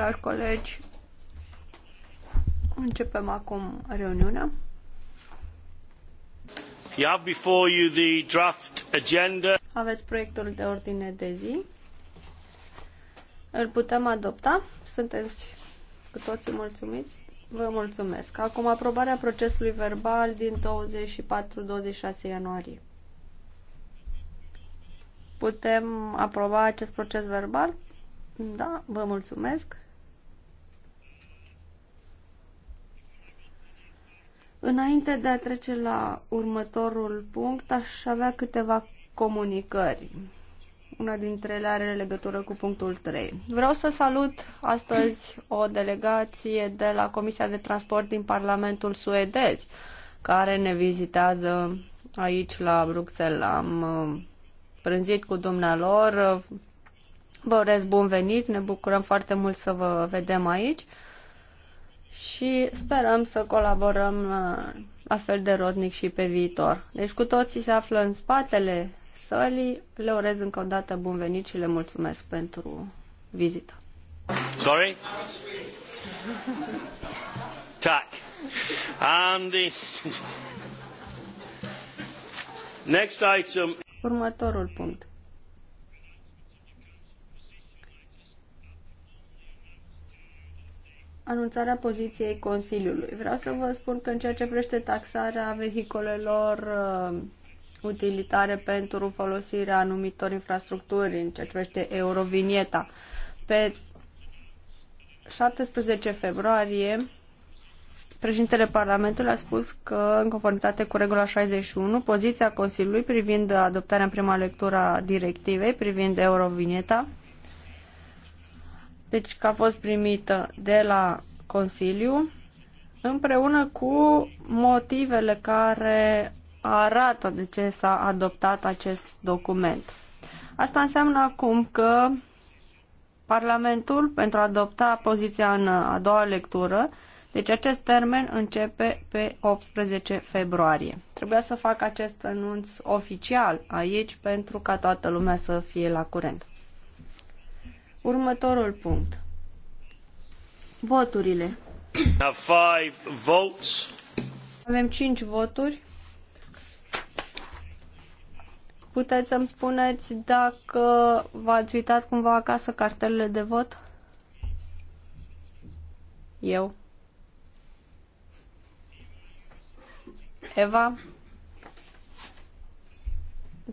Dragi colegi, începem acum reuniunea. You have before you the draft agenda. Aveți proiectul de ordine de zi. Îl putem adopta. Sunteți cu toții mulțumiți. Vă mulțumesc. Acum aprobarea procesului verbal din 24-26 ianuarie. Putem aproba acest proces verbal? Da, vă mulțumesc. Înainte de a trece la următorul punct, aș avea câteva comunicări. Una dintre ele are legătură cu punctul 3. Vreau să salut astăzi o delegație de la Comisia de Transport din Parlamentul suedez, care ne vizitează aici la Bruxelles. Am uh, prânzit cu dumnealor. Vă urez bun venit, ne bucurăm foarte mult să vă vedem aici și sperăm să colaborăm uh, la fel de rodnic și pe viitor. Deci cu toții se află în spatele sălii. Le urez încă o dată bun venit și le mulțumesc pentru vizită. Sorry? Tack. Andy. Next item. Următorul punct. anunțarea poziției Consiliului. Vreau să vă spun că în ceea ce privește taxarea vehicolelor uh, utilitare pentru folosirea anumitor infrastructuri, în ceea ce privește Eurovinieta, pe 17 februarie, președintele Parlamentului a spus că, în conformitate cu regula 61, poziția Consiliului privind adoptarea în prima lectură a directivei privind Eurovinieta deci că a fost primită de la Consiliu, împreună cu motivele care arată de ce s-a adoptat acest document. Asta înseamnă acum că Parlamentul, pentru a adopta poziția în a doua lectură, deci acest termen începe pe 18 februarie. Trebuia să fac acest anunț oficial aici pentru ca toată lumea să fie la curent. Următorul punct. Voturile. Avem cinci voturi. Puteți să-mi spuneți dacă v-ați uitat cumva acasă cartelele de vot? Eu. Eva?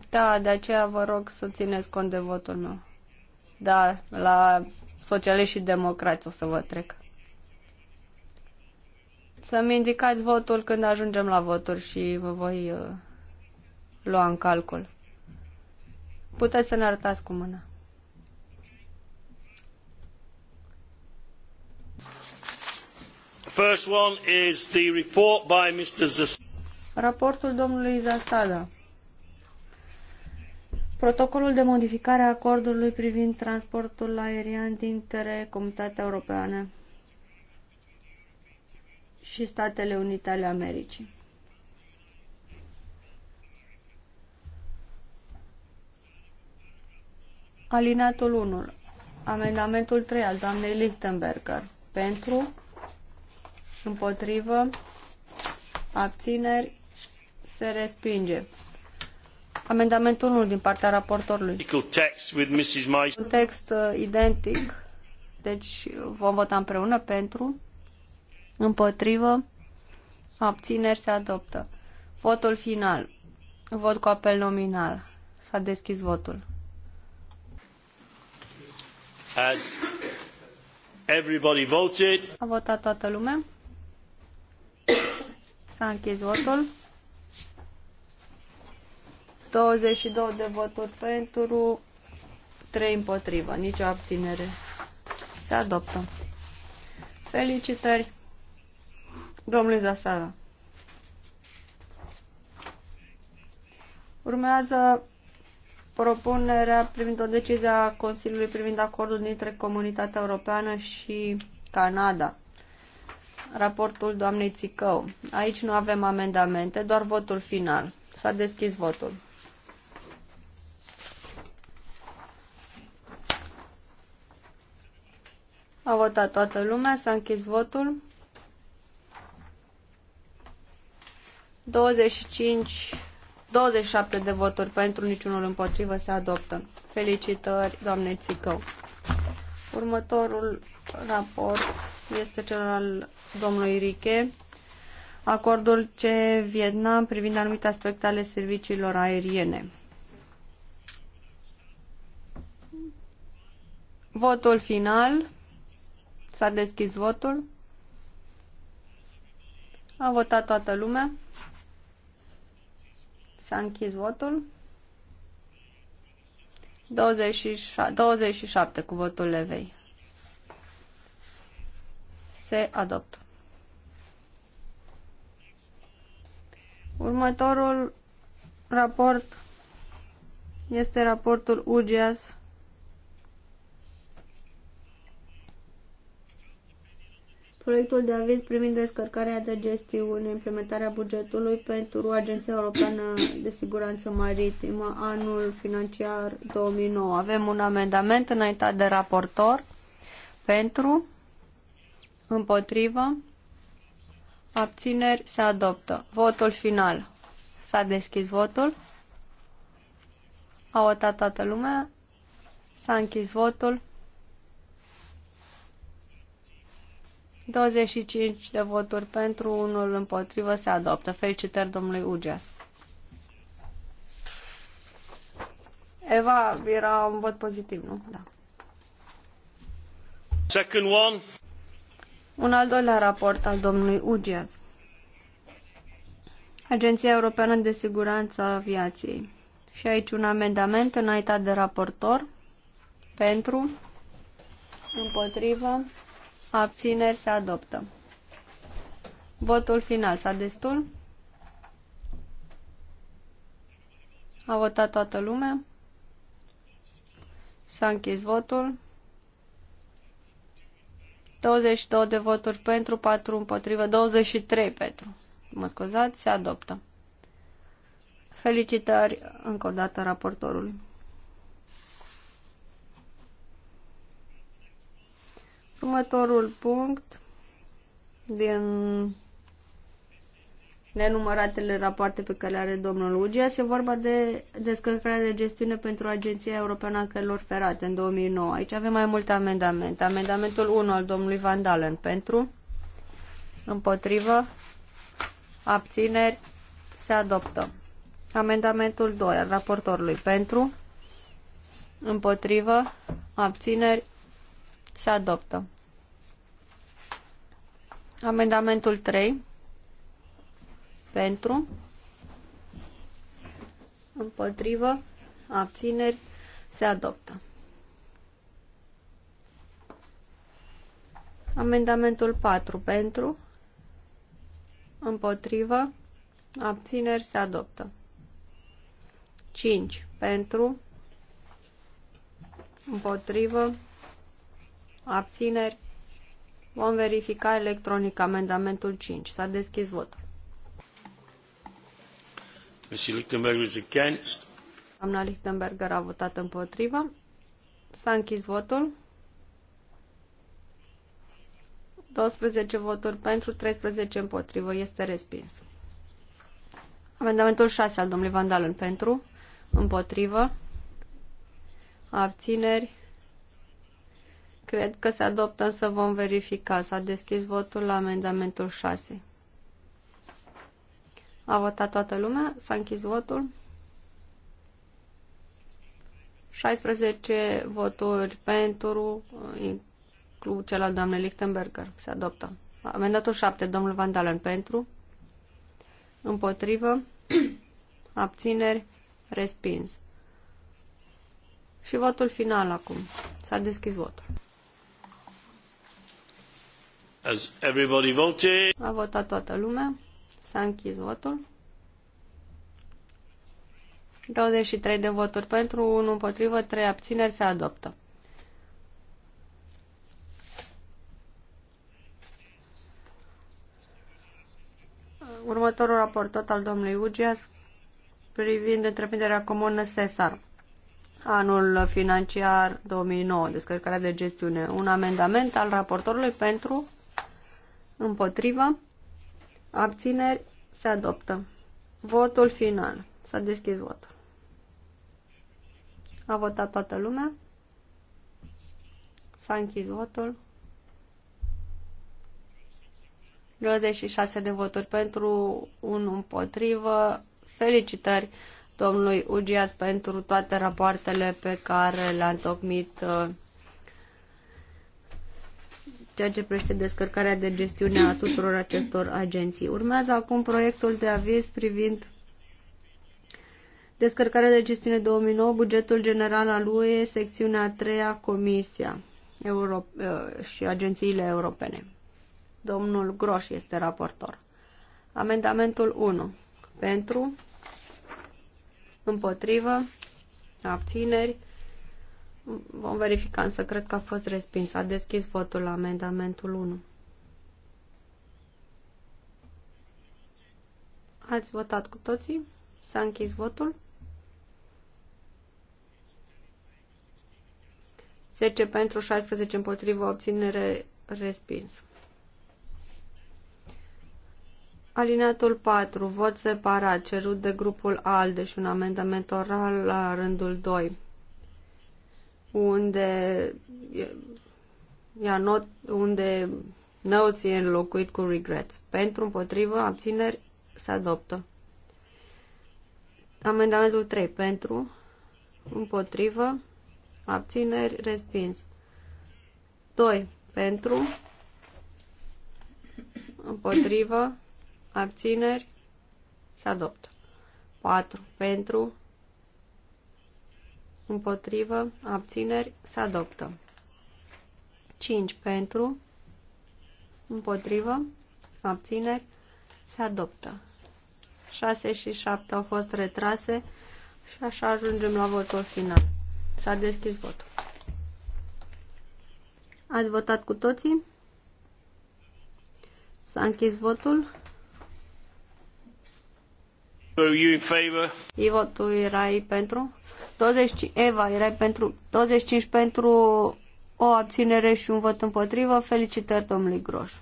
Da, de aceea vă rog să țineți cont de votul meu. Da, la socialiști și democrați o să vă trec. Să-mi indicați votul când ajungem la voturi și vă voi uh, lua în calcul. Puteți să ne arătați cu mâna. First one is the report by Mr. Raportul domnului Zasada. Protocolul de modificare a acordului privind transportul aerian dintre Comunitatea Europeană și Statele Unite ale Americii. Alinatul 1. Amendamentul 3 al doamnei Lichtenberger. Pentru, împotrivă, abțineri, se respinge. Amendamentul 1 din partea raportorului. Un text uh, identic, deci vom vota împreună pentru, împotrivă, abțineri se adoptă. Votul final. Vot cu apel nominal. S-a deschis votul. everybody voted? A votat toată lumea. S-a închis votul. 22 de voturi pentru, 3 împotrivă, nicio abținere. Se adoptă. Felicitări, domnule Zasada. Urmează propunerea privind o decizie a Consiliului privind acordul dintre Comunitatea Europeană și Canada. Raportul doamnei Țicău. Aici nu avem amendamente, doar votul final. S-a deschis votul. A votat toată lumea, s-a închis votul. 25, 27 de voturi pentru, niciunul împotrivă se adoptă. Felicitări, doamne Țicău. Următorul raport este cel al domnului Riche. Acordul ce Vietnam privind anumite aspecte ale serviciilor aeriene. Votul final. S-a deschis votul. A votat toată lumea. S-a închis votul. 27, 27 cu votul levei. Se adoptă. Următorul raport este raportul UGS proiectul de aviz privind descărcarea de gestiune, implementarea bugetului pentru Agenția Europeană de Siguranță Maritimă, anul financiar 2009. Avem un amendament înaintat de raportor pentru, împotrivă, abțineri, se adoptă. Votul final. S-a deschis votul. A votat toată lumea. S-a închis votul. 25 de voturi pentru, unul împotrivă, se adoptă. Felicitări domnului Ugeas. Eva, era un vot pozitiv, nu? Da. Second one. Un al doilea raport al domnului Ugeas. Agenția Europeană de Siguranță a Aviației. Și aici un amendament înaintat de raportor pentru, împotrivă, Abțineri se adoptă. Votul final s-a destul. A votat toată lumea. S-a închis votul. 22 de voturi pentru, 4 împotrivă, 23 pentru. Mă scuzați, se adoptă. Felicitări încă o dată raportorului. Următorul punct din nenumăratele rapoarte pe care le are domnul Ugea se vorba de descărcarea de gestiune pentru Agenția Europeană a Cărilor Ferate în 2009. Aici avem mai multe amendamente. Amendamentul 1 al domnului Van Dalen pentru, împotrivă, abțineri, se adoptă. Amendamentul 2 al raportorului pentru, împotrivă, abțineri, se adoptă. Amendamentul 3. Pentru. Împotrivă. Abțineri. Se adoptă. Amendamentul 4. Pentru. Împotrivă. Abțineri. Se adoptă. 5. Pentru. Împotrivă. Abțineri. Vom verifica electronic amendamentul 5. S-a deschis votul. Mr. Lichtenberger is against. Doamna Lichtenberger a votat împotrivă. S-a închis votul. 12 voturi pentru, 13 împotrivă. Este respins. Amendamentul 6 al domnului Vandalen pentru, împotrivă, abțineri, Cred că se adoptă, să vom verifica. S-a deschis votul la amendamentul 6. A votat toată lumea, s-a închis votul. 16 voturi pentru, includ cel al doamnei Lichtenberger. Se adoptă. Amendatul 7, domnul Van Dalen, pentru. Împotrivă. Abțineri. Respins. Și votul final acum. S-a deschis votul. Has everybody voted? A votat toată lumea. S-a închis votul. 23 de voturi pentru, 1 împotrivă, 3 abțineri se adoptă. Următorul raport tot al domnului Ugias privind întreprinderea comună SESAR. Anul financiar 2009, descărcarea de gestiune. Un amendament al raportorului pentru Împotrivă. Abțineri. Se adoptă. Votul final. S-a deschis votul. A votat toată lumea. S-a închis votul. 26 de voturi pentru, un împotrivă. Felicitări domnului Ugias pentru toate rapoartele pe care le-a întocmit uh, ceea ce prește descărcarea de gestiune a tuturor acestor agenții. Urmează acum proiectul de aviz privind descărcarea de gestiune 2009, bugetul general al UE, secțiunea 3 -a, Comisia Euro- uh, și agențiile europene. Domnul Groș este raportor. Amendamentul 1. Pentru, împotrivă, abțineri, Vom verifica, însă cred că a fost respins. A deschis votul la amendamentul 1. Ați votat cu toții? S-a închis votul? 10 pentru, 16 împotrivă, obținere respins. Alineatul 4, vot separat, cerut de grupul ALDE și un amendament oral la rândul 2 unde ia not, unde notes e înlocuit cu regrets. Pentru, împotrivă, abțineri, se adoptă. Amendamentul 3. Pentru, împotrivă, abțineri, respins. 2. Pentru, împotrivă, abțineri, se adoptă. 4. Pentru, împotrivă, abțineri, se adoptă. 5 pentru, împotrivă, abțineri, se adoptă. 6 și 7 au fost retrase și așa ajungem la votul final. S-a deschis votul. Ați votat cu toții? S-a închis votul. Ivo, tu erai pentru? 20, Eva, erai pentru 25 pentru o abținere și un vot împotrivă. Felicitări domnului Groș.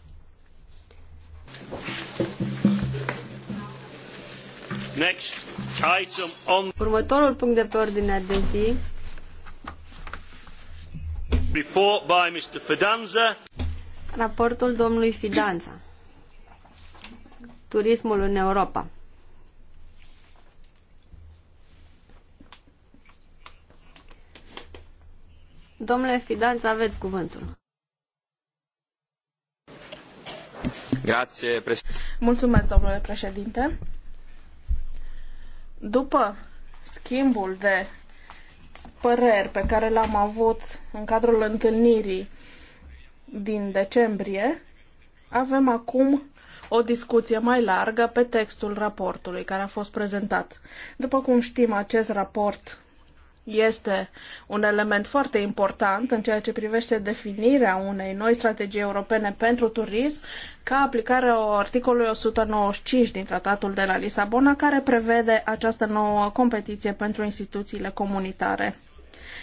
Next item on... Următorul punct de pe ordinea de zi. Report by Mr. Fidanza. Raportul domnului Fidanza. Turismul în Europa. Domnule Fidanță, aveți cuvântul. Mulțumesc, domnule președinte. După schimbul de păreri pe care l-am avut în cadrul întâlnirii din decembrie, avem acum o discuție mai largă pe textul raportului care a fost prezentat. După cum știm, acest raport este un element foarte important în ceea ce privește definirea unei noi strategii europene pentru turism, ca aplicare a articolului 195 din Tratatul de la Lisabona, care prevede această nouă competiție pentru instituțiile comunitare.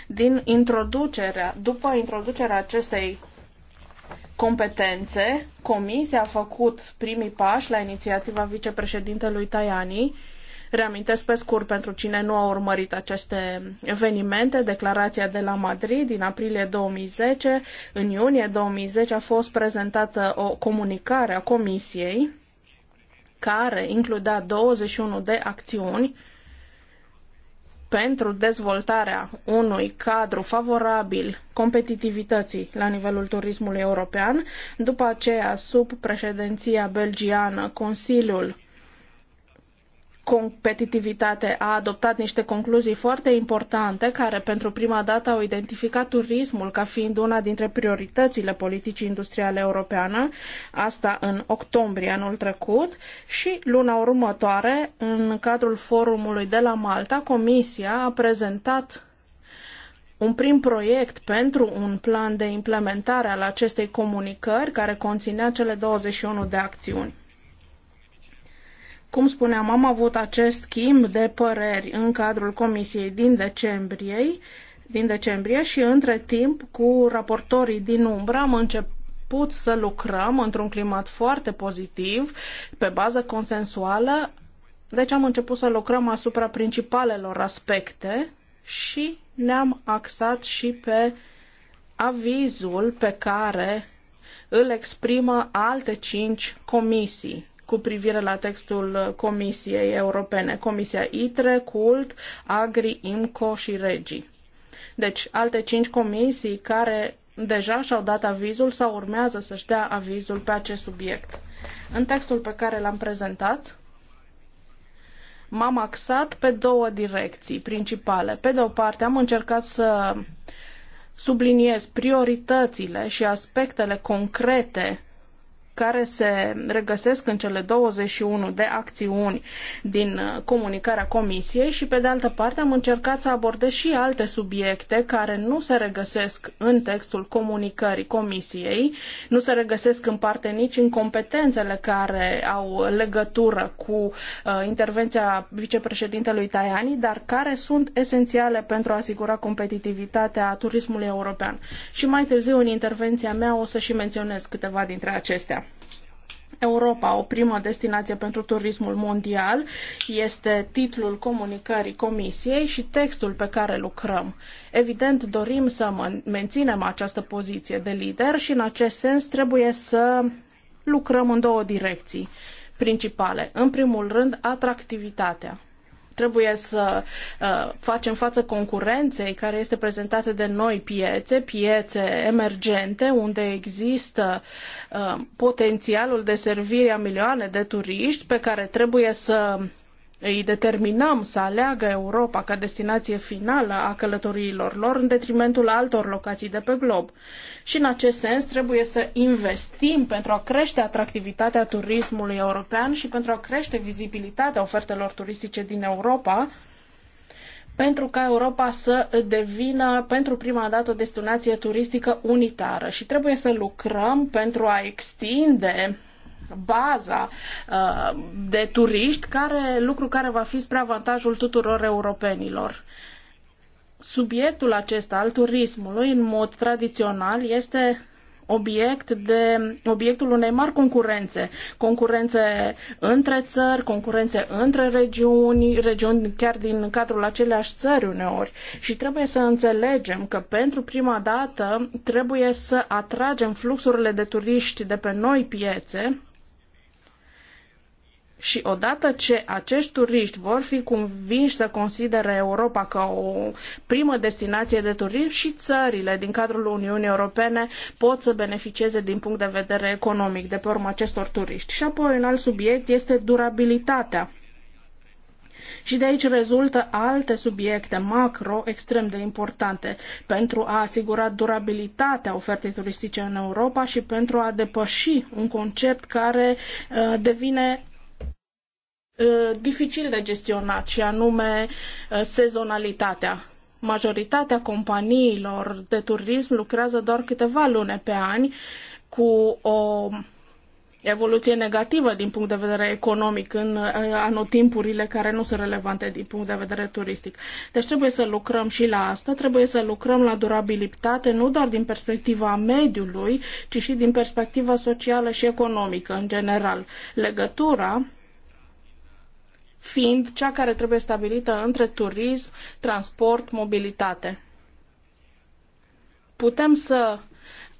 Din introducerea, după introducerea acestei competențe, Comisia a făcut primii pași la inițiativa vicepreședintelui Tajani Reamintesc pe scurt pentru cine nu a urmărit aceste evenimente, declarația de la Madrid din aprilie 2010. În iunie 2010 a fost prezentată o comunicare a Comisiei care includea 21 de acțiuni pentru dezvoltarea unui cadru favorabil competitivității la nivelul turismului european. După aceea, sub președinția belgiană, Consiliul competitivitate a adoptat niște concluzii foarte importante care pentru prima dată au identificat turismul ca fiind una dintre prioritățile politicii industriale europeană, asta în octombrie anul trecut și luna următoare, în cadrul forumului de la Malta, Comisia a prezentat un prim proiect pentru un plan de implementare al acestei comunicări care conținea cele 21 de acțiuni. Cum spuneam, am avut acest schimb de păreri în cadrul comisiei din decembrie, din decembrie și între timp cu raportorii din umbră am început să lucrăm într-un climat foarte pozitiv, pe bază consensuală. Deci am început să lucrăm asupra principalelor aspecte și ne-am axat și pe avizul pe care îl exprimă alte cinci comisii cu privire la textul Comisiei Europene, Comisia ITRE, CULT, AGRI, IMCO și REGI. Deci, alte cinci comisii care deja și-au dat avizul sau urmează să-și dea avizul pe acest subiect. În textul pe care l-am prezentat, m-am axat pe două direcții principale. Pe de o parte, am încercat să subliniez prioritățile și aspectele concrete care se regăsesc în cele 21 de acțiuni din uh, comunicarea Comisiei și, pe de altă parte, am încercat să abordez și alte subiecte care nu se regăsesc în textul comunicării Comisiei, nu se regăsesc în parte nici în competențele care au legătură cu uh, intervenția vicepreședintelui Tajani, dar care sunt esențiale pentru a asigura competitivitatea turismului european. Și mai târziu, în intervenția mea, o să și menționez câteva dintre acestea. Europa, o primă destinație pentru turismul mondial, este titlul comunicării Comisiei și textul pe care lucrăm. Evident, dorim să menținem această poziție de lider și, în acest sens, trebuie să lucrăm în două direcții principale. În primul rând, atractivitatea. Trebuie să uh, facem față concurenței care este prezentată de noi piețe, piețe emergente, unde există uh, potențialul de servire a milioane de turiști pe care trebuie să îi determinăm să aleagă Europa ca destinație finală a călătoriilor lor în detrimentul altor locații de pe glob. Și în acest sens trebuie să investim pentru a crește atractivitatea turismului european și pentru a crește vizibilitatea ofertelor turistice din Europa, pentru ca Europa să devină pentru prima dată o destinație turistică unitară și trebuie să lucrăm pentru a extinde baza uh, de turiști, care, lucru care va fi spre avantajul tuturor europenilor. Subiectul acesta al turismului, în mod tradițional, este obiect de, obiectul unei mari concurențe. Concurențe între țări, concurențe între regiuni, regiuni chiar din cadrul aceleași țări uneori. Și trebuie să înțelegem că pentru prima dată trebuie să atragem fluxurile de turiști de pe noi piețe, și odată ce acești turiști vor fi convinși să considere Europa ca o primă destinație de turism și țările din cadrul Uniunii Europene pot să beneficieze din punct de vedere economic de pe urma acestor turiști. Și apoi un alt subiect este durabilitatea. Și de aici rezultă alte subiecte macro extrem de importante pentru a asigura durabilitatea ofertei turistice în Europa și pentru a depăși un concept care uh, devine dificil de gestionat și anume sezonalitatea. Majoritatea companiilor de turism lucrează doar câteva luni pe ani cu o evoluție negativă din punct de vedere economic în anotimpurile care nu sunt relevante din punct de vedere turistic. Deci trebuie să lucrăm și la asta, trebuie să lucrăm la durabilitate nu doar din perspectiva mediului, ci și din perspectiva socială și economică în general. Legătura fiind cea care trebuie stabilită între turism, transport, mobilitate. Putem să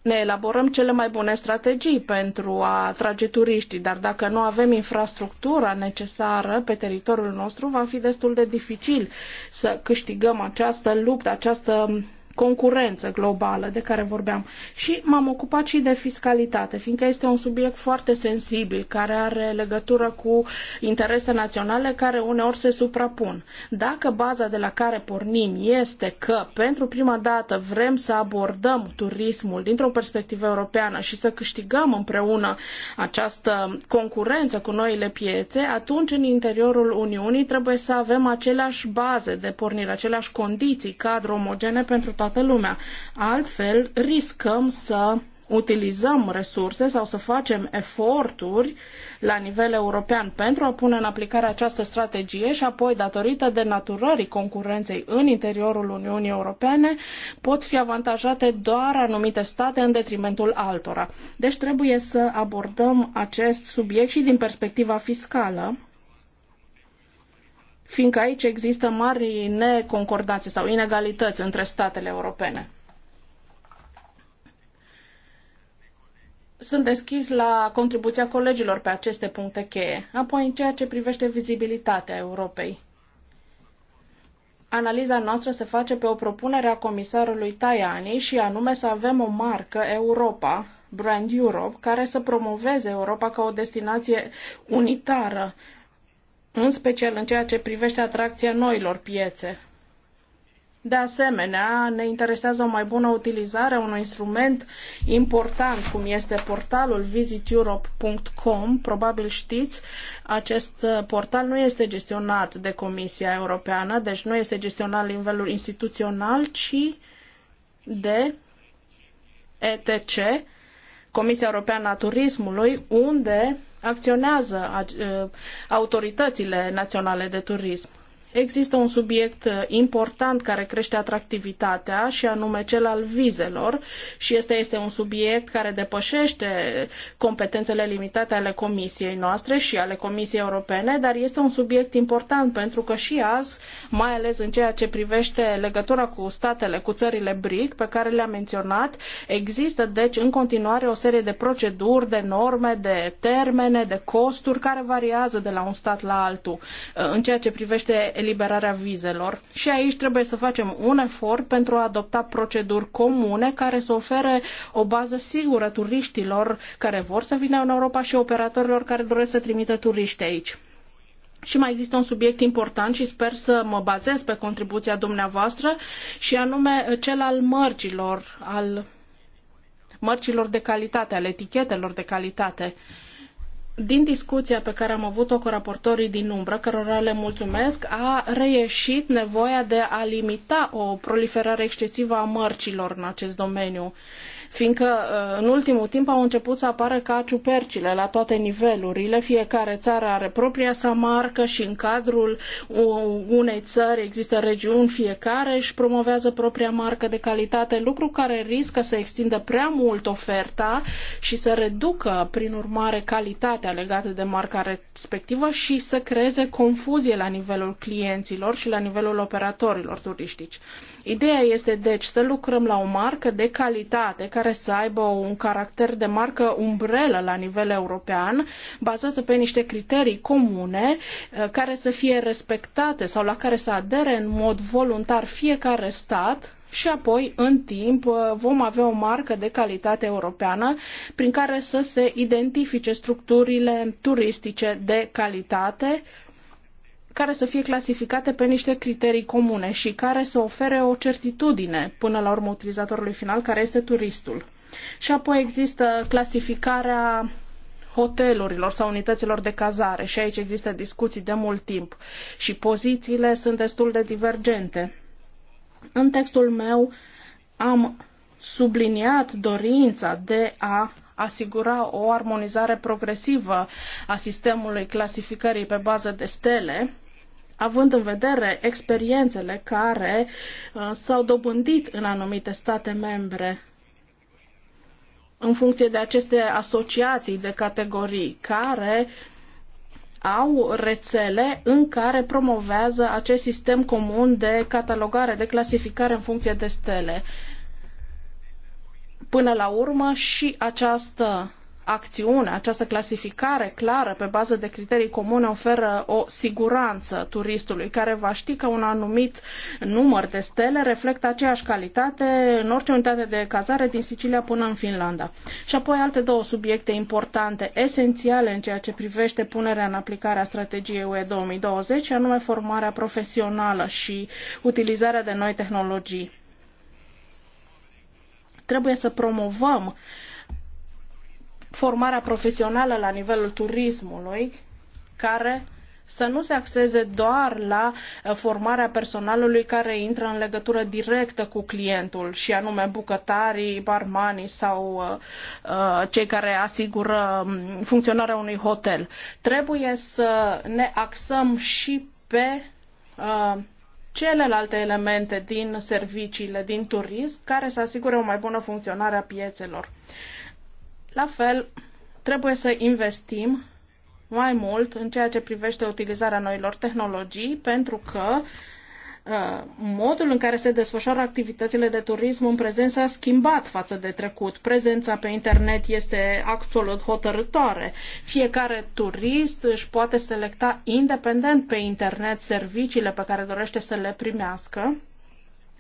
ne elaborăm cele mai bune strategii pentru a atrage turiștii, dar dacă nu avem infrastructura necesară pe teritoriul nostru, va fi destul de dificil să câștigăm această luptă, această concurență globală de care vorbeam. Și m-am ocupat și de fiscalitate, fiindcă este un subiect foarte sensibil, care are legătură cu interese naționale care uneori se suprapun. Dacă baza de la care pornim este că pentru prima dată vrem să abordăm turismul dintr-o perspectivă europeană și să câștigăm împreună această concurență cu noile piețe, atunci în interiorul Uniunii trebuie să avem aceleași baze de pornire, aceleași condiții, cadru omogene pentru toată lumea. Altfel, riscăm să utilizăm resurse sau să facem eforturi la nivel european pentru a pune în aplicare această strategie și apoi, datorită naturării concurenței în interiorul Uniunii Europene, pot fi avantajate doar anumite state în detrimentul altora. Deci trebuie să abordăm acest subiect și din perspectiva fiscală fiindcă aici există mari neconcordanțe sau inegalități între statele europene. Sunt deschis la contribuția colegilor pe aceste puncte cheie. Apoi, în ceea ce privește vizibilitatea Europei, analiza noastră se face pe o propunere a comisarului Tajani și anume să avem o marcă Europa, Brand Europe, care să promoveze Europa ca o destinație unitară în special în ceea ce privește atracția noilor piețe. De asemenea, ne interesează o mai bună utilizare a unui instrument important, cum este portalul visiteurope.com. Probabil știți, acest portal nu este gestionat de Comisia Europeană, deci nu este gestionat la nivelul instituțional, ci de ETC, Comisia Europeană a Turismului, unde acționează uh, autoritățile naționale de turism. Există un subiect uh, important care crește atractivitatea și anume cel al vizelor și este, este un subiect care depășește competențele limitate ale Comisiei noastre și ale Comisiei Europene, dar este un subiect important pentru că și azi, mai ales în ceea ce privește legătura cu statele, cu țările BRIC pe care le-am menționat, există deci în continuare o serie de proceduri, de norme, de termene, de costuri care variază de la un stat la altul uh, în ceea ce privește eliberarea vizelor. Și aici trebuie să facem un efort pentru a adopta proceduri comune care să ofere o bază sigură turiștilor care vor să vină în Europa și operatorilor care doresc să trimită turiști aici. Și mai există un subiect important și sper să mă bazez pe contribuția dumneavoastră și anume cel al mărcilor, al mărcilor de calitate, al etichetelor de calitate. Uh, din discuția pe care am avut-o cu raportorii din umbră, cărora le mulțumesc, a reieșit nevoia de a limita o proliferare excesivă a mărcilor în acest domeniu. Uh, fiindcă uh, în ultimul timp au început să apară ca ciupercile la toate nivelurile. Fiecare țară are propria sa marcă și în cadrul unei țări există regiuni, fiecare și promovează propria marcă de calitate, lucru care riscă să extindă prea mult oferta și să reducă, prin urmare, calitatea legată de marca respectivă și să creeze confuzie la nivelul clienților și la nivelul operatorilor turistici. Ideea este deci să lucrăm la o marcă de calitate care să aibă un caracter de marcă umbrelă la nivel european, bazată pe niște criterii comune eh, care să fie respectate sau la care să adere în mod voluntar fiecare stat și apoi, în timp, eh, vom avea o marcă de calitate europeană prin care să se identifice structurile turistice de calitate care să fie clasificate pe niște criterii comune și care să ofere o certitudine până la urmă utilizatorului final, care este turistul. Și apoi există clasificarea hotelurilor sau unităților de cazare și aici există discuții de mult timp și pozițiile sunt destul de divergente. În textul meu am subliniat dorința de a asigura o armonizare progresivă a sistemului clasificării pe bază de stele având în vedere experiențele care uh, s-au dobândit în anumite state membre în funcție de aceste asociații de categorii care au rețele în care promovează acest sistem comun de catalogare, de clasificare în funcție de stele. Până la urmă și această acțiune, această clasificare clară pe bază de criterii comune oferă o siguranță turistului care va ști că un anumit număr de stele reflectă aceeași calitate în orice unitate de cazare din Sicilia până în Finlanda. Și apoi alte două subiecte importante, esențiale în ceea ce privește punerea în aplicare a strategiei UE 2020, anume formarea profesională și utilizarea de noi tehnologii. Trebuie să promovăm formarea profesională la nivelul turismului, care să nu se axeze doar la uh, formarea personalului care intră în legătură directă cu clientul, și anume bucătarii, barmanii sau uh, uh cei care asigură um, funcționarea unui hotel. Trebuie să ne axăm și pe uh, celelalte elemente din serviciile din turism care să asigure o mai bună funcționare a piețelor. La fel, trebuie să investim mai mult în ceea ce privește utilizarea noilor tehnologii, pentru că uh, modul în care se desfășoară activitățile de turism în prezent s-a schimbat față de trecut. Prezența pe internet este absolut hotărătoare. Fiecare turist își poate selecta independent pe internet serviciile pe care dorește să le primească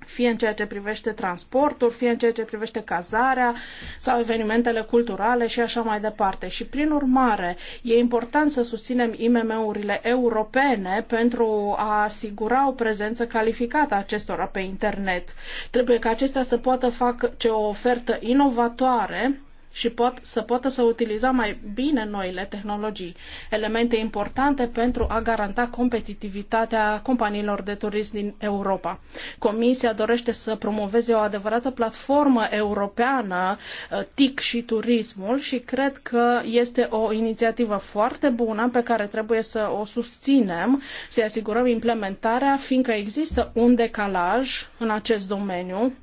fie în ceea ce privește transportul, fie în ceea ce privește cazarea sau evenimentele culturale și așa mai departe. Și prin urmare, e important să susținem IMM-urile europene pentru a asigura o prezență calificată a acestora pe internet. Trebuie ca acestea să poată face o ofertă inovatoare și pot, să poată să utiliza mai bine noile tehnologii, elemente importante pentru a garanta competitivitatea companiilor de turism din Europa. Comisia dorește să promoveze o adevărată platformă europeană uh, TIC și turismul și cred că este o inițiativă foarte bună pe care trebuie să o susținem, să-i asigurăm implementarea, fiindcă există un decalaj în acest domeniu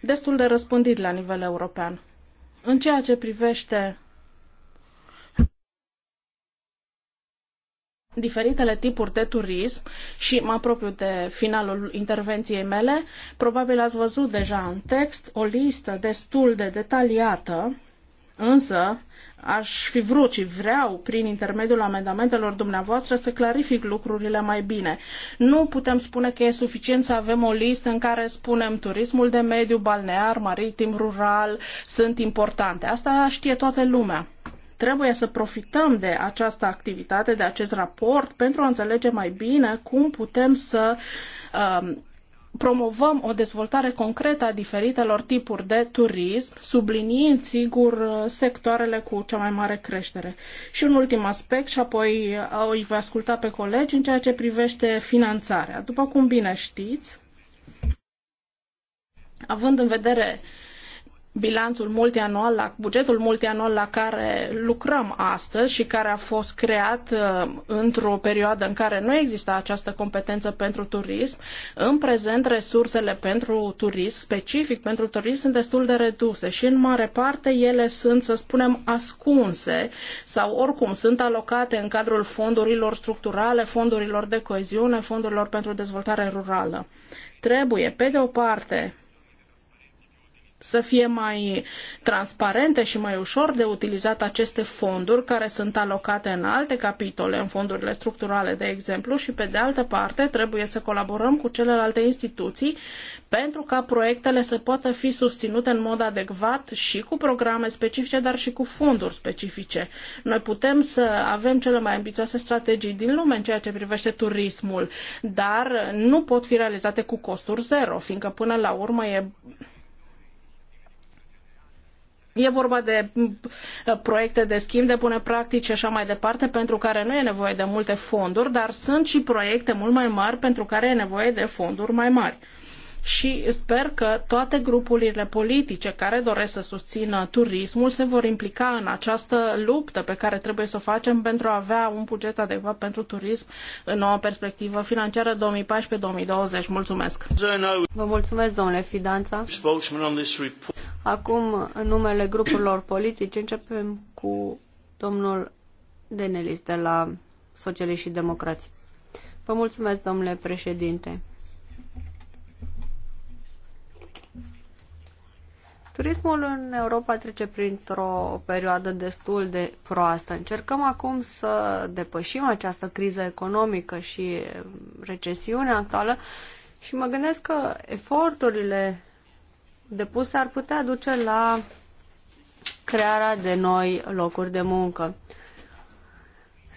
destul de răspândit la nivel european. În ceea ce privește diferitele tipuri de turism și mă apropiu de finalul intervenției mele, probabil ați văzut deja în text o listă destul de detaliată, însă aș fi vrut și vreau, prin intermediul amendamentelor dumneavoastră, să clarific lucrurile mai bine. Nu putem spune că e suficient să avem o listă în care spunem turismul de mediu, balnear, maritim, rural sunt importante. Asta știe toată lumea. Trebuie să profităm de această activitate, de acest raport, pentru a înțelege mai bine cum putem să um, promovăm o dezvoltare concretă a diferitelor tipuri de turism, subliniind, sigur, sectoarele cu cea mai mare creștere. Și un ultim aspect, și apoi uh, îi voi asculta pe colegi în ceea ce privește finanțarea. După cum bine știți, având în vedere bilanțul multianual, la, bugetul multianual la care lucrăm astăzi și care a fost creat uh, într-o perioadă în care nu exista această competență pentru turism, în prezent resursele pentru turism, specific pentru turism, sunt destul de reduse și în mare parte ele sunt, să spunem, ascunse sau oricum sunt alocate în cadrul fondurilor structurale, fondurilor de coeziune, fondurilor pentru dezvoltare rurală. Trebuie, pe de o parte, să fie mai transparente și mai ușor de utilizat aceste fonduri care sunt alocate în alte capitole, în fondurile structurale, de exemplu, și pe de altă parte trebuie să colaborăm cu celelalte instituții pentru ca proiectele să poată fi susținute în mod adecvat și cu programe specifice, dar și cu fonduri specifice. Noi putem să avem cele mai ambițioase strategii din lume în ceea ce privește turismul, dar nu pot fi realizate cu costuri zero, fiindcă până la urmă e E vorba de uh, proiecte de schimb, de pune practici și așa mai departe, pentru care nu e nevoie de multe fonduri, dar sunt și proiecte mult mai mari pentru care e nevoie de fonduri mai mari și sper că toate grupurile politice care doresc să susțină turismul se vor implica în această luptă pe care trebuie să o facem pentru a avea un buget adecvat pentru turism în noua perspectivă financiară 2014-2020. Mulțumesc! Vă mulțumesc, domnule Fidanța! Acum, în numele grupurilor politice, începem cu domnul Denelis de la Socialiști și Democrați. Vă mulțumesc, domnule președinte! Turismul în Europa trece printr-o perioadă destul de proastă. Încercăm acum să depășim această criză economică și recesiunea actuală și mă gândesc că eforturile depuse ar putea duce la crearea de noi locuri de muncă.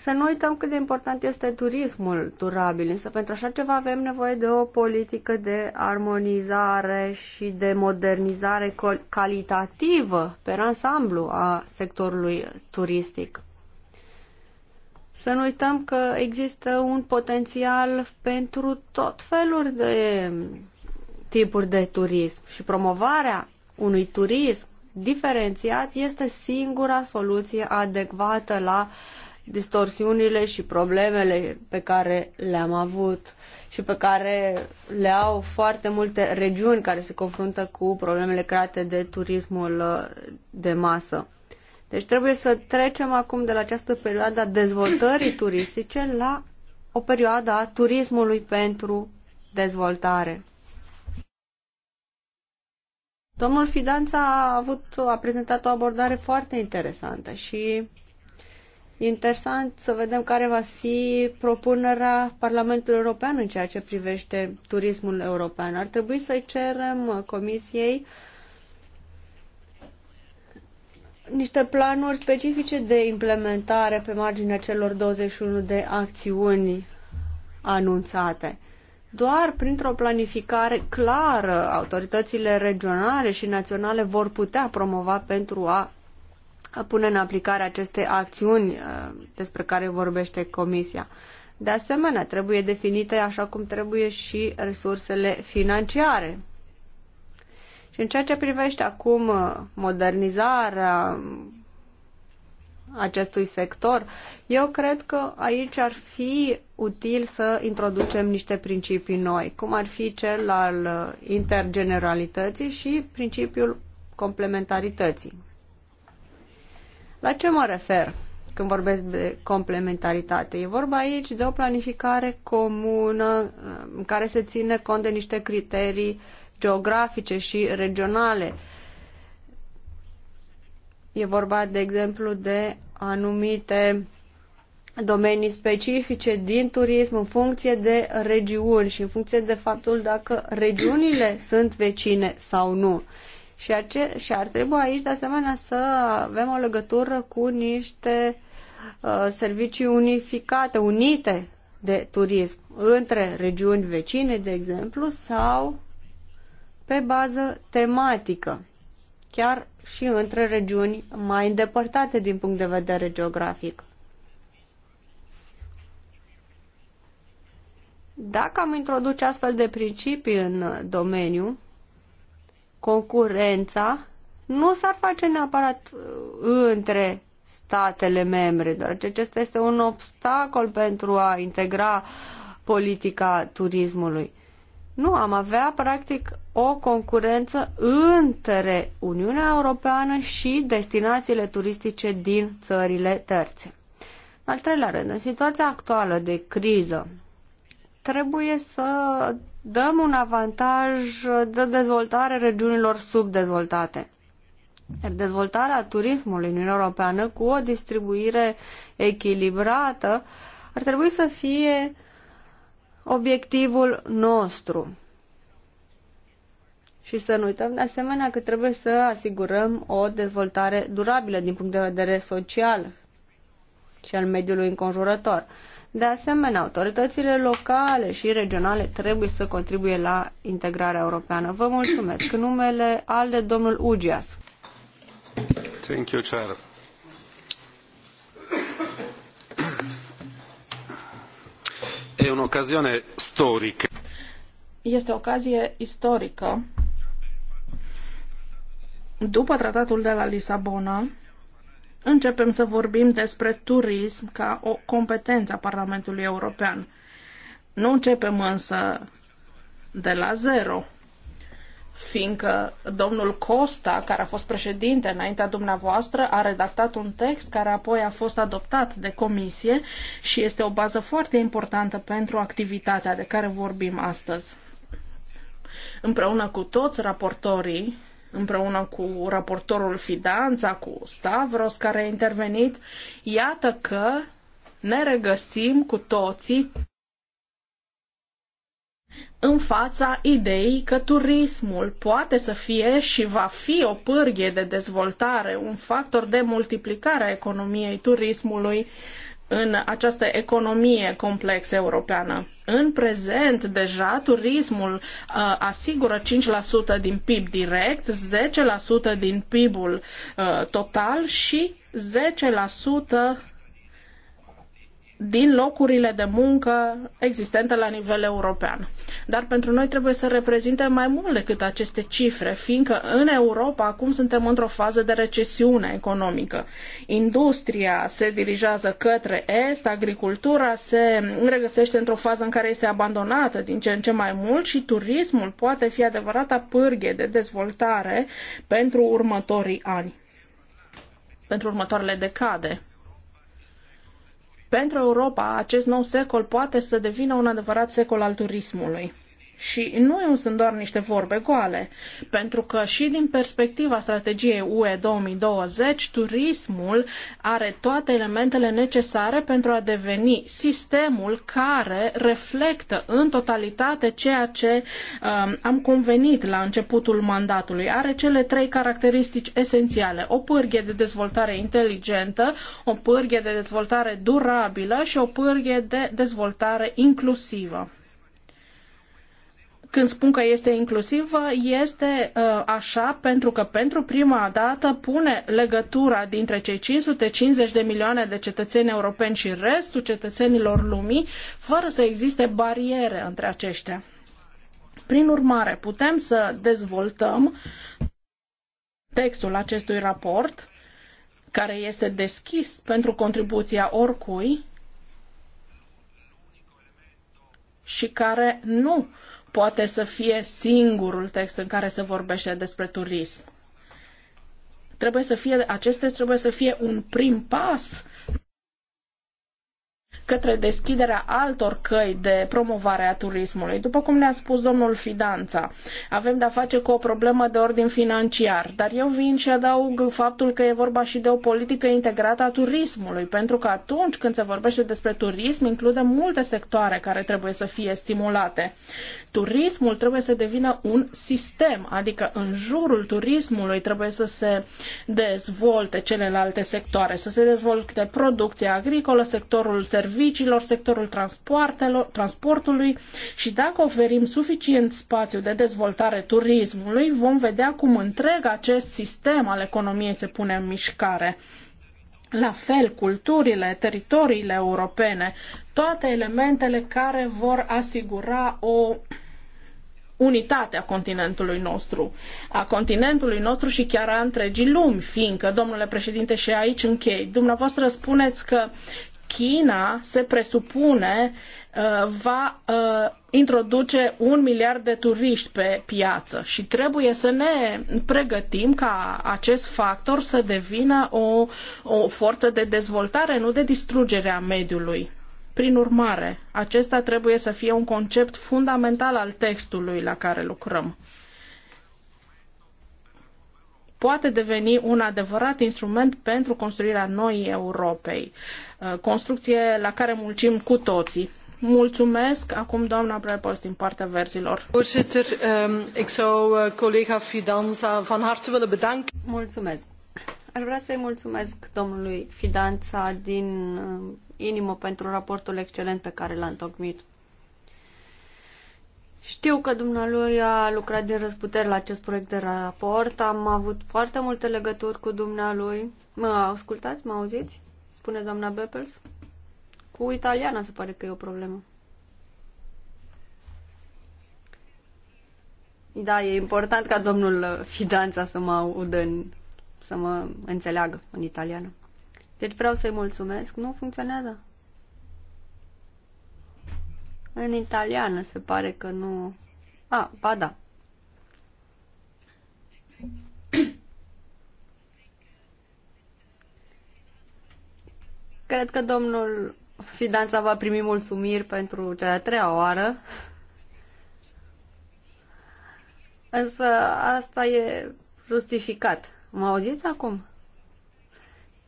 Să nu uităm cât de important este turismul durabil, însă pentru așa ceva avem nevoie de o politică de armonizare și de modernizare calitativă pe ansamblu a sectorului turistic. Să nu uităm că există un potențial pentru tot felul de tipuri de turism și promovarea unui turism diferențiat este singura soluție adecvată la uh, distorsiunile și problemele pe care le-am avut și pe care le au foarte multe regiuni care se confruntă cu problemele create de turismul uh, de masă. Deci trebuie să trecem acum de la această perioadă a dezvoltării turistice la o perioadă a turismului pentru dezvoltare. Domnul Fidanța a avut, a prezentat o abordare foarte interesantă și interesant să vedem care va fi propunerea Parlamentului European în ceea ce privește turismul european. Ar trebui să-i cerem Comisiei niște planuri specifice de implementare pe marginea celor 21 de acțiuni anunțate. Doar printr-o planificare clară, autoritățile regionale și naționale vor putea promova pentru a pune în aplicare aceste acțiuni uh, despre care vorbește Comisia. De asemenea, trebuie definite așa cum trebuie și resursele financiare. Și în ceea ce privește acum uh, modernizarea acestui sector, eu cred că aici ar fi util să introducem niște principii noi, cum ar fi cel al uh, intergeneralității și principiul complementarității. La ce mă refer când vorbesc de complementaritate? E vorba aici de o planificare comună în um, care se ține cont de niște criterii geografice și regionale. E vorba, de exemplu, de anumite domenii specifice din turism în funcție de regiuni și în funcție de faptul dacă regiunile sunt vecine sau nu. Și, ace- și ar trebui aici, de asemenea, să avem o legătură cu niște uh, servicii unificate, unite de turism, între regiuni vecine, de exemplu, sau pe bază tematică, chiar și între regiuni mai îndepărtate din punct de vedere geografic. Dacă am introduce astfel de principii în domeniu, concurența nu s-ar face neapărat uh, între statele membre, deoarece acesta este un obstacol pentru a integra politica turismului. Nu, am avea practic o concurență între Uniunea Europeană și destinațiile turistice din țările terțe. În al treilea rând, în situația actuală de criză, trebuie să dăm un avantaj de dezvoltare regiunilor subdezvoltate. Iar dezvoltarea turismului în Uniunea Europeană cu o distribuire echilibrată ar trebui să fie obiectivul nostru. Și să nu uităm de asemenea că trebuie să asigurăm o dezvoltare durabilă din punct de vedere social și al mediului înconjurător. De asemenea, autoritățile locale și regionale trebuie să contribuie la integrarea europeană. Vă mulțumesc. În numele al de domnul Ugias. Thank you, Chair. E ocazie istorică. Este o ocazie istorică. După tratatul de la Lisabona, începem să vorbim despre turism ca o competență a Parlamentului European. Nu începem însă de la zero, fiindcă domnul Costa, care a fost președinte înaintea dumneavoastră, a redactat un text care apoi a fost adoptat de comisie și este o bază foarte importantă pentru activitatea de care vorbim astăzi. Împreună cu toți raportorii împreună cu raportorul Fidanța, cu Stavros care a intervenit, iată că ne regăsim cu toții în fața ideii că turismul poate să fie și va fi o pârghie de dezvoltare, un factor de multiplicare a economiei turismului în această economie complexă europeană. În prezent, deja, turismul uh, asigură 5% din PIB direct, 10% din PIB-ul uh, total și 10% din locurile de muncă existente la nivel european. Dar pentru noi trebuie să reprezinte mai mult decât aceste cifre, fiindcă în Europa acum suntem într-o fază de recesiune economică. Industria se dirigează către est, agricultura se regăsește într-o fază în care este abandonată din ce în ce mai mult și turismul poate fi adevărata pârghie de dezvoltare pentru următorii ani, pentru următoarele decade. Pentru Europa, acest nou secol poate să devină un adevărat secol al turismului. Și nu sunt doar niște vorbe goale, pentru că și din perspectiva strategiei UE 2020, turismul are toate elementele necesare pentru a deveni sistemul care reflectă în totalitate ceea ce um, am convenit la începutul mandatului. Are cele trei caracteristici esențiale. O pârghie de dezvoltare inteligentă, o pârghie de dezvoltare durabilă și o pârghie de dezvoltare inclusivă când spun că este inclusivă, este uh, așa pentru că pentru prima dată pune legătura dintre cei 550 de milioane de cetățeni europeni și restul cetățenilor lumii, fără să existe bariere între aceștia. Prin urmare, putem să dezvoltăm textul acestui raport, care este deschis pentru contribuția oricui și care nu poate să fie singurul text în care se vorbește despre turism. Trebuie să fie, acest trebuie să fie un prim pas către deschiderea altor căi de promovare a turismului. După cum ne-a spus domnul Fidanța, avem de-a face cu o problemă de ordin financiar, dar eu vin și adaug faptul că e vorba și de o politică integrată a turismului, pentru că atunci când se vorbește despre turism, include multe sectoare care trebuie să fie stimulate. Turismul trebuie să devină un sistem, adică în jurul turismului trebuie să se dezvolte celelalte sectoare, să se dezvolte producția agricolă, sectorul serviciilor, serviciilor, sectorul transportului și dacă oferim suficient spațiu de dezvoltare turismului, vom vedea cum întreg acest sistem al economiei se pune în mișcare. La fel, culturile, teritoriile europene, toate elementele care vor asigura o unitate a continentului nostru, a continentului nostru și chiar a întregii lumi, fiindcă, domnule președinte, și aici închei, dumneavoastră spuneți că China se presupune uh, va uh, introduce un miliard de turiști pe piață și trebuie să ne pregătim ca acest factor să devină o, o forță de dezvoltare, nu de distrugere a mediului. Prin urmare, acesta trebuie să fie un concept fundamental al textului la care lucrăm poate deveni un adevărat instrument pentru construirea noii Europei, uh, construcție la care muncim cu toții. Mulțumesc. Acum doamna Brepols din partea verzilor. Voorzitter, ehm, ik zou eh, collega Fidanza van harte willen bedanken. Mulțumesc. Aș vrea să-i mulțumesc domnului Fidanța din eh, inimă pentru raportul excelent pe care l-a întocmit. Știu că dumnealui a lucrat din răzputeri la acest proiect de raport. Am avut foarte multe legături cu dumnealui. Mă ascultați? Mă auziți? Spune doamna Beppels. Cu italiana se pare că e o problemă. Da, e important ca domnul Fidanța să mă audă, în, să mă înțeleagă în italiană. Deci vreau să-i mulțumesc. Nu funcționează? În italiană se pare că nu... A, ah, ba da. Cred că domnul Fidanța va primi mulțumiri pentru cea de-a treia oară. Însă asta e justificat. Mă auziți acum?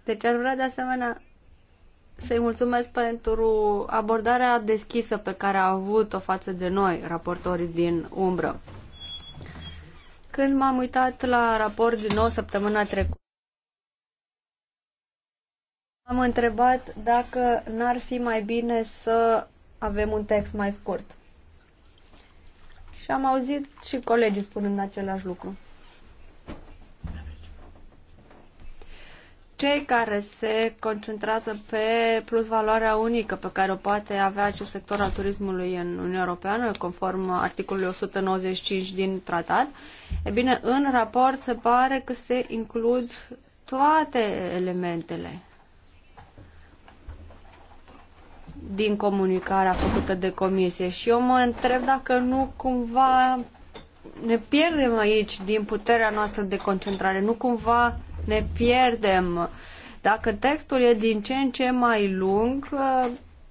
Deci ar vrea de asemenea să-i mulțumesc pentru abordarea deschisă pe care a avut-o față de noi, raportorii din umbră. Când m-am uitat la raport din nou săptămâna trecută, am întrebat dacă n-ar fi mai bine să avem un text mai scurt. Și am auzit și colegii spunând același lucru. cei care se concentrează pe plus valoarea unică pe care o poate avea acest sector al turismului în Uniunea Europeană, conform articolului 195 din tratat, e bine, în raport se pare că se includ toate elementele din comunicarea făcută de comisie și eu mă întreb dacă nu cumva ne pierdem aici din puterea noastră de concentrare, nu cumva ne pierdem. Dacă textul e din ce în ce mai lung, uh,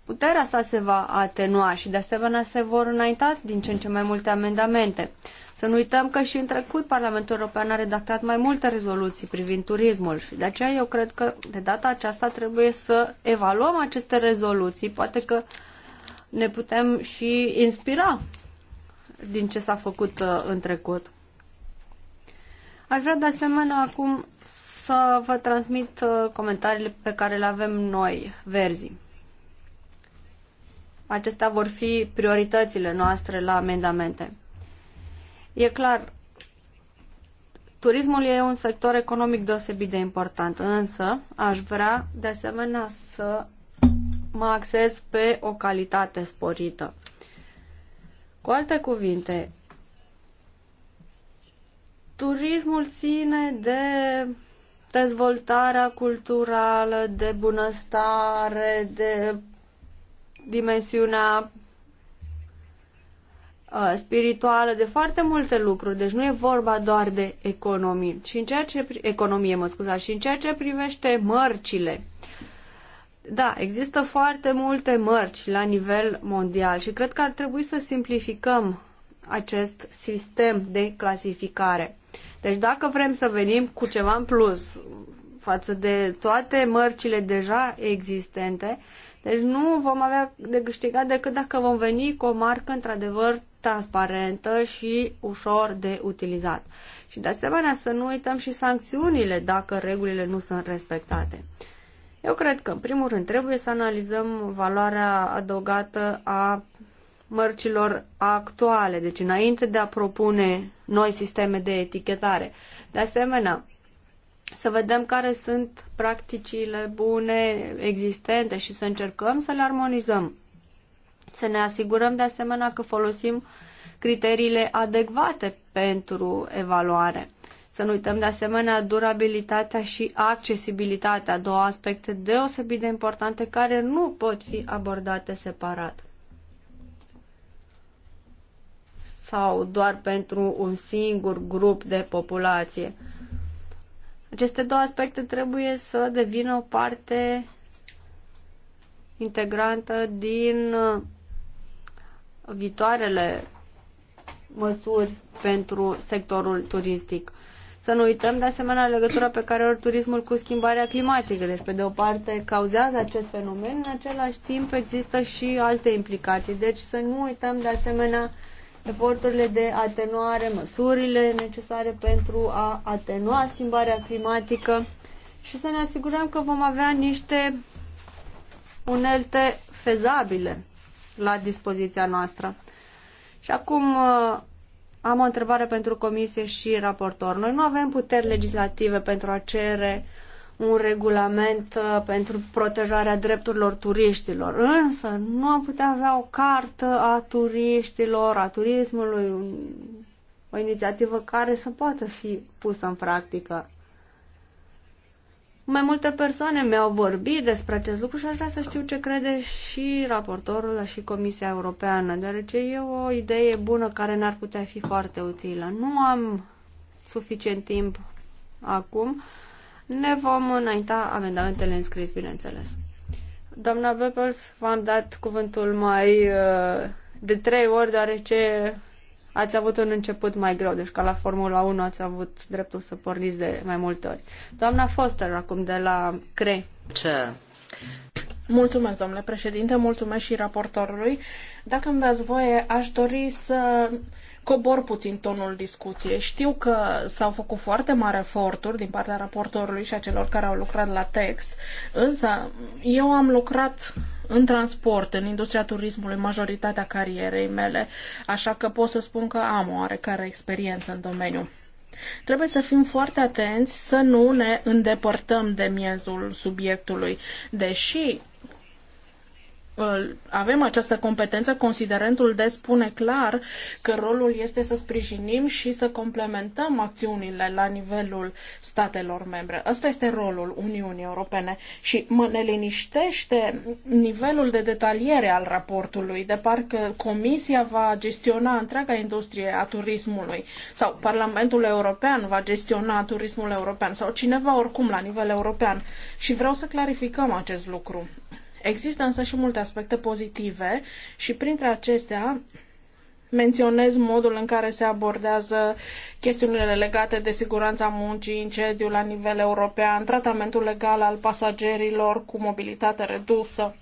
puterea sa se va atenua și de asemenea se vor înainta din ce în ce mai multe amendamente. Să nu uităm că și în trecut Parlamentul European a redactat mai multe rezoluții privind turismul și de aceea eu cred că de data aceasta trebuie să evaluăm aceste rezoluții. Poate că ne putem și inspira din ce s-a făcut uh, în trecut. Aș vrea de asemenea acum să vă transmit uh, comentariile pe care le avem noi, verzi. Acestea vor fi prioritățile noastre la amendamente. E clar, turismul e un sector economic deosebit de important, însă aș vrea de asemenea să mă axez pe o calitate sporită. Cu alte cuvinte, turismul ține de dezvoltarea culturală, de bunăstare, de dimensiunea uh, spirituală, de foarte multe lucruri. Deci nu e vorba doar de economie. Și în ceea ce, economie, mă scuza, și în ceea ce privește mărcile. Da, există foarte multe mărci la nivel mondial și cred că ar trebui să simplificăm acest sistem de clasificare. Deci dacă vrem să venim cu ceva în plus față de toate mărcile deja existente, deci nu vom avea de câștigat decât dacă vom veni cu o marcă într-adevăr transparentă și ușor de utilizat. Și de asemenea să nu uităm și sancțiunile dacă regulile nu sunt respectate. Eu cred că, în primul rând, trebuie să analizăm valoarea adăugată a mărcilor actuale, deci înainte de a propune noi sisteme de etichetare. De asemenea, să vedem care sunt practicile bune existente și să încercăm să le armonizăm. Să ne asigurăm de asemenea că folosim criteriile adecvate pentru evaluare. Să nu uităm de asemenea durabilitatea și accesibilitatea, două aspecte deosebit de importante care nu pot fi abordate separat. sau doar pentru un singur grup de populație. Aceste două aspecte trebuie să devină o parte integrantă din uh, viitoarele măsuri pentru sectorul turistic. Să nu uităm de asemenea legătura pe care o turismul cu schimbarea climatică. Deci, pe de o parte, cauzează acest fenomen, în același timp există și alte implicații. Deci să nu uităm de asemenea eforturile de atenuare, măsurile necesare pentru a atenua schimbarea climatică și să ne asigurăm că vom avea niște unelte fezabile la dispoziția noastră. Și acum uh, am o întrebare pentru comisie și raportor. Noi nu avem puteri legislative pentru a cere uh, un regulament uh, pentru protejarea drepturilor turiștilor. Însă nu am putea avea o cartă a turiștilor, a turismului, o inițiativă care să poată fi pusă în practică. Mai multe persoane mi-au vorbit despre acest lucru și aș vrea să știu ce crede și raportorul și Comisia Europeană, deoarece e o idee bună care n-ar putea fi foarte utilă. Nu am suficient timp acum ne vom înainta amendamentele înscris, bineînțeles. Doamna Beppels, v-am dat cuvântul mai uh, de trei ori, deoarece ați avut un început mai greu, deci ca la Formula 1 ați avut dreptul să porniți de mai multe ori. Doamna Foster, acum de la CRE. Ce? Mulțumesc, domnule președinte, mulțumesc și raportorului. Dacă îmi dați voie, aș dori să cobor puțin tonul discuției. Știu că s-au făcut foarte mari eforturi din partea raportorului și a celor care au lucrat la text, însă eu am lucrat în transport, în industria turismului, majoritatea carierei mele, așa că pot să spun că am o oarecare experiență în domeniu. Trebuie să fim foarte atenți să nu ne îndepărtăm de miezul subiectului, deși avem această competență, considerentul de spune clar că rolul este să sprijinim și să complementăm acțiunile la nivelul statelor membre. Ăsta este rolul Uniunii Europene și mă ne liniștește nivelul de detaliere al raportului, de parcă Comisia va gestiona întreaga industrie a turismului sau Parlamentul European va gestiona turismul european sau cineva oricum la nivel european. Și vreau să clarificăm acest lucru. Există însă și multe aspecte pozitive și printre acestea menționez modul în care se abordează chestiunile legate de siguranța muncii, incendiu la nivel european, tratamentul legal al pasagerilor cu mobilitate redusă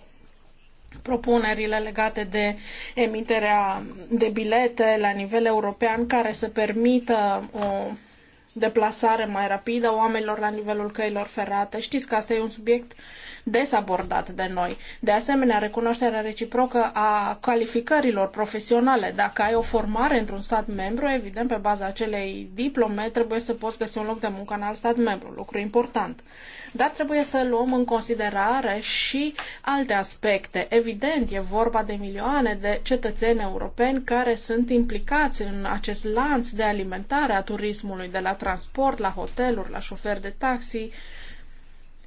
propunerile legate de emiterea de bilete la nivel european care să permită o deplasare mai rapidă a oamenilor la nivelul căilor ferate. Știți că asta e un subiect des abordat de noi. De asemenea, recunoașterea reciprocă a calificărilor profesionale. Dacă ai o formare într-un stat membru, evident, pe baza acelei diplome, trebuie să poți găsi un loc de muncă în alt stat membru, lucru important. Dar trebuie să luăm în considerare și alte aspecte. Evident, e vorba de milioane de cetățeni europeni care sunt implicați în acest lanț de alimentare a turismului, de la transport, la hoteluri, la șoferi de taxi,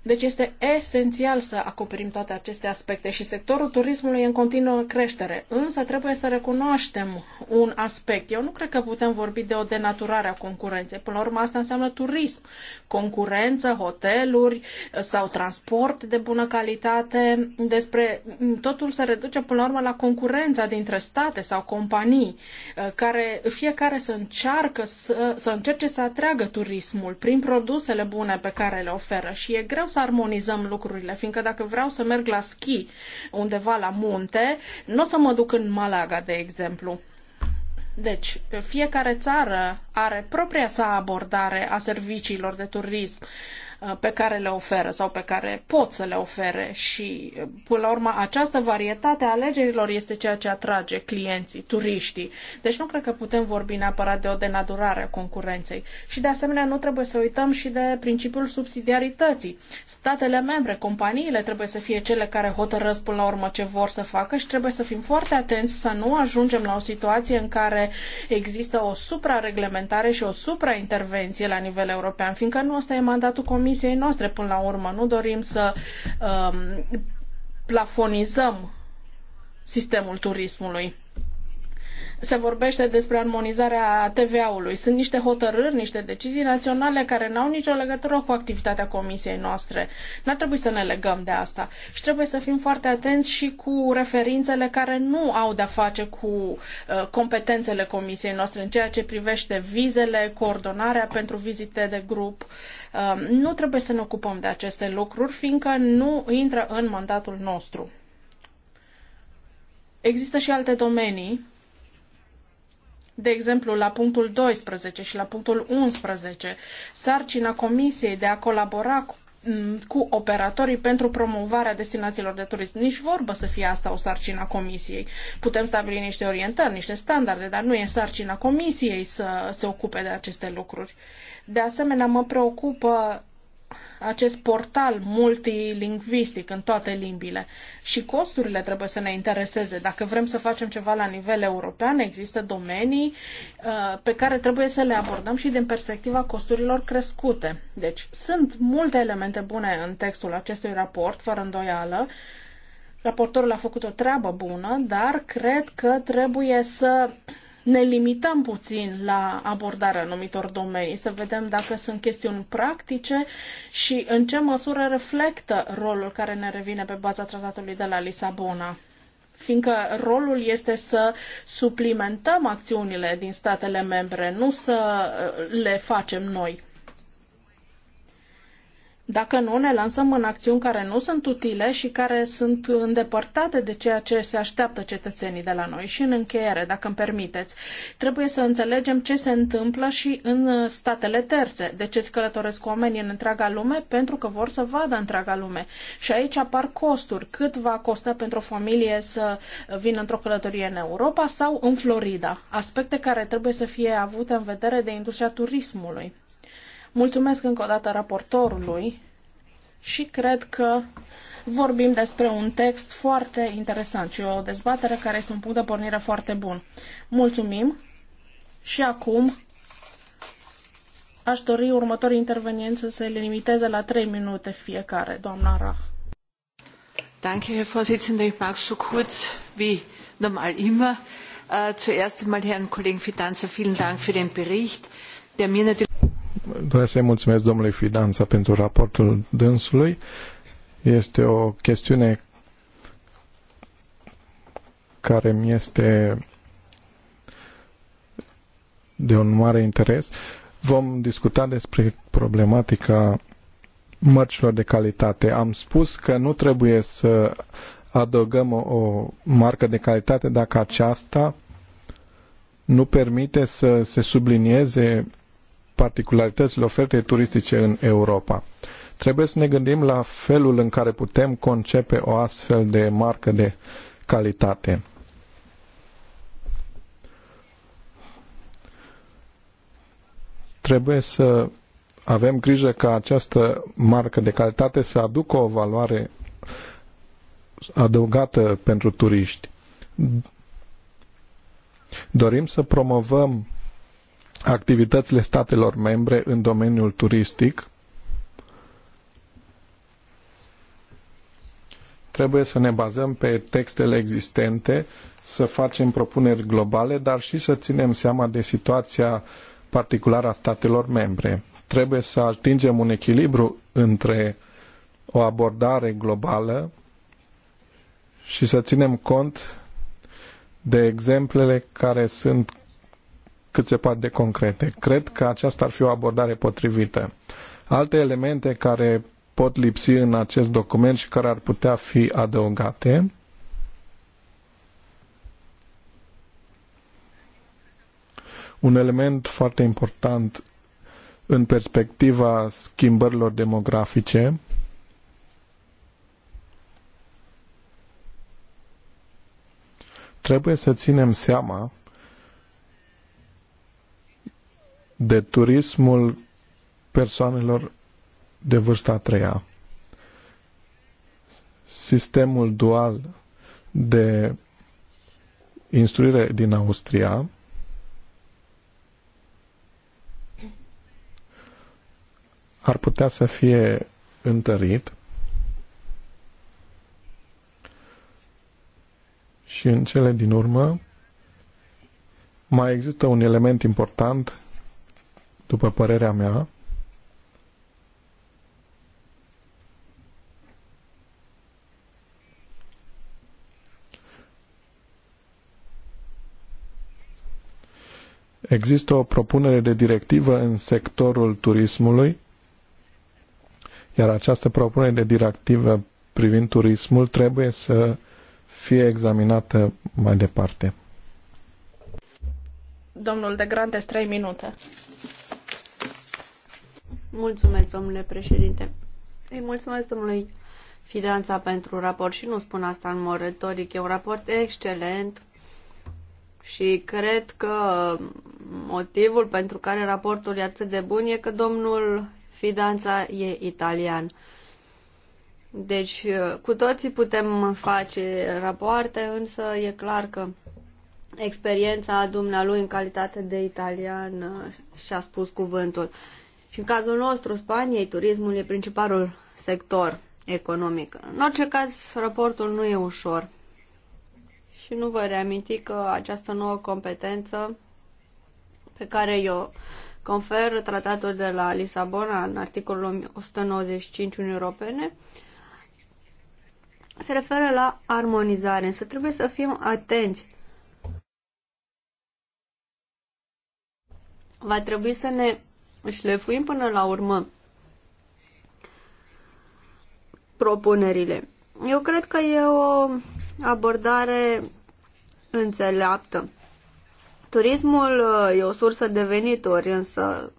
deci este esențial să acoperim toate aceste aspecte și sectorul turismului e în continuă creștere. Însă trebuie să recunoaștem un aspect. Eu nu cred că putem vorbi de o denaturare a concurenței. Până la urmă asta înseamnă turism. Concurență, hoteluri sau transport de bună calitate. Despre totul se reduce până la urmă la concurența dintre state sau companii eh, care fiecare să încearcă să, să încerce să atragă turismul prin produsele bune pe care le oferă și e greu să armonizăm lucrurile, fiindcă dacă vreau să merg la schi undeva la munte, nu o să mă duc în Malaga, de exemplu. Deci, fiecare țară are propria sa abordare a serviciilor de turism. Uh, pe care le oferă sau pe care pot să le ofere și, uh, până la urmă, această varietate a alegerilor este ceea ce atrage clienții, turiștii. Deci nu cred că putem vorbi neapărat de o denaturare a concurenței. Și, de asemenea, nu trebuie să uităm și de principiul subsidiarității. Statele membre, companiile trebuie să fie cele care hotărăsc până la urmă ce vor să facă și trebuie să fim foarte atenți să nu ajungem la o situație în care există o suprareglementare și o supraintervenție la nivel european, fiindcă nu ăsta e mandatul Comisiei comisiei noastre până la urmă. Nu dorim să um, plafonizăm sistemul turismului se vorbește despre armonizarea TVA-ului. Sunt niște hotărâri, niște decizii naționale care n-au nicio legătură cu activitatea comisiei noastre. N-ar trebui să ne legăm de asta. Și trebuie să fim foarte atenți și cu referințele care nu au de-a face cu uh, competențele comisiei noastre în ceea ce privește vizele, coordonarea pentru vizite de grup. Uh, nu trebuie să ne ocupăm de aceste lucruri, fiindcă nu intră în mandatul nostru. Există și alte domenii de exemplu, la punctul 12 și la punctul 11, sarcina Comisiei de a colabora cu cu operatorii pentru promovarea destinațiilor de turism. Nici vorbă să fie asta o sarcină a comisiei. Putem stabili niște orientări, niște standarde, dar nu e sarcina comisiei să se ocupe de aceste lucruri. De asemenea, mă preocupă acest portal multilingvistic în toate limbile. Și costurile trebuie să ne intereseze. Dacă vrem să facem ceva la nivel european, există domenii uh, pe care trebuie să le abordăm și din perspectiva costurilor crescute. Deci sunt multe elemente bune în textul acestui raport, fără îndoială. Raportorul a făcut o treabă bună, dar cred că trebuie să ne limităm puțin la abordarea anumitor domenii, să vedem dacă sunt chestiuni practice și în ce măsură reflectă rolul care ne revine pe baza tratatului de la Lisabona fiindcă rolul este să suplimentăm acțiunile din statele membre, nu să uh, le facem noi. Dacă nu, ne lansăm în acțiuni care nu sunt utile și care sunt îndepărtate de ceea ce se așteaptă cetățenii de la noi. Și în încheiere, dacă îmi permiteți, trebuie să înțelegem ce se întâmplă și în statele terțe. De ce călătoresc oamenii în întreaga lume? Pentru că vor să vadă întreaga lume. Și aici apar costuri. Cât va costa pentru o familie să vină într-o călătorie în Europa sau în Florida? Aspecte care trebuie să fie avute în vedere de industria turismului. Mulțumesc încă o dată raportorului și cred că vorbim despre un text foarte interesant și o dezbatere care este un punct de pornire foarte bun. Mulțumim și acum aș dori următorii intervenienți să se limiteze la 3 minute fiecare, doamna Rah. Danke, Herr Vorsitzender. Ich mag so kurz wie normal immer. Äh, zuerst einmal Herrn Kollegen Fidanza vielen Dank für den Bericht, der mir natürlich doresc să-i mulțumesc domnului Fidanța pentru raportul dânsului. Este o chestiune care mi este de un mare interes. Vom discuta despre problematica mărcilor de calitate. Am spus că nu trebuie să adăugăm o, o marcă de calitate dacă aceasta nu permite să se sublinieze particularitățile ofertei turistice în Europa. Trebuie să ne gândim la felul în care putem concepe o astfel de marcă de calitate. Trebuie să avem grijă ca această marcă de calitate să aducă o valoare adăugată pentru turiști. Dorim să promovăm activitățile statelor membre în domeniul turistic, trebuie să ne bazăm pe textele existente, să facem propuneri globale, dar și să ținem seama de situația particulară a statelor membre. Trebuie să atingem un echilibru între o abordare globală și să ținem cont de exemplele care sunt cât se poate de concrete. Cred că aceasta ar fi o abordare potrivită. Alte elemente care pot lipsi în acest document și care ar putea fi adăugate. Un element foarte important în perspectiva schimbărilor demografice trebuie să ținem seama de turismul persoanelor de vârsta a treia. Sistemul dual de instruire din Austria ar putea să fie întărit și în cele din urmă mai există un element important după părerea mea, Există o propunere de directivă în sectorul turismului, iar această propunere de directivă privind turismul trebuie să fie examinată mai departe. Domnul de Grande, 3 minute. Mulțumesc, domnule președinte. Îi mulțumesc domnului Fidanța pentru raport și nu spun asta în mod retoric. E un raport excelent și cred că motivul pentru care raportul e atât de bun e că domnul Fidanța e italian. Deci, cu toții putem face rapoarte, însă e clar că experiența dumnealui în calitate de italian și-a spus cuvântul. Și în cazul nostru, Spaniei, turismul e principalul sector economic. În orice caz, raportul nu e ușor. Și nu vă reaminti că această nouă competență pe care eu confer tratatul de la Lisabona în articolul 195 Uniunii Europene se referă la armonizare, însă trebuie să fim atenți. Va trebui să ne șlefuim până la urmă propunerile. Eu cred că e o abordare înțeleaptă. Turismul uh, e o sursă de venituri, însă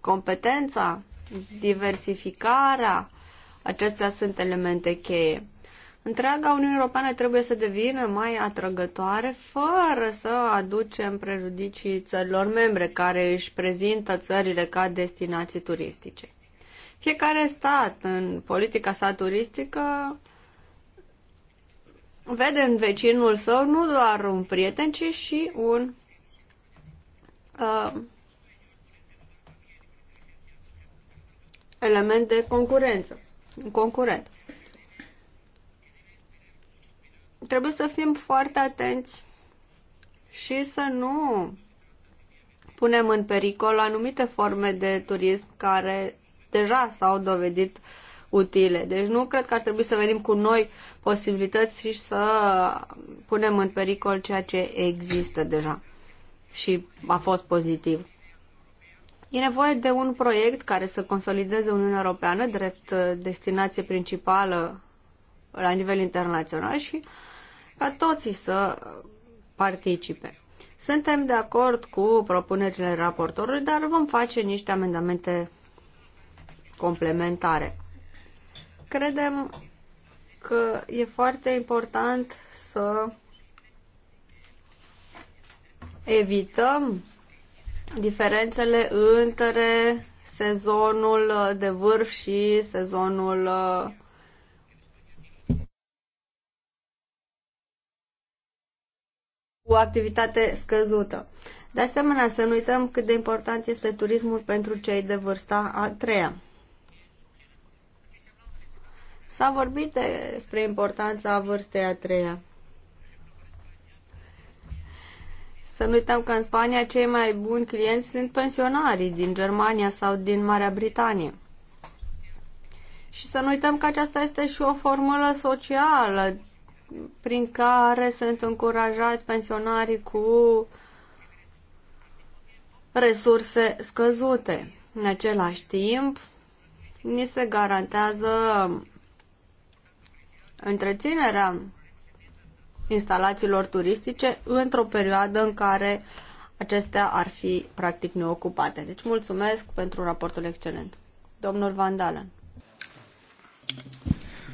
competența, diversificarea, acestea sunt elemente cheie. Întreaga Uniune Europeană trebuie să devină mai atrăgătoare fără să aducem prejudicii țărilor membre care își prezintă țările ca destinații turistice. Fiecare stat în politica sa turistică vede în vecinul său nu doar un prieten, ci și un uh, element de concurență, un concurent. trebuie să fim foarte atenți și să nu punem în pericol anumite forme de turism care deja s-au dovedit utile. Deci nu cred că ar trebui să venim cu noi posibilități și să punem în pericol ceea ce există deja și a fost pozitiv. E nevoie de un proiect care să consolideze Uniunea Europeană drept destinație principală la nivel internațional și uh, ca toții să participe. Suntem de acord cu propunerile raportorului, dar vom face niște amendamente complementare. Credem că e foarte important să evităm diferențele între sezonul de vârf și sezonul uh, cu activitate scăzută. De asemenea, să nu uităm cât de important este turismul pentru cei de vârsta a treia. S-a vorbit despre importanța vârstei a treia. Să nu uităm că în Spania cei mai buni clienți sunt pensionarii din Germania sau din Marea Britanie. Și să nu uităm că aceasta este și o formulă socială prin care sunt încurajați pensionarii cu resurse scăzute. În același timp, ni se garantează întreținerea instalațiilor turistice într-o perioadă în care acestea ar fi practic neocupate. Deci mulțumesc pentru raportul excelent. Domnul Van Dalen.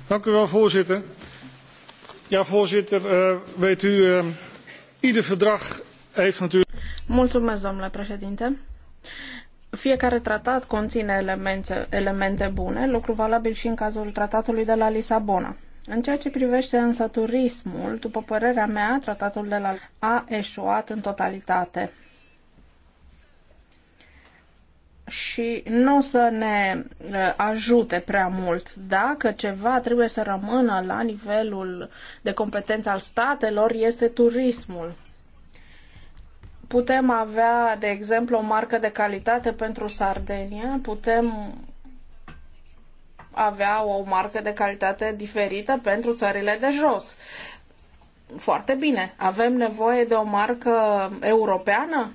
Dank u wel, voorzitter voorzitter, eh, weet u, eh, ieder verdrag heeft natuurlijk... Mulțumesc, domnule președinte. Fiecare tratat conține elemente, elemente bune, lucru valabil și în cazul tratatului de la Lisabona. În ceea ce privește însă turismul, după părerea mea, tratatul de la a eșuat în totalitate și nu o să ne uh, ajute prea mult. Dacă ceva trebuie să rămână la nivelul de competență al statelor, este turismul. Putem avea, de exemplu, o marcă de calitate pentru Sardenia, putem avea o marcă de calitate diferită pentru țările de jos. Foarte bine. Avem nevoie de o marcă europeană?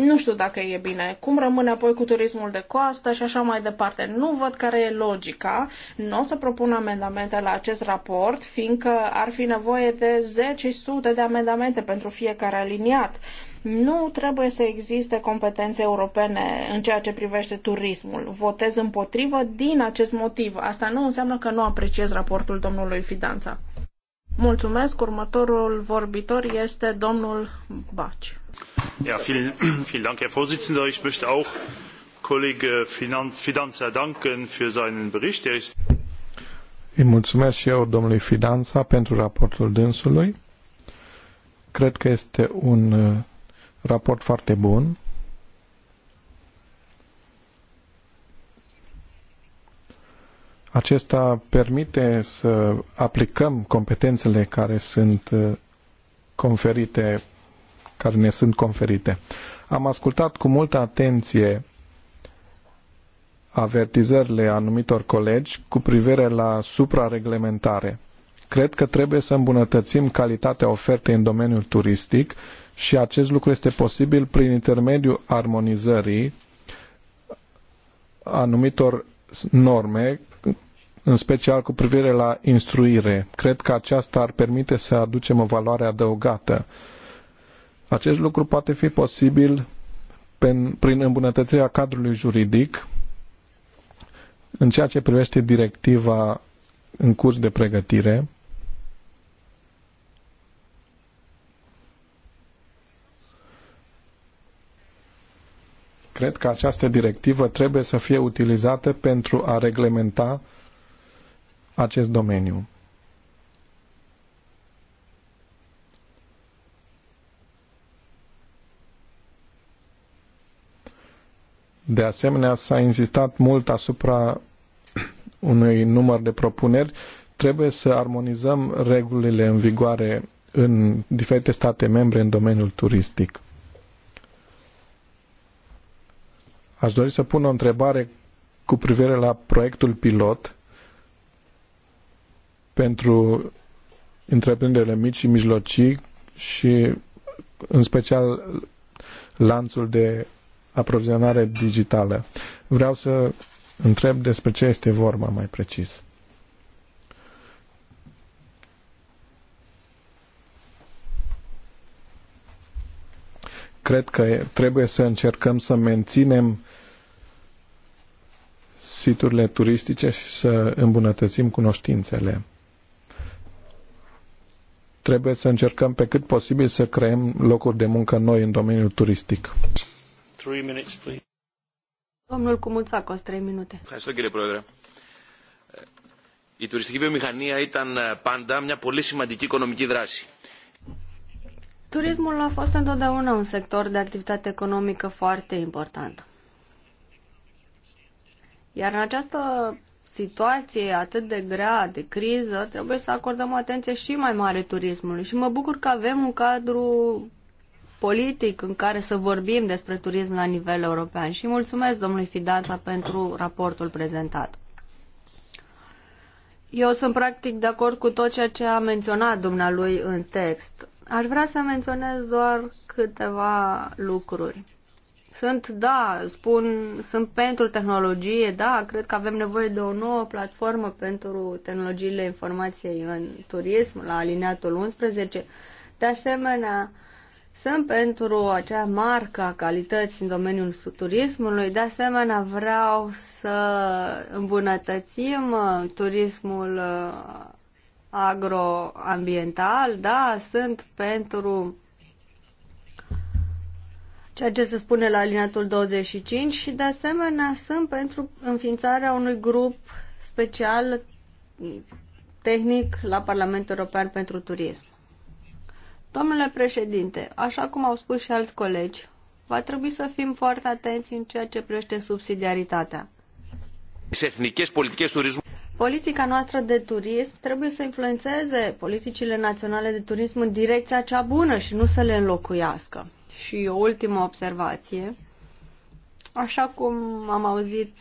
Nu știu dacă e bine. Cum rămâne apoi cu turismul de coastă și așa mai departe. Nu văd care e logica. Nu o să propun amendamente la acest raport, fiindcă ar fi nevoie de 10 sute de amendamente pentru fiecare aliniat. Nu trebuie să existe competențe europene în ceea ce privește turismul. Votez împotrivă din acest motiv. Asta nu înseamnă că nu apreciez raportul domnului Fidanța. Mulțumesc. Următorul vorbitor este domnul Baci. Ja, vielen, vielen Dank, Herr Vorsitzender. Ich möchte auch Kollege Fidanza danken für seinen Bericht. Er ist îi mulțumesc și eu domnului Fidanța pentru raportul dânsului. Cred că este un uh, raport foarte bun Acesta permite să aplicăm competențele care sunt uh, conferite, care ne sunt conferite. Am ascultat cu multă atenție avertizările anumitor colegi cu privire la suprareglementare. Cred că trebuie să îmbunătățim calitatea ofertei în domeniul turistic și acest lucru este posibil prin intermediul armonizării anumitor norme în special cu privire la instruire. Cred că aceasta ar permite să aducem o valoare adăugată. Acest lucru poate fi posibil prin îmbunătățirea cadrului juridic în ceea ce privește directiva în curs de pregătire. Cred că această directivă trebuie să fie utilizată pentru a reglementa acest domeniu. De asemenea, s-a insistat mult asupra unui număr de propuneri. Trebuie să armonizăm regulile în vigoare în diferite state membre în domeniul turistic. Aș dori să pun o întrebare cu privire la proiectul pilot pentru întreprinderile mici și mijlocii și în special lanțul de aprovizionare digitală. Vreau să întreb despre ce este vorba mai precis. Cred că trebuie să încercăm să menținem siturile turistice și să îmbunătățim cunoștințele trebuie să încercăm pe cât posibil să creăm locuri de muncă noi în domeniul turistic. Three minutes, please. Domnul Cumuțacos, 3 minute. Ευχαριστώ κύριε Πρόεδρε. Η τουριστική βιομηχανία ήταν πάντα μια πολύ σημαντική οικονομική δράση. Turismul a fost întotdeauna un sector de activitate economică foarte important. Iar în această situație atât de grea, de criză, trebuie să acordăm atenție și mai mare turismului. Și mă bucur că avem un cadru politic în care să vorbim despre turism la nivel european. Și mulțumesc domnului Fidanța pentru raportul prezentat. Eu sunt practic de acord cu tot ceea ce a menționat dumnealui în text. Aș vrea să menționez doar câteva lucruri. Sunt, da, spun, sunt pentru tehnologie, da, cred că avem nevoie de o nouă platformă pentru tehnologiile informației în turism, la alineatul 11. De asemenea, sunt pentru acea marcă a calității în domeniul turismului. De asemenea, vreau să îmbunătățim uh, turismul uh, agroambiental. Da, sunt pentru ceea ce se spune la alineatul 25 și de asemenea sunt pentru înființarea unui grup special tehnic la Parlamentul European pentru Turism. Domnule președinte, așa cum au spus și alți colegi, va trebui să fim foarte atenți în ceea ce privește subsidiaritatea. Politica noastră de turism trebuie să influențeze politicile naționale de turism în direcția cea bună și nu să le înlocuiască. Și o ultimă observație. Așa cum am auzit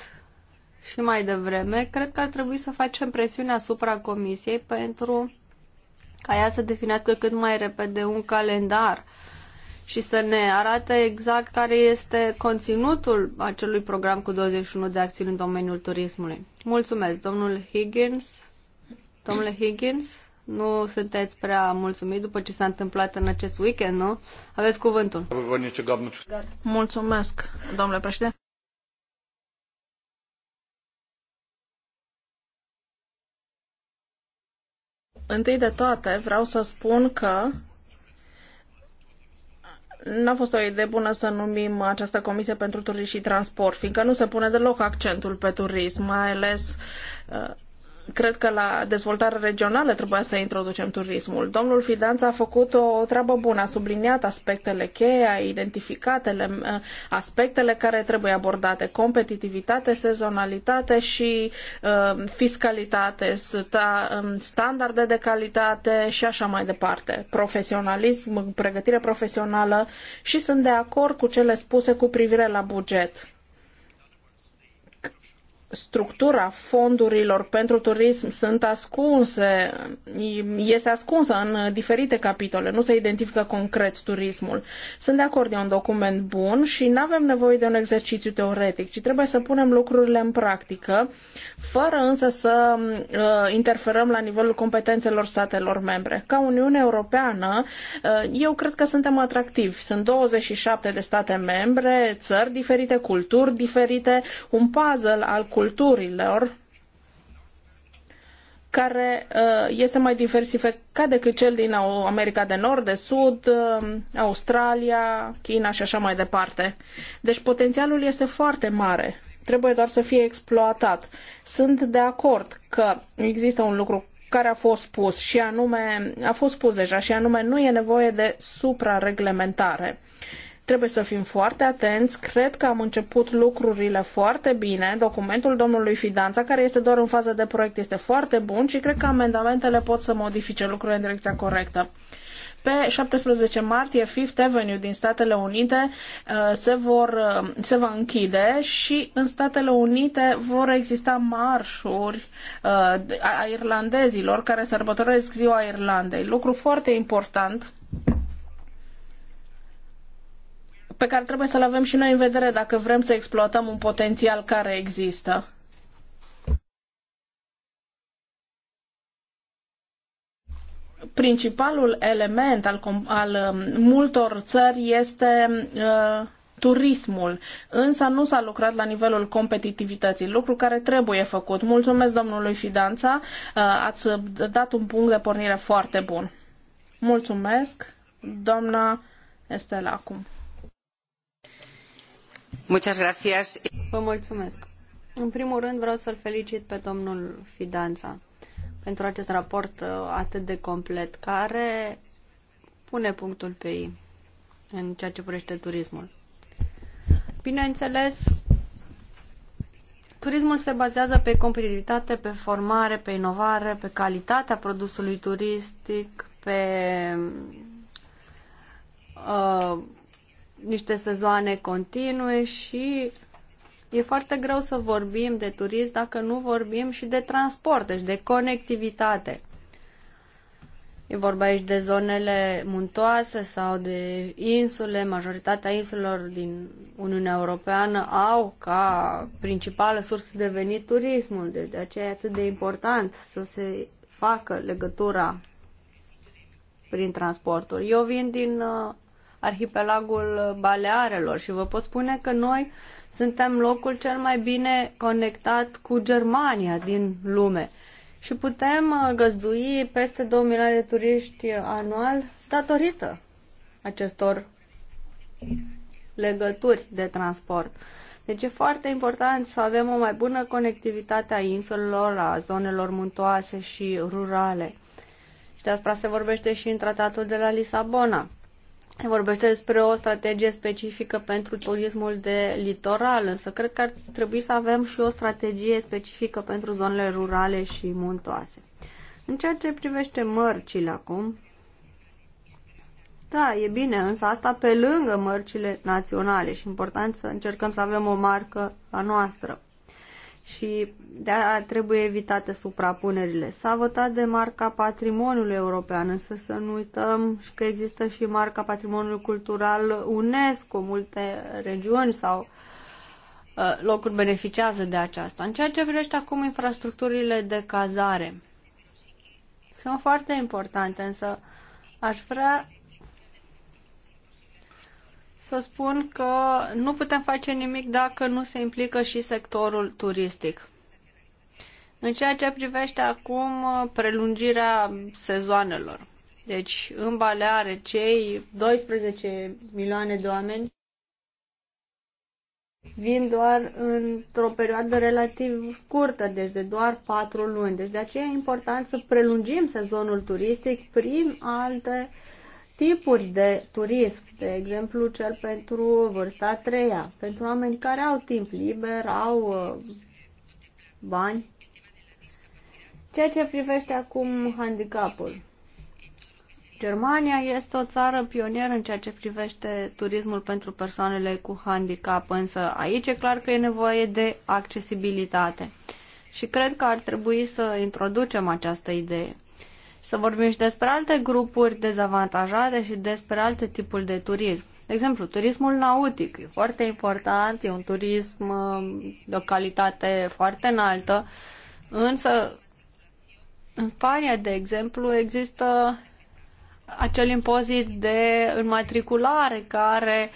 și mai devreme, cred că ar trebui să facem presiune asupra Comisiei pentru ca ea să definească cât mai repede un calendar și să ne arate exact care este conținutul acelui program cu 21 de acțiuni în domeniul turismului. Mulțumesc, domnul Higgins. Domnule Higgins, nu sunteți prea mulțumit după ce s-a întâmplat în acest weekend, nu? Aveți cuvântul. Mulțumesc, domnule președinte. Întâi de toate, vreau să spun că n-a fost o idee bună să numim această comisie pentru turism și transport, fiindcă nu se pune deloc accentul pe turism, mai ales uh, cred că la dezvoltare regională trebuia să introducem turismul. Domnul Fidanza a făcut o treabă bună, a subliniat aspectele cheie, a identificat aspectele care trebuie abordate, competitivitate, sezonalitate și uh, fiscalitate, sta, um, standarde de calitate și așa mai departe, profesionalism, pregătire profesională și sunt de acord cu cele spuse cu privire la buget structura fondurilor pentru turism sunt ascunse, este ascunsă în diferite capitole, nu se identifică concret turismul. Sunt de acord, e un document bun și nu avem nevoie de un exercițiu teoretic, ci trebuie să punem lucrurile în practică, fără însă să uh, interferăm la nivelul competențelor statelor membre. Ca Uniune Europeană, uh, eu cred că suntem atractivi. Sunt 27 de state membre, țări diferite, culturi diferite, un puzzle al culturilor, care uh, este mai diversificat decât cel din America de Nord, de Sud, uh, Australia, China și așa mai departe. Deci potențialul este foarte mare. Trebuie doar să fie exploatat. Sunt de acord că există un lucru care a fost spus și anume, a fost spus deja și anume nu e nevoie de suprareglementare. Uh, Trebuie să fim foarte atenți. Cred că am început lucrurile foarte bine. Documentul domnului Fidanța, care este doar în fază de proiect, este foarte bun și cred că amendamentele pot să modifice lucrurile în direcția corectă pe 17 martie Fifth Avenue din Statele Unite uh, se, vor, uh, se va închide și în Statele Unite vor exista marșuri uh, a irlandezilor care sărbătoresc ziua Irlandei. Lucru foarte important pe care trebuie să-l avem și noi în vedere dacă vrem să exploatăm un potențial care există. Principalul element al, al um, multor țări este uh, turismul, însă nu s-a lucrat la nivelul competitivității, lucru care trebuie făcut. Mulțumesc domnului Fidanța, uh, ați dat un punct de pornire foarte bun. Mulțumesc, doamna Estela, acum. În primul rând vreau să îl felicit pe domnul Fidanța pentru acest raport uh, atât de complet, care pune punctul pe ei în ceea ce privește turismul. Bineînțeles, turismul se bazează pe competitivitate, pe formare, pe inovare, pe calitatea produsului turistic, pe uh, niște sezoane continue și e foarte greu să vorbim de turism dacă nu vorbim și de transport, deci de conectivitate. E vorba aici de zonele muntoase sau de insule. Majoritatea insulelor din Uniunea Europeană au ca principală sursă de venit turismul. Deci de aceea e atât de important să se facă legătura prin transporturi. Eu vin din uh, arhipelagul Balearelor și vă pot spune că noi suntem locul cel mai bine conectat cu Germania din lume și putem uh, găzdui peste 2 milioane de turiști uh, anual datorită acestor legături de transport. Deci e foarte important să avem o mai bună conectivitate a insulelor, a zonelor muntoase și rurale. Și de asta se vorbește și în tratatul de la Lisabona vorbește despre o strategie specifică pentru turismul de litoral, însă cred că ar trebui să avem și o strategie specifică pentru zonele rurale și muntoase. În ceea ce privește mărcile acum, da, e bine, însă asta pe lângă mărcile naționale și important să încercăm să avem o marcă a noastră și de aia trebuie evitate suprapunerile. S-a votat de marca patrimoniului european, însă să nu uităm și că există și marca patrimoniului cultural UNESCO, multe regiuni sau ă, locuri beneficiază de aceasta. În ceea ce privește acum infrastructurile de cazare, sunt foarte importante, însă aș vrea să spun că nu putem face nimic dacă nu se implică și sectorul turistic. În ceea ce privește acum uh, prelungirea sezoanelor, deci în Baleare cei 12 milioane de oameni vin doar într-o perioadă relativ scurtă, deci de doar 4 luni. Deci de aceea e important să prelungim sezonul turistic prin alte uh, tipuri de turism, de exemplu cel pentru vârsta treia, pentru oameni care au timp liber, au uh, bani. Ceea ce privește acum handicapul. Germania este o țară pionieră în ceea ce privește turismul pentru persoanele cu handicap, însă aici e clar că e nevoie de accesibilitate. Și cred că ar trebui să introducem această idee să vorbim și despre alte grupuri dezavantajate și despre alte tipuri de turism. De exemplu, turismul nautic e foarte important, e un turism uh, de o calitate foarte înaltă, însă în Spania, de exemplu, există acel impozit de înmatriculare care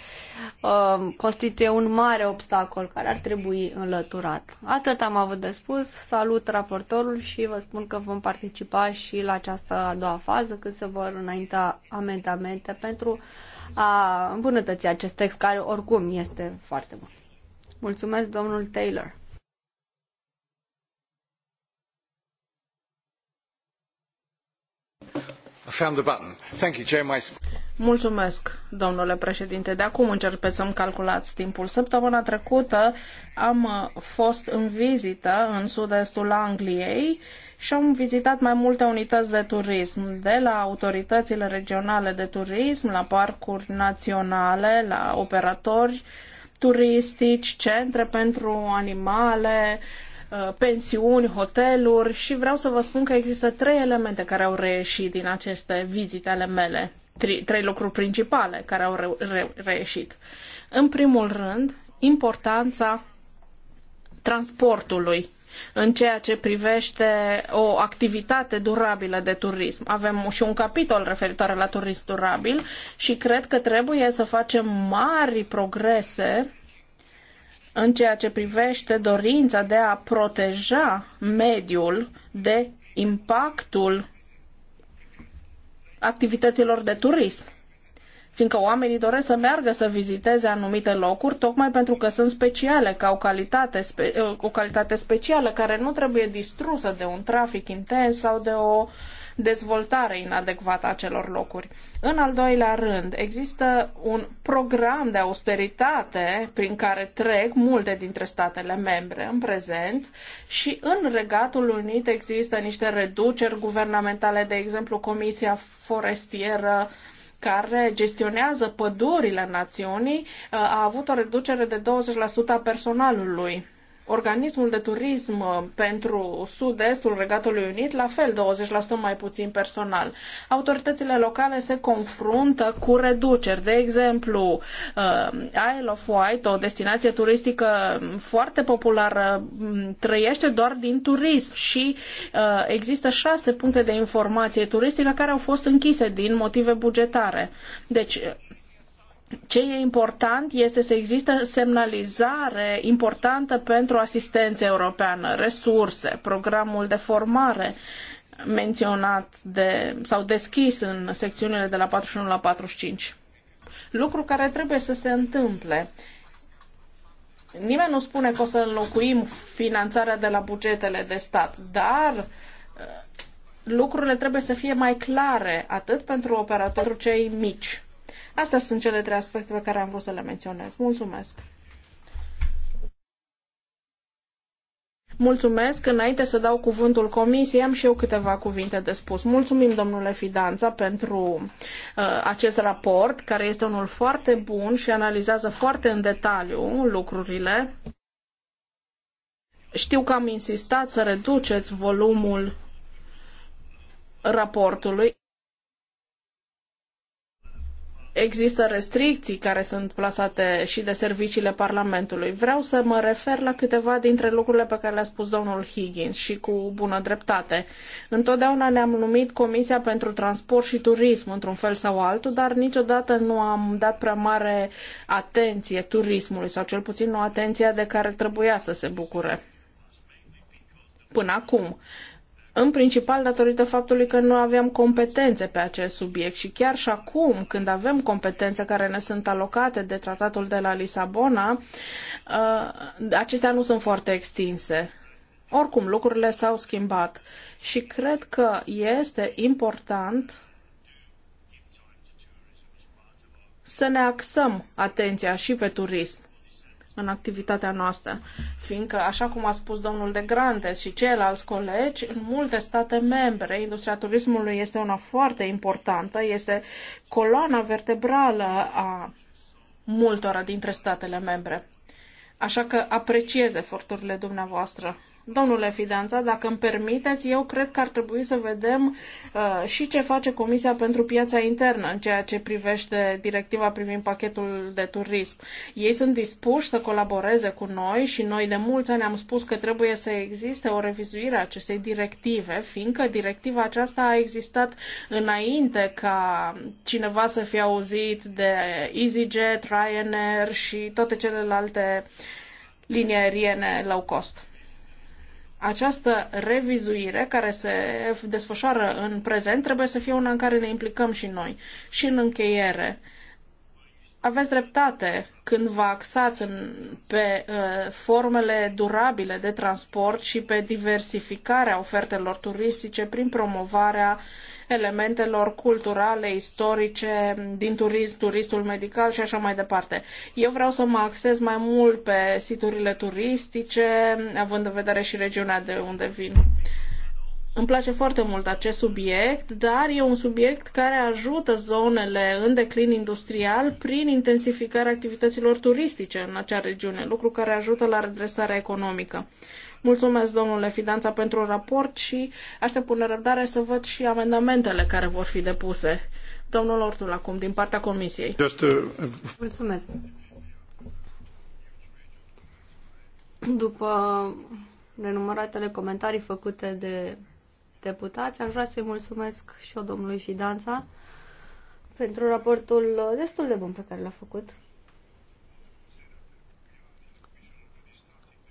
uh, constituie un mare obstacol care ar trebui înlăturat. Atât am avut de spus, salut raportorul și vă spun că vom participa și la această a doua fază când se vor înainta amendamente pentru a îmbunătăți acest text care oricum este foarte bun. Mulțumesc, domnul Taylor. Mulțumesc, domnule președinte. De acum începeți să-mi calculați timpul. Săptămâna trecută am uh, fost în vizită în sud-estul Angliei și am vizitat mai multe unități de turism, de la autoritățile regionale de turism, la parcuri naționale, la operatori turistici, centre pentru animale, Uh, pensiuni, hoteluri și vreau să vă spun că există trei elemente care au reieșit din aceste vizite ale mele, trei, trei lucruri principale care au re, re, reieșit. În primul rând, importanța transportului în ceea ce privește o activitate durabilă de turism. Avem și un capitol referitor la turism durabil și cred că trebuie să facem mari progrese în ceea ce privește dorința de a proteja mediul de impactul activităților de turism. Fiindcă oamenii doresc să meargă să viziteze anumite locuri, tocmai pentru că sunt speciale, că o calitate, o calitate specială, care nu trebuie distrusă de un trafic intens sau de o uh, dezvoltare inadecvată a acelor locuri. În al doilea rând, există un program de austeritate prin care trec multe dintre statele membre în prezent și în Regatul Unit există niște reduceri guvernamentale, de exemplu Comisia Forestieră care gestionează pădurile națiunii a avut o reducere de 20% a personalului Organismul de turism uh, pentru sud-estul Regatului Unit, la fel, 20% mai puțin personal. Autoritățile locale se confruntă cu reduceri. De exemplu, uh, Isle of Wight, o destinație turistică foarte populară, mm, trăiește doar din turism și uh, există șase puncte de informație turistică care au fost închise din motive bugetare. Deci, ce e important este să existe semnalizare importantă pentru asistență europeană, resurse, programul de formare menționat de, sau deschis în secțiunile de la 41 la 45. Lucru care trebuie să se întâmple. Nimeni nu spune că o să înlocuim finanțarea de la bugetele de stat, dar uh, lucrurile trebuie să fie mai clare, atât pentru operatorii pentru cei mici Astea sunt cele trei aspecte pe care am vrut să le menționez. Mulțumesc! Mulțumesc. Înainte să dau cuvântul comisiei, am și eu câteva cuvinte de spus. Mulțumim, domnule Fidanța, pentru uh, acest raport, care este unul foarte bun și analizează foarte în detaliu lucrurile. Știu că am insistat să reduceți volumul raportului există restricții care sunt plasate și de serviciile Parlamentului. Vreau să mă refer la câteva dintre lucrurile pe care le-a spus domnul Higgins și cu bună dreptate. Întotdeauna ne-am numit Comisia pentru Transport și Turism într-un fel sau altul, dar niciodată nu am dat prea mare atenție turismului sau cel puțin n-o atenție de care trebuia să se bucure până acum în principal datorită faptului că nu aveam competențe pe acest subiect și chiar și acum, când avem competențe care ne sunt alocate de tratatul de la Lisabona, uh, acestea nu sunt foarte extinse. Oricum, lucrurile s-au schimbat și cred că este important să ne axăm atenția și pe turism în activitatea noastră, fiindcă, așa cum a spus domnul de Grante și ceilalți colegi, în multe state membre, industria turismului este una foarte importantă, este coloana vertebrală a multora dintre statele membre. Așa că apreciez eforturile dumneavoastră Domnule Fidanța, dacă îmi permiteți, eu cred că ar trebui să vedem uh, și ce face Comisia pentru Piața Internă în ceea ce privește directiva privind pachetul de turism. Ei sunt dispuși să colaboreze cu noi și noi de mulți ani am spus că trebuie să existe o revizuire a acestei directive, fiindcă directiva aceasta a existat înainte ca cineva să fie auzit de EasyJet, Ryanair și toate celelalte linii aeriene low cost această revizuire care se desfășoară în prezent trebuie să fie una în care ne implicăm și noi. Și în încheiere, uh, aveți dreptate când vă axați în, pe uh, formele durabile de transport și pe diversificarea ofertelor turistice prin promovarea elementelor culturale, istorice, din turism, turistul medical și așa mai departe. Eu vreau să mă axez mai mult pe siturile turistice, având în vedere și regiunea de unde vin. Uh, îmi place foarte mult acest subiect, dar e un subiect care ajută zonele în declin industrial prin intensificarea activităților turistice în acea regiune, lucru care ajută la redresarea economică. Mulțumesc, domnule Fidanța, pentru raport și aștept cu nerăbdare să văd și amendamentele care vor fi depuse. Domnul Ortul, acum, din partea Comisiei. Just, uh... Mulțumesc. După nenumăratele comentarii făcute de deputați. Aș vrea să-i mulțumesc și eu domnului Fidanța pentru raportul destul de bun pe care l-a făcut.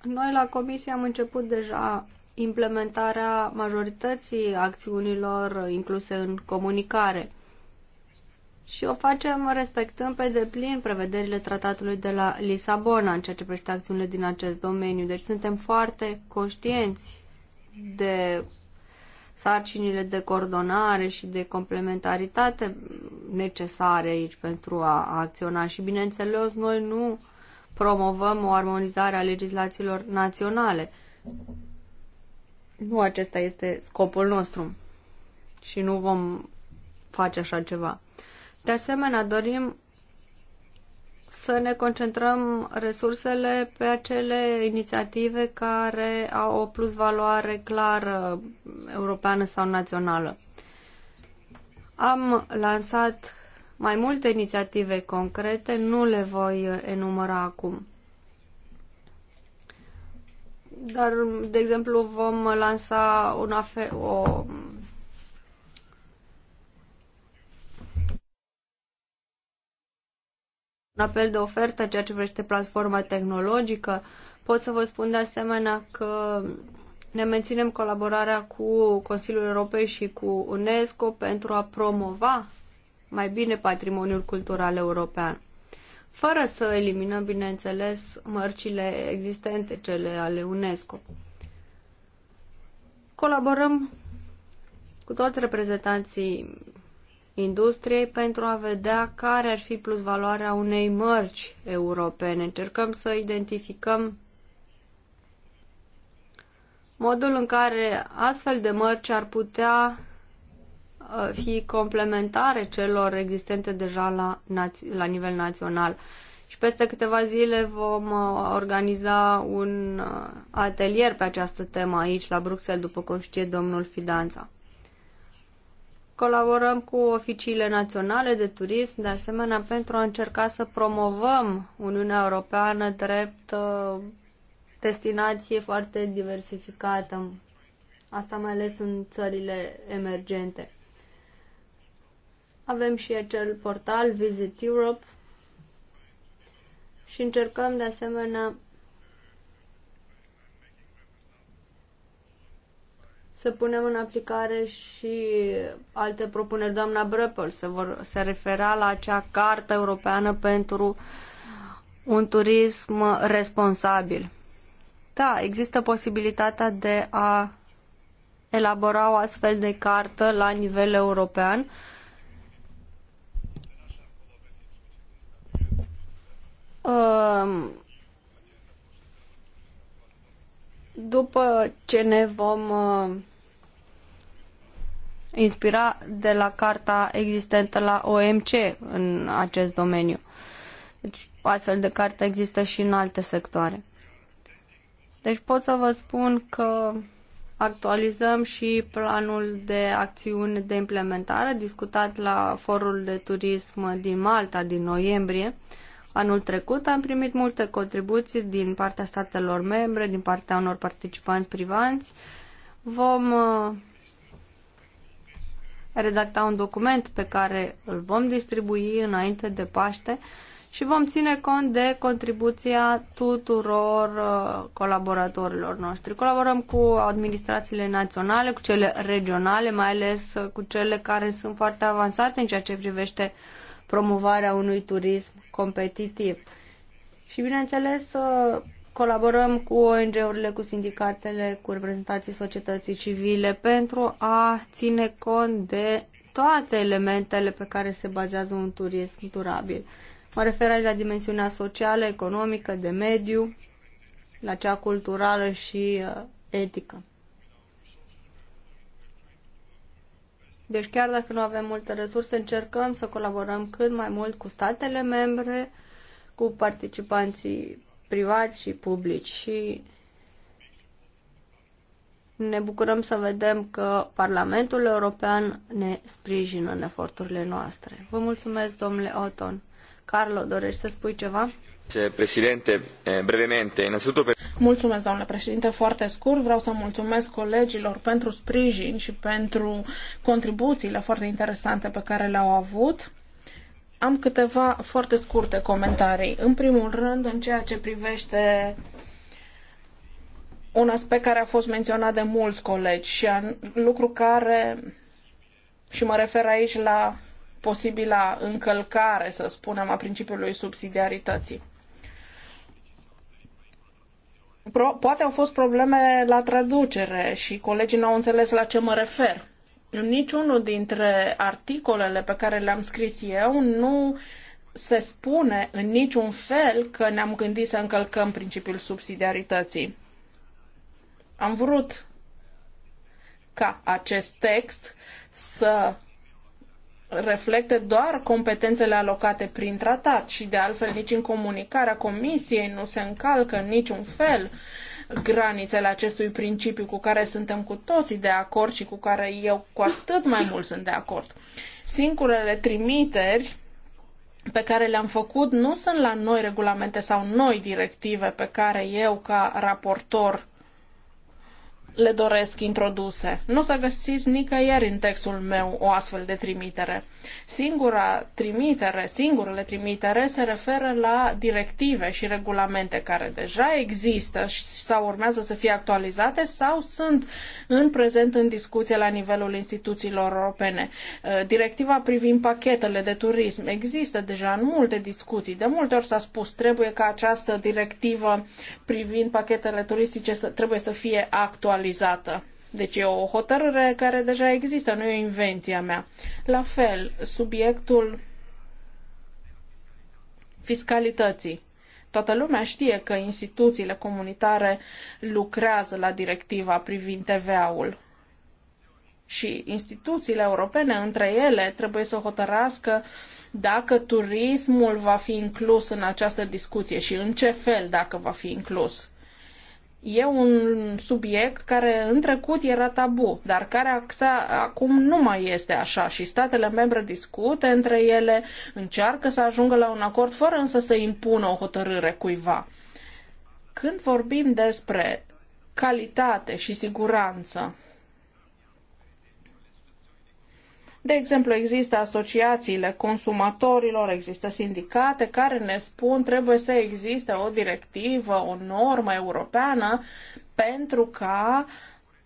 Noi la comisie am început deja implementarea majorității acțiunilor incluse în comunicare și o facem respectând pe deplin prevederile tratatului de la Lisabona în ceea ce privește acțiunile din acest domeniu. Deci suntem foarte conștienți de sarcinile de coordonare și de complementaritate necesare aici pentru a acționa. Și, bineînțeles, noi nu promovăm o armonizare a legislațiilor naționale. Nu acesta este scopul nostru și nu vom face așa ceva. De asemenea, dorim să ne concentrăm resursele pe acele inițiative care au o plus valoare clară europeană sau națională. Am lansat mai multe inițiative concrete, nu le voi enumăra acum. Dar, de exemplu, vom lansa un afe- o un apel de ofertă ceea ce vrește platforma tehnologică. Pot să vă spun de asemenea că ne menținem colaborarea cu Consiliul Europei și cu UNESCO pentru a promova mai bine patrimoniul cultural european, fără să eliminăm, bineînțeles, mărcile existente, cele ale UNESCO. Colaborăm cu toți reprezentanții industriei pentru a vedea care ar fi plus valoarea unei mărci europene. Încercăm să identificăm modul în care astfel de mărci ar putea uh, fi complementare celor existente deja la, la nivel național. Și peste câteva zile vom uh, organiza un uh, atelier pe această temă aici, la Bruxelles, după cum știe domnul Fidanța. Colaborăm cu oficiile naționale de turism, de asemenea, pentru a încerca să promovăm Uniunea Europeană drept uh, destinație foarte diversificată. Asta mai ales în țările emergente. Avem și acel portal Visit Europe și încercăm de asemenea să punem în aplicare și alte propuneri. Doamna Brăpăl se, vor, se refera la acea cartă europeană pentru un turism responsabil. Da, există posibilitatea de a elabora o astfel de cartă la nivel european. Ă, după ce ne vom ă, inspira de la carta existentă la OMC în acest domeniu. Deci astfel de carte există și în alte sectoare. Deci pot să vă spun că actualizăm și planul de acțiune de implementare discutat la forul de turism din Malta din noiembrie. Anul trecut am primit multe contribuții din partea statelor membre, din partea unor participanți privanți. Vom uh, redacta un document pe care îl vom distribui înainte de Paște și vom ține cont de contribuția tuturor uh, colaboratorilor noștri. Colaborăm cu administrațiile naționale, cu cele regionale, mai ales uh, cu cele care sunt foarte avansate în ceea ce privește promovarea unui turism competitiv. Și bineînțeles, uh, Colaborăm cu ONG-urile, cu sindicatele, cu reprezentanții societății civile pentru a ține cont de toate elementele pe care se bazează un turism durabil. Mă refer aici la dimensiunea socială, economică, de mediu, la cea culturală și uh, etică. Deci chiar dacă nu avem multe resurse, încercăm să colaborăm cât mai mult cu statele membre, cu participanții privați și publici și ne bucurăm să vedem că Parlamentul European ne sprijină în eforturile noastre. Vă mulțumesc, domnule Oton. Carlo, dorești să spui ceva? Președinte, eh, brevemente, înăsutul per... Mulțumesc, doamnă președinte. Foarte scurt, vreau să mulțumesc colegilor pentru sprijin și pentru contribuțiile foarte interesante pe care le-au avut. Am câteva foarte scurte comentarii. În primul rând, în ceea ce privește un aspect care a fost menționat de mulți colegi și an, lucru care, și mă refer aici la posibila încălcare, să spunem, a principiului subsidiarității. Pro, poate au fost probleme la traducere și colegii nu au înțeles la ce mă refer niciunul dintre articolele pe care le-am scris eu nu se spune în niciun fel că ne-am gândit să încălcăm principiul subsidiarității. Am vrut ca acest text să reflecte doar competențele alocate prin tratat și de altfel nici în comunicarea comisiei nu se încalcă în niciun fel uh, granițele acestui principiu cu care suntem cu toții de acord și cu care eu cu atât mai mult sunt de acord. Singurele trimiteri pe care le-am făcut nu sunt la noi regulamente sau noi directive pe care eu ca raportor le doresc introduse. Nu o să găsiți nicăieri în textul meu o astfel de trimitere. Singura trimitere, singurele trimitere se referă la directive și regulamente care deja există sau urmează să fie actualizate sau sunt în prezent în discuție la nivelul instituțiilor europene. Uh, directiva privind pachetele de turism există deja în multe discuții. De multe ori s-a spus trebuie ca această directivă privind pachetele turistice să, trebuie să fie actualizată centralizată. Deci e o hotărâre care deja există, nu e o invenția mea. La fel, subiectul fiscalității. Toată lumea știe că instituțiile comunitare lucrează la directiva privind TVA-ul și instituțiile europene între ele trebuie să hotărască dacă turismul va fi inclus în această discuție și în ce fel dacă va fi inclus. E un subiect care în trecut era tabu, dar care acum nu mai este așa și statele membre discută între ele, încearcă să ajungă la un acord fără însă să impună o hotărâre cuiva. Când vorbim despre calitate și siguranță, De exemplu, există asociațiile consumatorilor, există sindicate care ne spun trebuie să existe o directivă, o normă europeană pentru ca uh,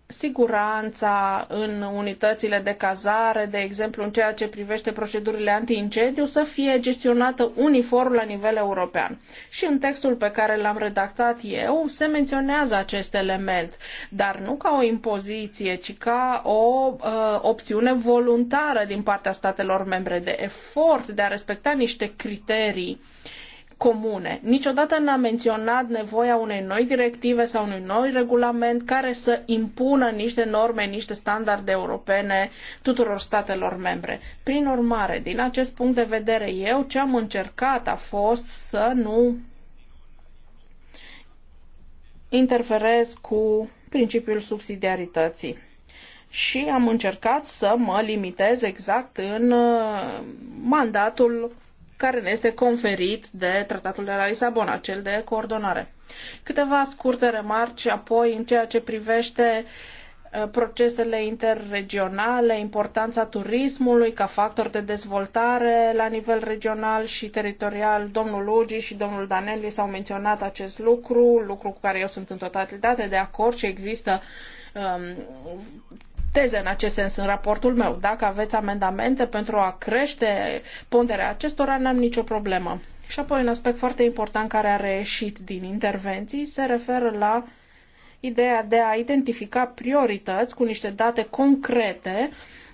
siguranța în unitățile de cazare, de exemplu în ceea ce privește procedurile antiincendiu, să fie gestionată uniform la nivel european. Și în textul pe care l-am redactat eu se menționează acest element, dar nu ca o impoziție, ci ca o uh, opțiune voluntară din partea statelor membre de efort de a respecta niște criterii uh, comune. Niciodată n-a menționat nevoia unei noi directive sau unui noi regulament care să impună niște norme, niște standarde europene tuturor statelor membre. Prin urmare, din acest punct de vedere, eu ce am încercat a fost să nu interferez cu principiul subsidiarității și am încercat să mă limitez exact în uh, mandatul care ne este conferit de Tratatul de la Lisabona, cel de coordonare. Câteva scurte remarci apoi în ceea ce privește uh, procesele interregionale, importanța turismului ca factor de dezvoltare la nivel regional și teritorial. Domnul Lugi și domnul Danelli s-au menționat acest lucru, lucru cu care eu sunt în totalitate de acord și există um, teze în acest sens în raportul meu. Dacă aveți amendamente pentru a crește ponderea acestora, n-am nicio problemă. Și apoi un aspect foarte important care a reieșit din intervenții se referă la ideea de a identifica priorități cu niște date concrete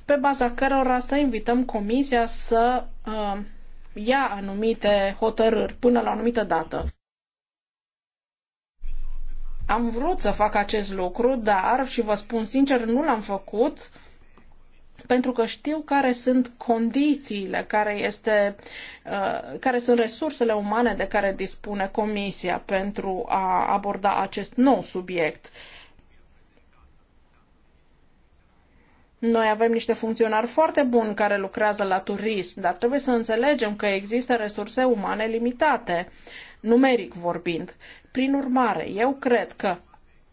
pe baza cărora să invităm Comisia să uh, ia anumite hotărâri până la o anumită dată. Am vrut să fac acest lucru, dar, și vă spun sincer, nu l-am făcut pentru că știu care sunt condițiile, care, este, uh, care sunt resursele umane de care dispune Comisia pentru a aborda acest nou subiect. Uh, Noi avem niște funcționari foarte buni care lucrează la turism, dar trebuie să înțelegem că există resurse umane limitate, numeric vorbind. Prin urmare, eu cred că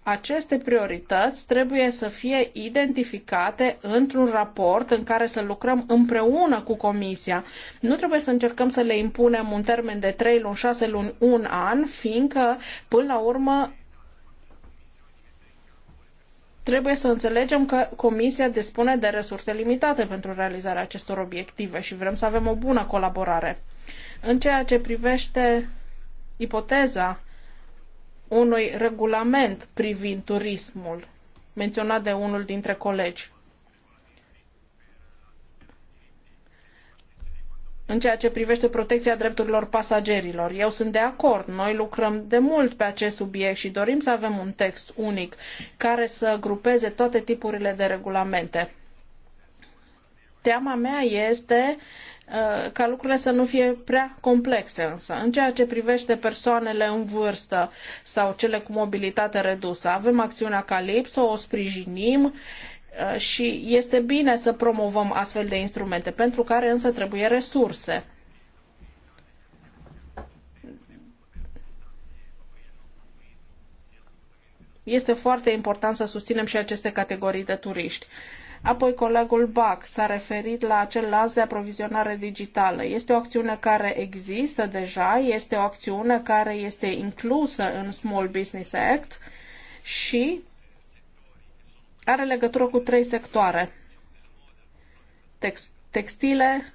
aceste priorități trebuie să fie identificate într-un raport în care să lucrăm împreună cu Comisia. Nu trebuie să încercăm să le impunem un termen de 3 luni, 6 luni, un an, fiindcă, până la urmă, Trebuie să înțelegem că Comisia dispune de resurse limitate pentru realizarea acestor obiective și vrem să avem o bună colaborare. În ceea ce privește ipoteza unui regulament privind turismul, menționat de unul dintre colegi, în ceea ce privește protecția drepturilor pasagerilor. Eu sunt de acord, noi lucrăm de mult pe acest subiect și dorim să avem un text unic care să grupeze toate tipurile de regulamente. Teama mea este uh, ca lucrurile să nu fie prea complexe însă. În ceea ce privește persoanele în vârstă sau cele cu mobilitate redusă, avem acțiunea Calipso, o sprijinim Uh, și este bine să promovăm astfel de instrumente, pentru care însă trebuie resurse. Este foarte important să susținem și aceste categorii de turiști. Apoi colegul Bach s-a referit la acel lanț de aprovizionare digitală. Este o acțiune care există deja, este o acțiune care este inclusă în Small Business Act și are legătură cu trei sectoare. textile,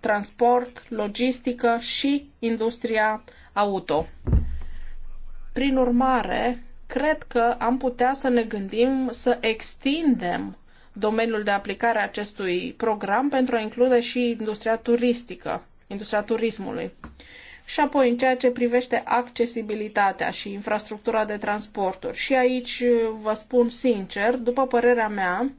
transport, logistică și industria auto. Prin urmare, cred că am putea să ne gândim să extindem domeniul de aplicare a acestui program pentru a include și industria turistică, industria turismului. Și apoi, în ceea ce privește accesibilitatea și infrastructura de transporturi. Și aici uh, vă spun sincer, după părerea mea,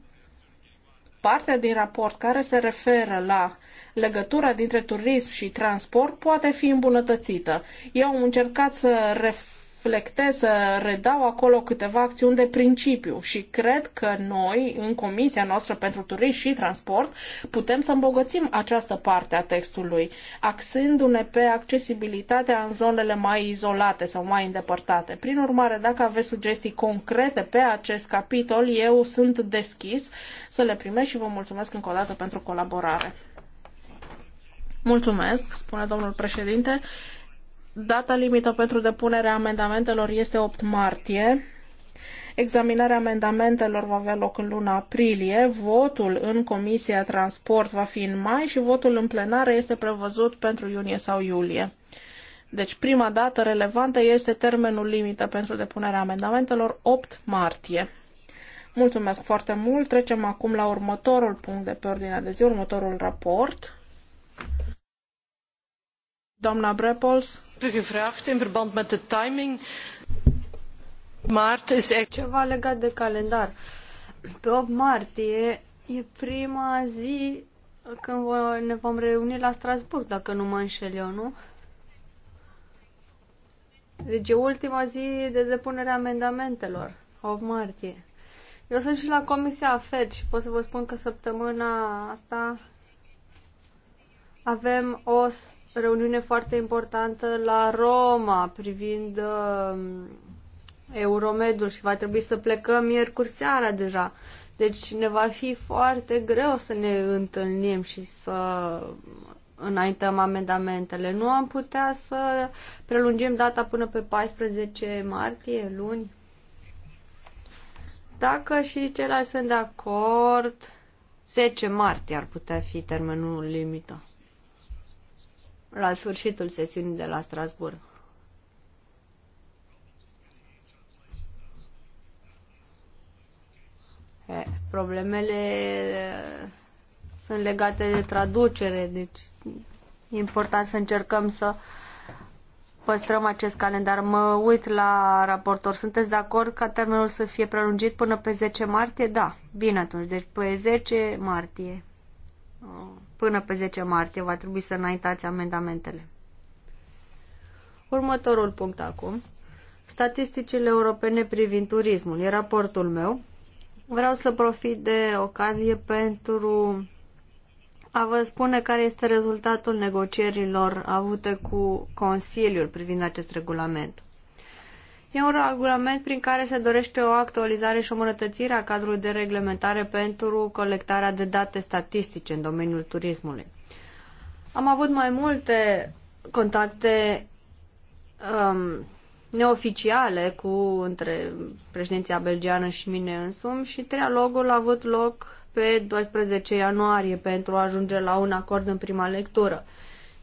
partea din raport care se referă la legătura dintre turism și transport poate fi îmbunătățită. Eu am încercat să ref- reflectez, să redau acolo câteva acțiuni de principiu și cred că noi, în Comisia noastră pentru Turism și Transport, putem să îmbogățim această parte a textului, axându-ne pe accesibilitatea în zonele mai izolate sau mai îndepărtate. Prin urmare, dacă aveți sugestii concrete pe acest capitol, eu sunt deschis să le primesc și vă mulțumesc încă o dată pentru colaborare. Mulțumesc, spune domnul președinte. Data limită pentru depunerea amendamentelor este 8 martie. Examinarea amendamentelor va avea loc în luna aprilie, votul în Comisia Transport va fi în mai și votul în plenară este prevăzut pentru iunie sau iulie. Deci prima dată relevantă este termenul limită pentru depunerea amendamentelor 8 martie. Mulțumesc foarte mult. Trecem acum la următorul punct de pe ordinea de zi, următorul raport. Doamna Brepols, gevraagd in verband met de timing. Maart is echt... Ceva legat de calendar. Pe 8 martie e prima zi când ne vom reuni la Strasburg, dacă nu mă înșel eu, nu? Deci e ultima zi de depunere amendamentelor, 8 martie. Eu sunt și la Comisia FED și pot să vă spun că săptămâna asta avem o reuniune foarte importantă la Roma privind uh, Euromedul și va trebui să plecăm miercuri seara deja. Deci ne va fi foarte greu să ne întâlnim și să înaintăm amendamentele. Nu am putea să prelungim data până pe 14 martie, luni. Dacă și ceilalți sunt de acord, 10 martie ar putea fi termenul limită la sfârșitul sesiunii de la Strasburg. problemele uh, sunt legate de traducere, deci e important să încercăm să păstrăm acest calendar. Mă uit la raportor. Sunteți de acord ca termenul să fie prelungit până pe 10 martie? Da. Bine atunci. Deci pe 10 martie oh. Până pe 10 martie va trebui să înaintați amendamentele. Următorul punct acum. Statisticile europene privind turismul. E raportul meu. Vreau să profit de ocazie pentru a vă spune care este rezultatul negocierilor avute cu Consiliul privind acest regulament. E un regulament prin care se dorește o actualizare și o îmbunătățire a cadrului de reglementare pentru colectarea de date statistice în domeniul turismului. Am avut mai multe contacte um, neoficiale cu între președinția belgiană și mine însumi și trialogul a avut loc pe 12 ianuarie pentru a ajunge la un acord în prima lectură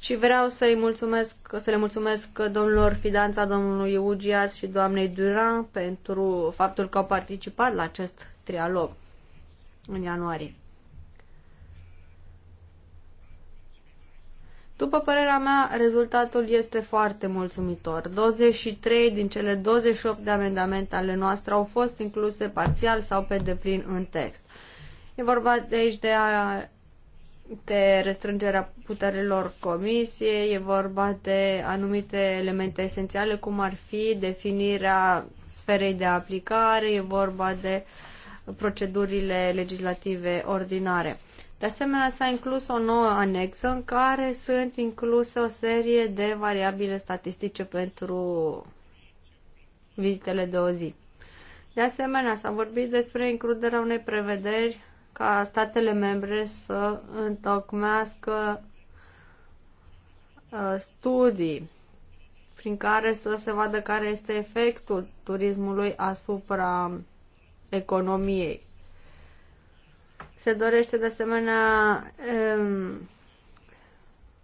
și vreau să-i mulțumesc, să le mulțumesc domnilor Fidanța, domnului Ugias și doamnei Duran pentru faptul că au participat la acest trialog în ianuarie. După părerea mea, rezultatul este foarte mulțumitor. 23 din cele 28 de amendamente ale noastre au fost incluse parțial sau pe deplin în text. E vorba de aici de de restrângerea puterilor comisiei, e vorba de anumite elemente esențiale, cum ar fi definirea sferei de aplicare, e vorba de procedurile legislative ordinare. De asemenea, s-a inclus o nouă anexă în care sunt incluse o serie de variabile statistice pentru vizitele de o zi. De asemenea, s-a vorbit despre includerea unei prevederi ca statele membre să întocmească uh, studii prin care să se vadă care este efectul turismului asupra economiei. Se dorește de asemenea um,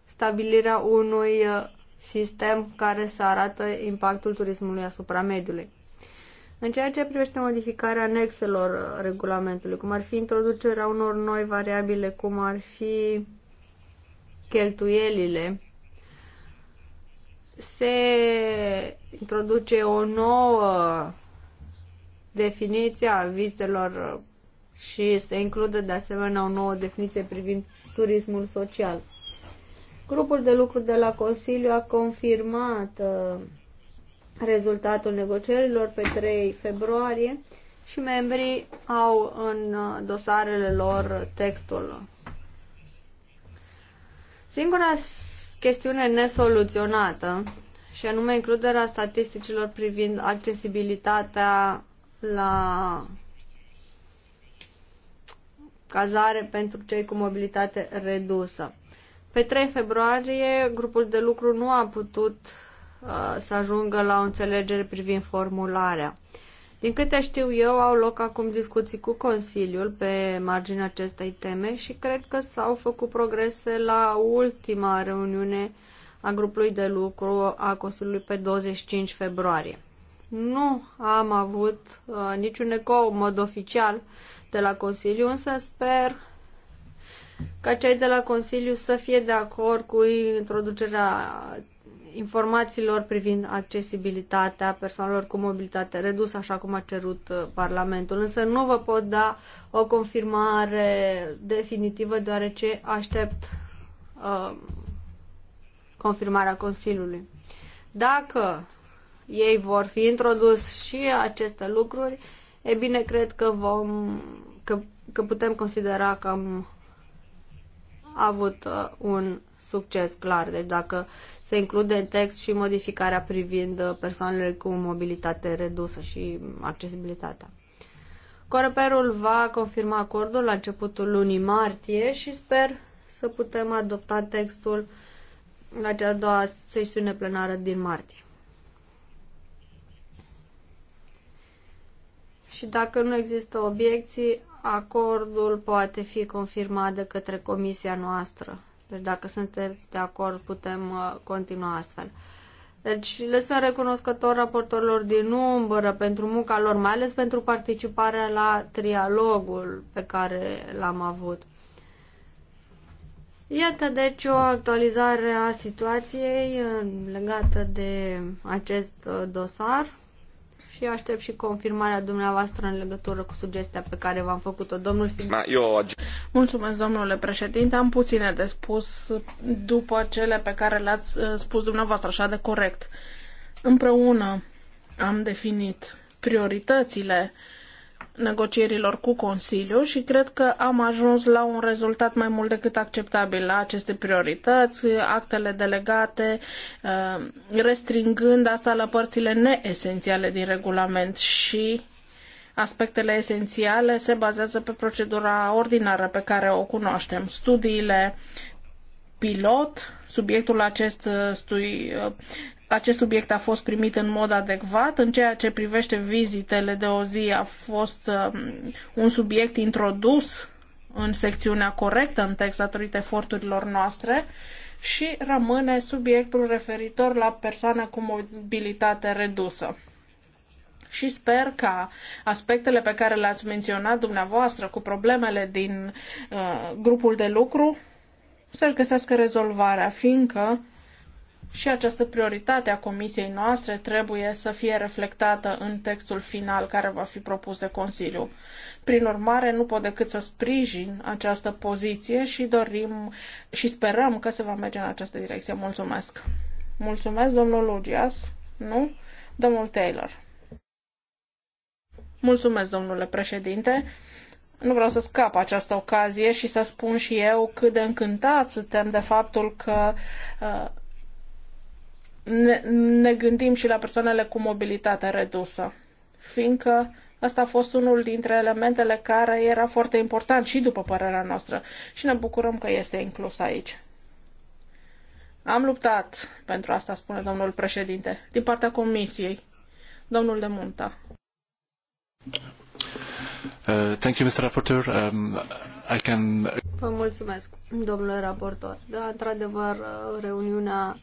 stabilirea unui uh, sistem care să arată impactul turismului asupra mediului. În ceea ce privește modificarea anexelor regulamentului, cum ar fi introducerea unor noi variabile, cum ar fi cheltuielile, se introduce o nouă definiție a vizelor și se include de asemenea o nouă definiție privind turismul social. Grupul de lucru de la Consiliu a confirmat uh, rezultatul negocierilor pe 3 februarie și membrii au în uh, dosarele lor textul. Singura chestiune nesoluționată și anume includerea statisticilor privind accesibilitatea la cazare pentru cei cu mobilitate redusă. Pe 3 februarie, grupul de lucru nu a putut Uh, să ajungă la o înțelegere privind formularea. Din câte știu eu, au loc acum discuții cu Consiliul pe marginea acestei teme și cred că s-au făcut progrese la ultima reuniune a grupului de lucru a Consiliului pe 25 februarie. Nu am avut uh, niciun eco în mod oficial de la Consiliu, însă sper ca cei de la Consiliu să fie de acord cu introducerea informațiilor privind accesibilitatea persoanelor cu mobilitate redusă, așa cum a cerut uh, Parlamentul. Însă nu vă pot da o confirmare definitivă, deoarece aștept uh, confirmarea Consiliului. Dacă ei vor fi introdus și aceste lucruri, e bine, cred că vom că, că putem considera că am avut uh, un succes clar. Deci dacă se include în text și modificarea privind uh, persoanele cu mobilitate redusă și accesibilitatea. Coreperul va confirma acordul la începutul lunii martie și sper să putem adopta textul la cea a doua sesiune plenară din martie. Și dacă nu există obiecții, acordul poate fi confirmat de către comisia noastră deci dacă sunteți de acord, putem uh, continua astfel. Deci le sunt recunoscător raportorilor din umbră pentru munca lor, mai ales pentru participarea la trialogul pe care l-am avut. Iată deci o actualizare a situației uh, legată de acest uh, dosar și aștept și confirmarea dumneavoastră în legătură cu sugestia pe care v-am făcut-o, domnul Filip. Eu... Mulțumesc, domnule președinte. Am puține de spus după cele pe care le-ați uh, spus dumneavoastră așa de corect. Împreună am definit prioritățile uh, negocierilor cu Consiliul și cred că am ajuns la un rezultat mai mult decât acceptabil la aceste priorități, actele delegate, uh, restringând asta la părțile neesențiale din regulament și aspectele esențiale se bazează pe procedura ordinară pe care o cunoaștem. Studiile pilot, subiectul acestui uh, acest subiect a fost primit în mod adecvat. În ceea ce privește vizitele de o zi a fost um, un subiect introdus în secțiunea corectă în text datorită eforturilor noastre și rămâne subiectul referitor la persoane cu mobilitate redusă. Și sper ca aspectele pe care le-ați menționat dumneavoastră cu problemele din uh, grupul de lucru să-și găsească rezolvarea, fiindcă și această prioritate a comisiei noastre trebuie să fie reflectată în textul final care va fi propus de Consiliu. Prin urmare, nu pot decât să sprijin această poziție și dorim și sperăm că se va merge în această direcție. Mulțumesc! Mulțumesc, domnul Lugias. Nu? Domnul Taylor. Mulțumesc, domnule președinte. Nu vreau să scap această ocazie și să spun și eu cât de încântat suntem de faptul că uh, ne, ne gândim și la persoanele cu mobilitate redusă, fiindcă Asta a fost unul dintre elementele care era foarte important și după părerea noastră și ne bucurăm că este inclus aici. Am luptat pentru asta, spune domnul președinte, din partea comisiei. Domnul de Munta. Uh, thank you, Mr. Rapporteur. Um, I can... Vă mulțumesc, domnule raportor. Da, într-adevăr, uh, reuniunea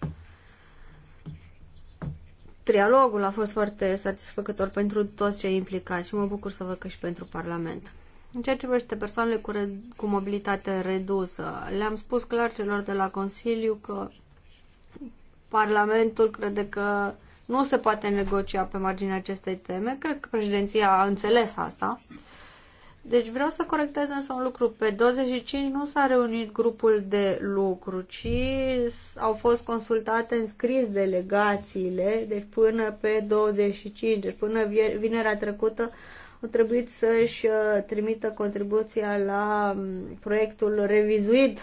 Trialogul a fost foarte satisfăcător pentru toți cei implicați și mă bucur să văd că și pentru Parlament. În ceea ce privește persoanele cu, re- cu mobilitate redusă, le-am spus clar celor de la Consiliu că Parlamentul crede că nu se poate negocia pe marginea acestei teme. Cred că președinția a înțeles asta deci vreau să corectez însă un lucru. Pe 25 nu s-a reunit grupul de lucru, ci au fost consultate în scris delegațiile, deci până pe 25, deci până vinerea trecută au trebuit să-și uh, trimită contribuția la mm, proiectul revizuit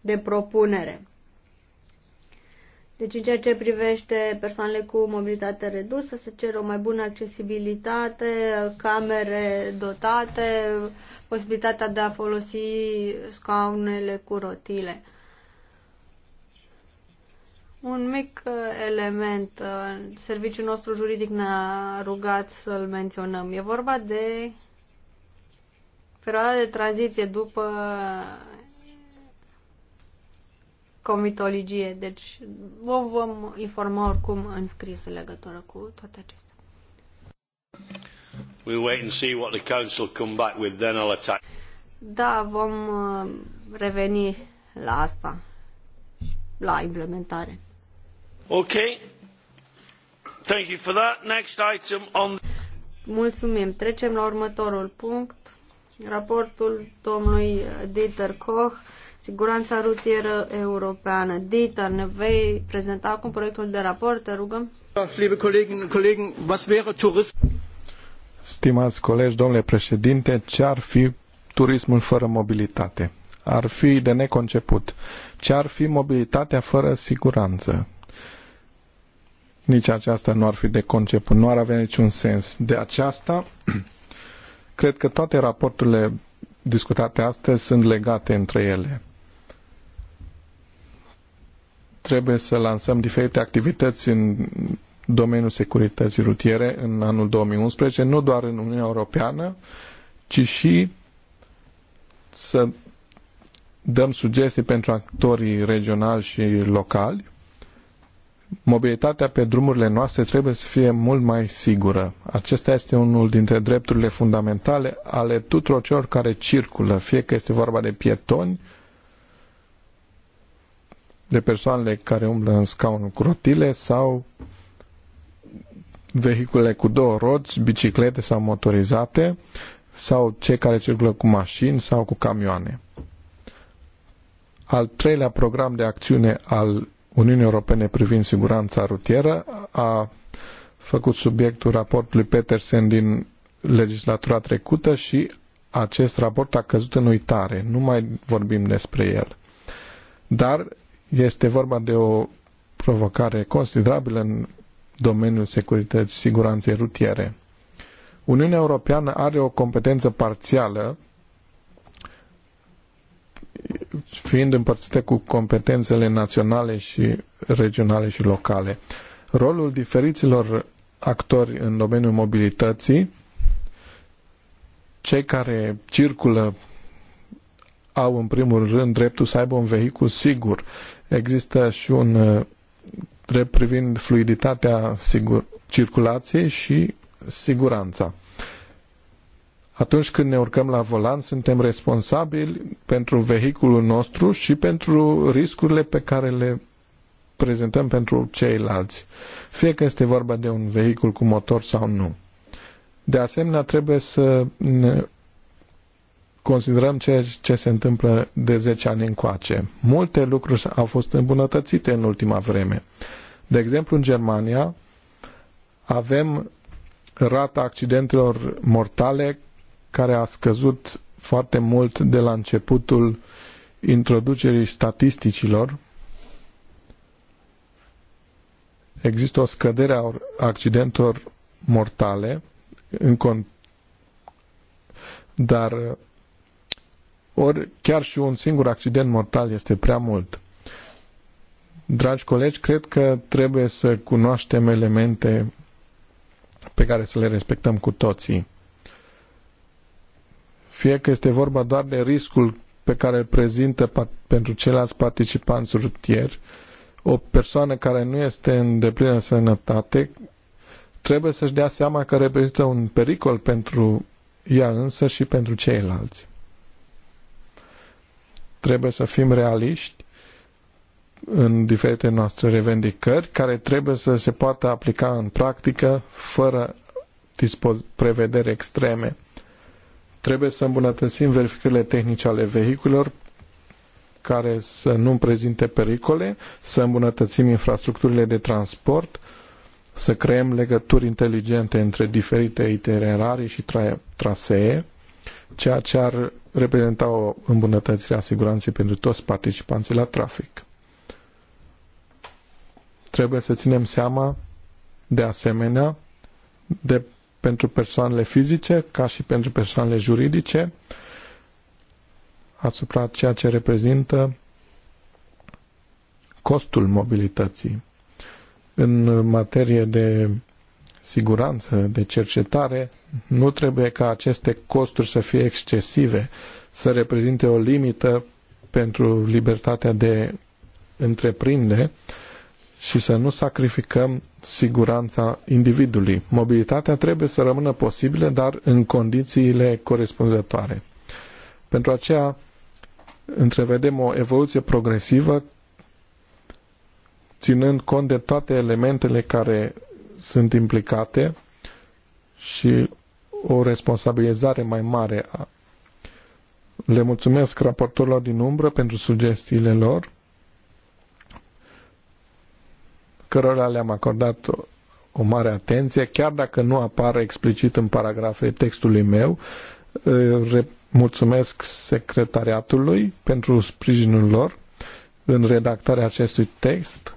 de propunere. Deci, în ceea ce privește persoanele cu mobilitate redusă, se cer o mai bună accesibilitate, camere dotate, posibilitatea de a folosi scaunele cu rotile. Un mic uh, element, uh, serviciul nostru juridic ne-a rugat să-l menționăm. E vorba de perioada de tranziție după comitologie. Deci vă vom informa oricum în scris în legătură cu toate acestea. We wait and see what the council come back with, then I'll attack. Da, vom uh, reveni la asta, la implementare. Ok. Thank you for that. Next item on... Mulțumim. Trecem la următorul punct. Raportul domnului Dieter Koch Siguranța rutieră europeană. Dieter, ne vei prezenta acum proiectul de raport, te rugăm. Liebe Kolleginnen Kollegen, was wäre Tourism? Stimați colegi, domnule președinte, ce ar fi turismul fără mobilitate? Ar fi de neconceput. Ce ar fi mobilitatea fără siguranță? Nici aceasta nu ar fi de conceput, nu ar avea niciun sens. De aceasta, cred că toate raporturile discutate astăzi sunt legate între ele trebuie să lansăm diferite activități în domeniul securității rutiere în anul 2011, nu doar în Uniunea Europeană, ci și să dăm sugestii pentru actorii regionali și locali. Mobilitatea pe drumurile noastre trebuie să fie mult mai sigură. Acesta este unul dintre drepturile fundamentale ale tuturor celor care circulă, fie că este vorba de pietoni, de persoanele care umblă în scaunul cu rotile sau vehicule cu două roți, biciclete sau motorizate sau cei care circulă cu mașini sau cu camioane. Al treilea program de acțiune al Uniunii Europene privind siguranța rutieră a făcut subiectul raportului Petersen din legislatura trecută și acest raport a căzut în uitare. Nu mai vorbim despre el. Dar este vorba de o provocare considerabilă în domeniul securității siguranței rutiere. Uniunea Europeană are o competență parțială fiind împărțite cu competențele naționale și regionale și locale. Rolul diferiților actori în domeniul mobilității, cei care circulă au în primul rând dreptul să aibă un vehicul sigur. Există și un uh, drept privind fluiditatea sigur, circulației și siguranța. Atunci când ne urcăm la volan, suntem responsabili pentru vehiculul nostru și pentru riscurile pe care le prezentăm pentru ceilalți, fie că este vorba de un vehicul cu motor sau nu. De asemenea, trebuie să ne considerăm ce, ce se întâmplă de 10 ani încoace. Multe lucruri au fost îmbunătățite în ultima vreme. De exemplu, în Germania avem rata accidentelor mortale care a scăzut foarte mult de la începutul introducerii statisticilor. Există o scădere a accidentelor mortale în cont dar ori chiar și un singur accident mortal este prea mult. Dragi colegi, cred că trebuie să cunoaștem elemente pe care să le respectăm cu toții. Fie că este vorba doar de riscul pe care îl prezintă pentru ceilalți participanți rutieri, o persoană care nu este în deplină sănătate trebuie să-și dea seama că reprezintă un pericol pentru ea însă și pentru ceilalți trebuie să fim realiști în diferite noastre revendicări, care trebuie să se poată aplica în practică fără prevederi extreme. Trebuie să îmbunătățim verificările tehnice ale vehiculelor care să nu prezinte pericole, să îmbunătățim infrastructurile de transport, să creăm legături inteligente între diferite itinerarii și tra- trasee, ceea ce ar reprezenta o îmbunătățire a siguranței pentru toți participanții la trafic. Trebuie să ținem seama, de asemenea, de pentru persoanele fizice, ca și pentru persoanele juridice, asupra ceea ce reprezintă costul mobilității. În materie de siguranță, de cercetare, nu trebuie ca aceste costuri să fie excesive, să reprezinte o limită pentru libertatea de întreprinde și să nu sacrificăm siguranța individului. Mobilitatea trebuie să rămână posibilă, dar în condițiile corespunzătoare. Pentru aceea întrevedem o evoluție progresivă ținând cont de toate elementele care sunt implicate și o responsabilizare mai mare. Le mulțumesc raportorilor din umbră pentru sugestiile lor, cărora le-am acordat o mare atenție, chiar dacă nu apare explicit în paragrafe textului meu. Mulțumesc secretariatului pentru sprijinul lor în redactarea acestui text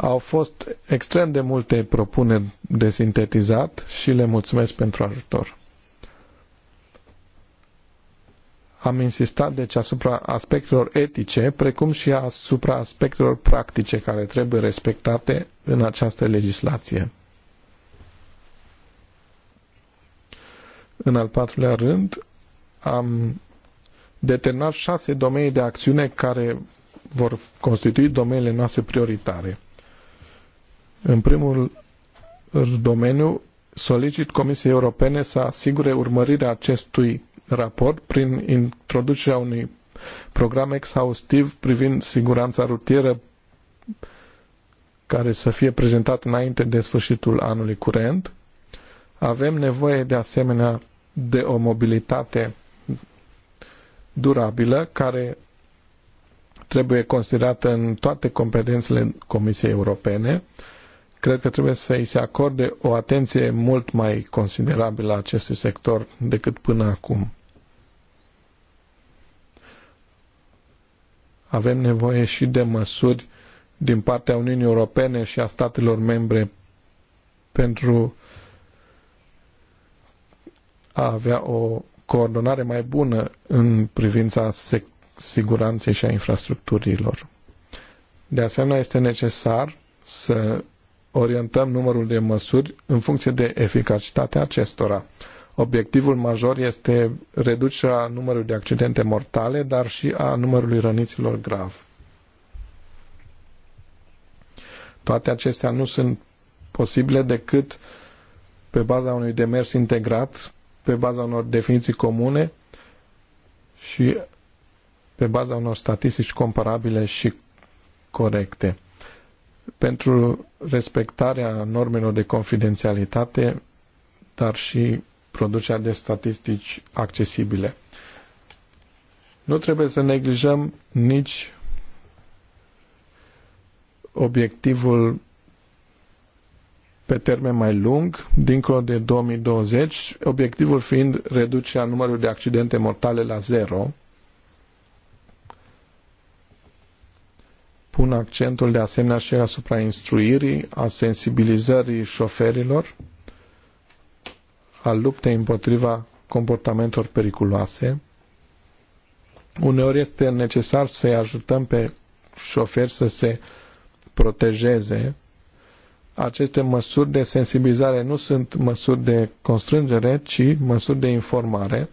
au fost extrem de multe propuneri de sintetizat și le mulțumesc pentru ajutor. Am insistat deci asupra aspectelor etice, precum și asupra aspectelor practice care trebuie respectate în această legislație. În al patrulea rând, am determinat șase domenii de acțiune care vor constitui domeniile noastre prioritare. În primul domeniu, solicit Comisiei Europene să asigure urmărirea acestui raport prin introducerea unui program exhaustiv privind siguranța rutieră care să fie prezentat înainte de sfârșitul anului curent. Avem nevoie de asemenea de o mobilitate durabilă care trebuie considerată în toate competențele Comisiei Europene cred că trebuie să îi se acorde o atenție mult mai considerabilă acestui sector decât până acum. Avem nevoie și de măsuri din partea Uniunii Europene și a statelor membre pentru a avea o coordonare mai bună în privința siguranței și a infrastructurilor. De asemenea, este necesar să orientăm numărul de măsuri în funcție de eficacitatea acestora. Obiectivul major este reducerea numărului de accidente mortale, dar și a numărului răniților grav. Toate acestea nu sunt posibile decât pe baza unui demers integrat, pe baza unor definiții comune și pe baza unor statistici comparabile și corecte pentru respectarea normelor de confidențialitate, dar și producerea de statistici accesibile. Nu trebuie să neglijăm nici obiectivul pe termen mai lung, dincolo de 2020, obiectivul fiind reducerea numărului de accidente mortale la zero, pun accentul de asemenea și asupra instruirii, a sensibilizării șoferilor, a luptei împotriva comportamentelor periculoase. Uneori este necesar să-i ajutăm pe șoferi să se protejeze. Aceste măsuri de sensibilizare nu sunt măsuri de constrângere, ci măsuri de informare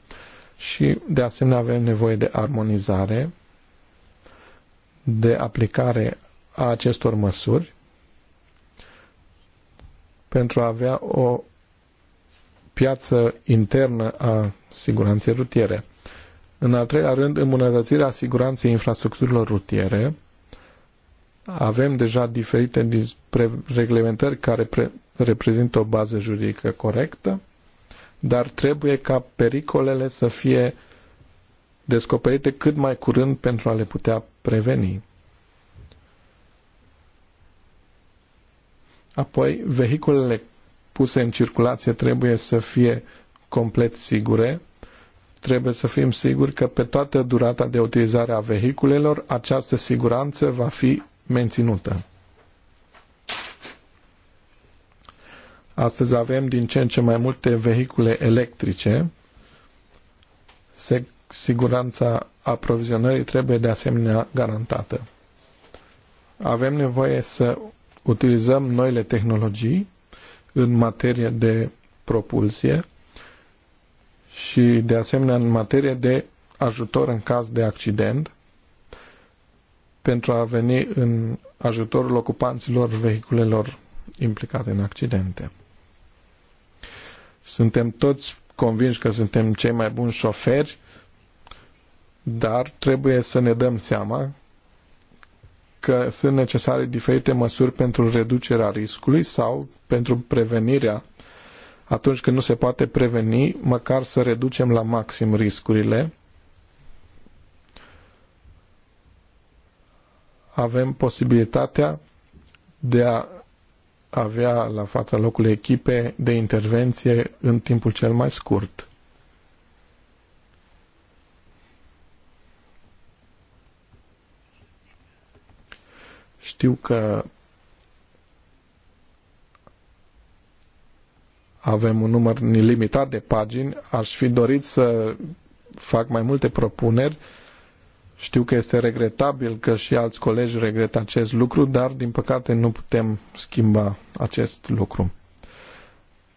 și de asemenea avem nevoie de armonizare de aplicare a acestor măsuri pentru a avea o piață internă a siguranței rutiere. În al treilea rând, îmbunătățirea siguranței infrastructurilor rutiere. Avem deja diferite reglementări care reprezintă o bază juridică corectă, dar trebuie ca pericolele să fie descoperite cât mai curând pentru a le putea preveni. Apoi, vehiculele puse în circulație trebuie să fie complet sigure. Trebuie să fim siguri că pe toată durata de utilizare a vehiculelor această siguranță va fi menținută. Astăzi avem din ce în ce mai multe vehicule electrice. Se siguranța aprovizionării trebuie de asemenea garantată. Avem nevoie să utilizăm noile tehnologii în materie de propulsie și de asemenea în materie de ajutor în caz de accident pentru a veni în ajutorul ocupanților vehiculelor implicate în accidente. Suntem toți convinși că suntem cei mai buni șoferi dar trebuie să ne dăm seama că sunt necesare diferite măsuri pentru reducerea riscului sau pentru prevenirea atunci când nu se poate preveni, măcar să reducem la maxim riscurile. Avem posibilitatea de a avea la fața locului echipe de intervenție în timpul cel mai scurt. Știu că avem un număr nelimitat de pagini. Aș fi dorit să fac mai multe propuneri. Știu că este regretabil că și alți colegi regretă acest lucru, dar din păcate nu putem schimba acest lucru.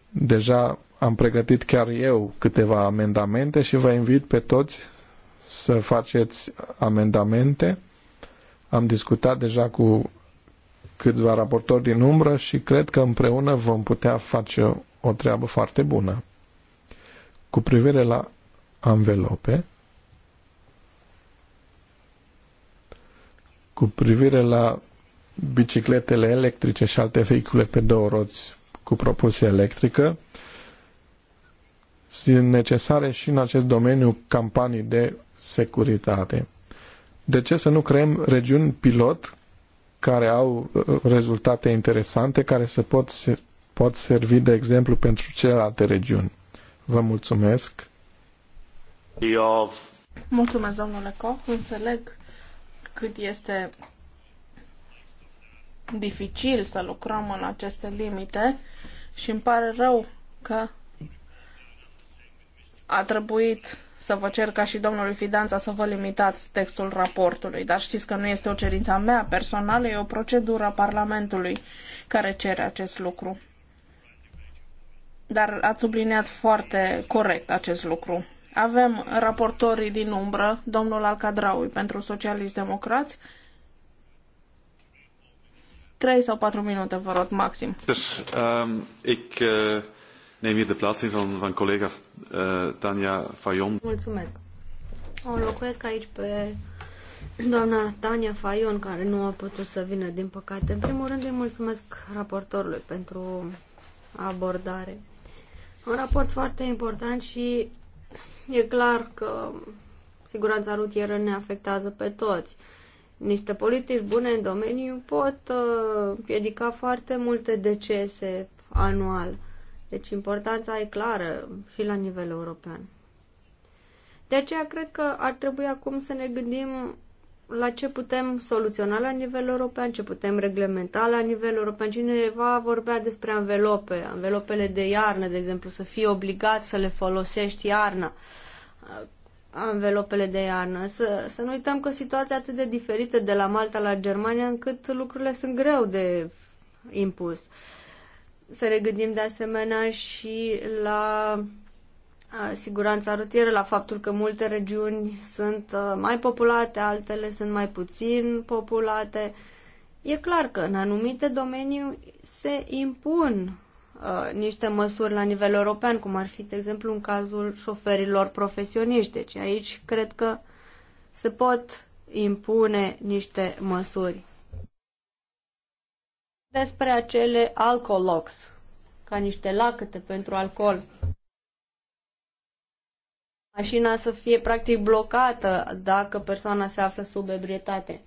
Deja am pregătit chiar eu câteva amendamente și vă invit pe toți să faceți amendamente am discutat deja cu câțiva raportori din umbră și cred că împreună vom putea face o treabă foarte bună. Cu privire la anvelope, cu privire la bicicletele electrice și alte vehicule pe două roți cu propulsie electrică, sunt necesare și în acest domeniu campanii de securitate de ce să nu creăm regiuni pilot care au uh, uh, rezultate interesante, care se pot, se pot servi de exemplu pentru celelalte regiuni? Vă mulțumesc! Mulțumesc, domnule Koch. Înțeleg cât este dificil să lucrăm în aceste limite și îmi pare rău că a trebuit să vă cer ca și domnului Fidanța să vă limitați textul raportului, dar știți că nu este o cerință a mea personală, e o procedură a Parlamentului care cere acest lucru. Dar ați subliniat foarte corect acest lucru. Avem raportorii din umbră, domnul Alcadraui pentru Socialist democrați Trei sau patru minute, vă rog, maxim. Um, ik, uh neem hier de plaats in van, van collega uh, Tania Fayon. Mulțumesc. O locuiesc aici pe doamna Tania Fayon, care nu a putut să vină, din păcate. În primul rând îi mulțumesc raportorului pentru abordare. Un raport foarte important și e clar că siguranța rutieră ne afectează pe toți. Niște politici bune în domeniu pot uh, eh, piedica foarte multe decese anual. Deci importanța e clară și la nivel european. De aceea cred că ar trebui acum să ne gândim la ce putem soluționa la nivel european, ce putem reglementa la nivel european. Cineva vorbea despre anvelope, anvelopele de iarnă, de exemplu, să fii obligat să le folosești iarna, anvelopele de iarnă. Să, să nu uităm că situația atât de diferită de la Malta la Germania încât lucrurile sunt greu de impus. Uh, să ne gândim de asemenea și la siguranța rutieră, la faptul că multe regiuni sunt mai populate, altele sunt mai puțin populate. E clar că în anumite domenii se impun uh, niște măsuri la nivel european, cum ar fi, de exemplu, în cazul șoferilor profesioniști. Deci aici cred că se pot impune niște măsuri despre acele alcolox, ca niște lacăte pentru alcool. Mașina să fie practic blocată dacă persoana se află sub ebrietate.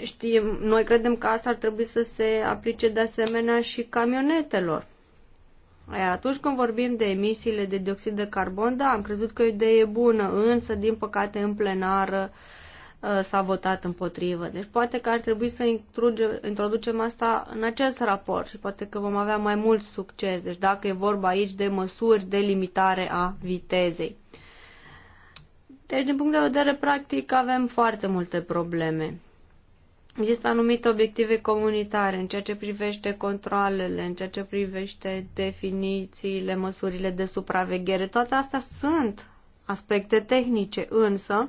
Știm, noi credem că asta ar trebui să se aplice de asemenea și camionetelor. Iar atunci când vorbim de emisiile de dioxid de carbon, da, am crezut că o idee bună, însă, din păcate, în plenară uh, Uh, s-a votat împotrivă. Deci poate că ar trebui să introducem asta în acest raport și poate că vom avea mai mult succes. Deci dacă e vorba aici de măsuri de limitare a vitezei. Deci, din punct de vedere practic, avem foarte multe probleme. Există anumite obiective comunitare în ceea ce privește controlele, în ceea ce privește definițiile, măsurile de supraveghere. Toate astea sunt aspecte tehnice, însă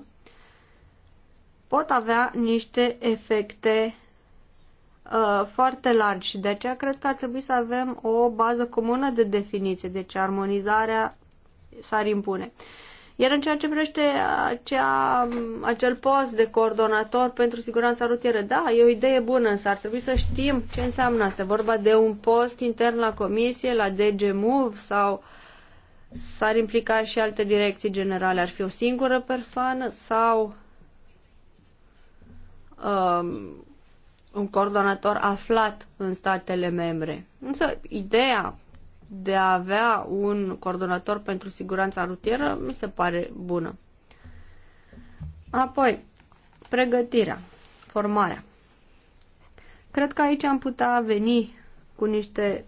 pot avea niște efecte uh, foarte largi și de aceea cred că ar trebui să avem o bază comună de definiție, deci armonizarea s-ar impune. Iar în ceea ce privește acea, acel post de coordonator pentru siguranța rutieră, da, e o idee bună, însă ar trebui să știm ce înseamnă asta. Vorba de un post intern la comisie, la DG Move sau s-ar implica și alte direcții generale? Ar fi o singură persoană sau uh, un coordonator aflat în statele membre. Însă, ideea de a avea un coordonator pentru siguranța rutieră mi se pare bună. Apoi, pregătirea, formarea. Cred că aici am putea veni cu niște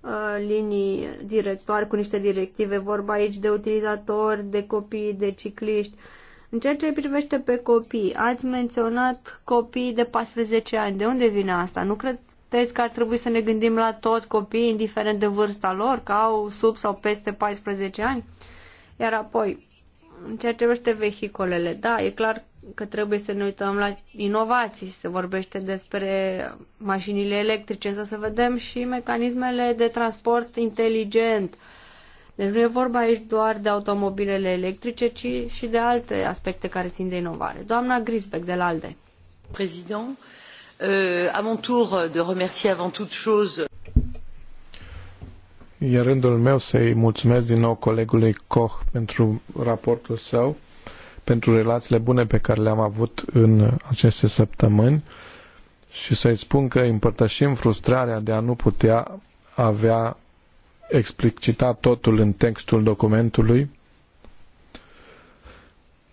uh, linii directoare, cu niște directive. Vorba aici de utilizatori, de copii, de cicliști. Uh, în ceea ce privește pe copii, ați menționat copii de 14 ani. De unde vine asta? Nu credeți că ar trebui să ne gândim la toți copiii, indiferent de vârsta lor, că au sub sau peste 14 ani? Iar apoi, în ceea ce privește vehiculele, da, e clar că trebuie să ne uităm la inovații. Se vorbește despre mașinile electrice, însă să vedem și mecanismele de transport inteligent, uh, deci nu e vorba aici doar de automobilele electrice, ci și de alte aspecte care țin de inovare. Doamna Grisbeck de la ALDE. Prezident, uh, à mon tour de remercier avant toute chose E rândul meu să-i mulțumesc din nou colegului Koch pentru raportul său, pentru relațiile bune pe care le-am avut în aceste săptămâni și să-i spun că împărtășim frustrarea de a nu putea avea explicita totul în textul documentului.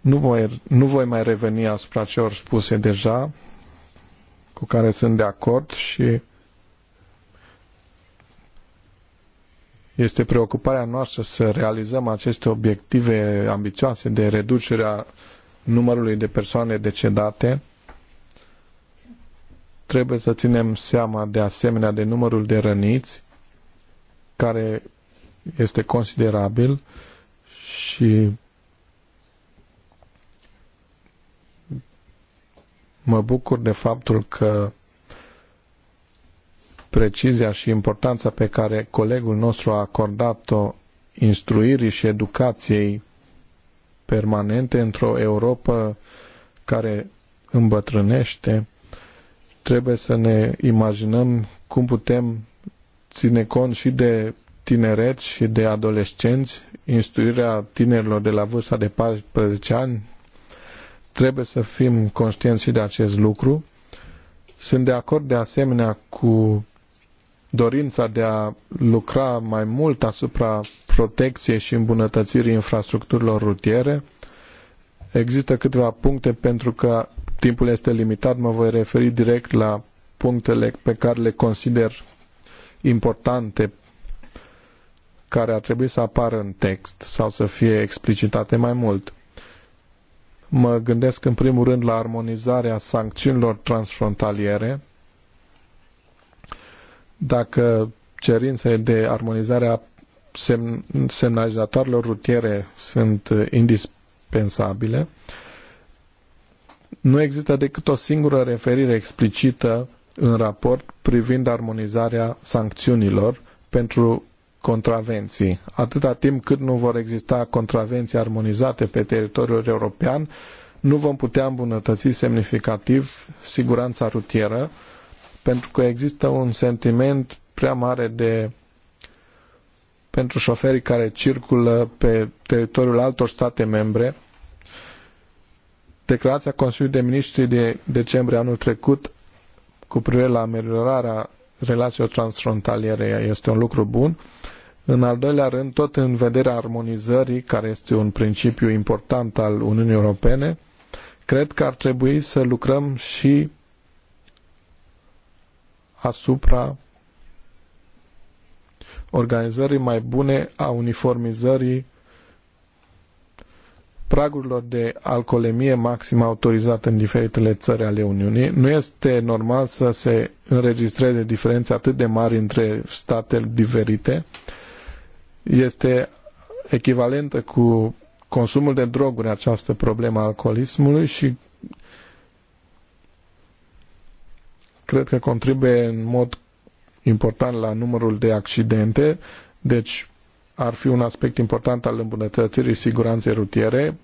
Nu voi, nu voi mai reveni asupra celor spuse deja, cu care sunt de acord și este preocuparea noastră să realizăm aceste obiective ambițioase de reducerea numărului de persoane decedate. Trebuie să ținem seama de asemenea de numărul de răniți care este considerabil și mă bucur de faptul că precizia și importanța pe care colegul nostru a acordat-o instruirii și educației permanente într-o Europa care îmbătrânește, trebuie să ne imaginăm cum putem ține cont și de tineret și de adolescenți, instruirea tinerilor de la vârsta de 14 ani, trebuie să fim conștienți și de acest lucru. Sunt de acord de asemenea cu dorința de a lucra mai mult asupra protecției și îmbunătățirii infrastructurilor rutiere. Există câteva puncte pentru că timpul este limitat, mă voi referi direct la punctele pe care le consider importante care ar trebui să apară în text sau să fie explicitate mai mult. Mă gândesc în primul rând la armonizarea sancțiunilor transfrontaliere. Dacă cerințele de armonizare a semn semnalizatoarelor rutiere sunt indispensabile, nu există decât o singură referire explicită în raport privind armonizarea sancțiunilor pentru contravenții. Atâta timp cât nu vor exista contravenții armonizate pe teritoriul european, nu vom putea îmbunătăți semnificativ siguranța rutieră, pentru că există un sentiment prea mare de pentru șoferii care circulă pe teritoriul altor state membre. Declarația Consiliului de Ministri de decembrie anul trecut cu privire la ameliorarea relațiilor transfrontaliere este un lucru bun. În al doilea rând, tot în vederea armonizării, care este un principiu important al Uniunii Europene, cred că ar trebui să lucrăm și asupra organizării mai bune a uniformizării pragurilor de alcoolemie maximă autorizată în diferitele țări ale Uniunii. Nu este normal să se înregistreze diferențe atât de mari între state diferite. Este echivalentă cu consumul de droguri această problemă a alcoolismului și cred că contribuie în mod important la numărul de accidente. Deci ar fi un aspect important al îmbunătățirii siguranței rutiere,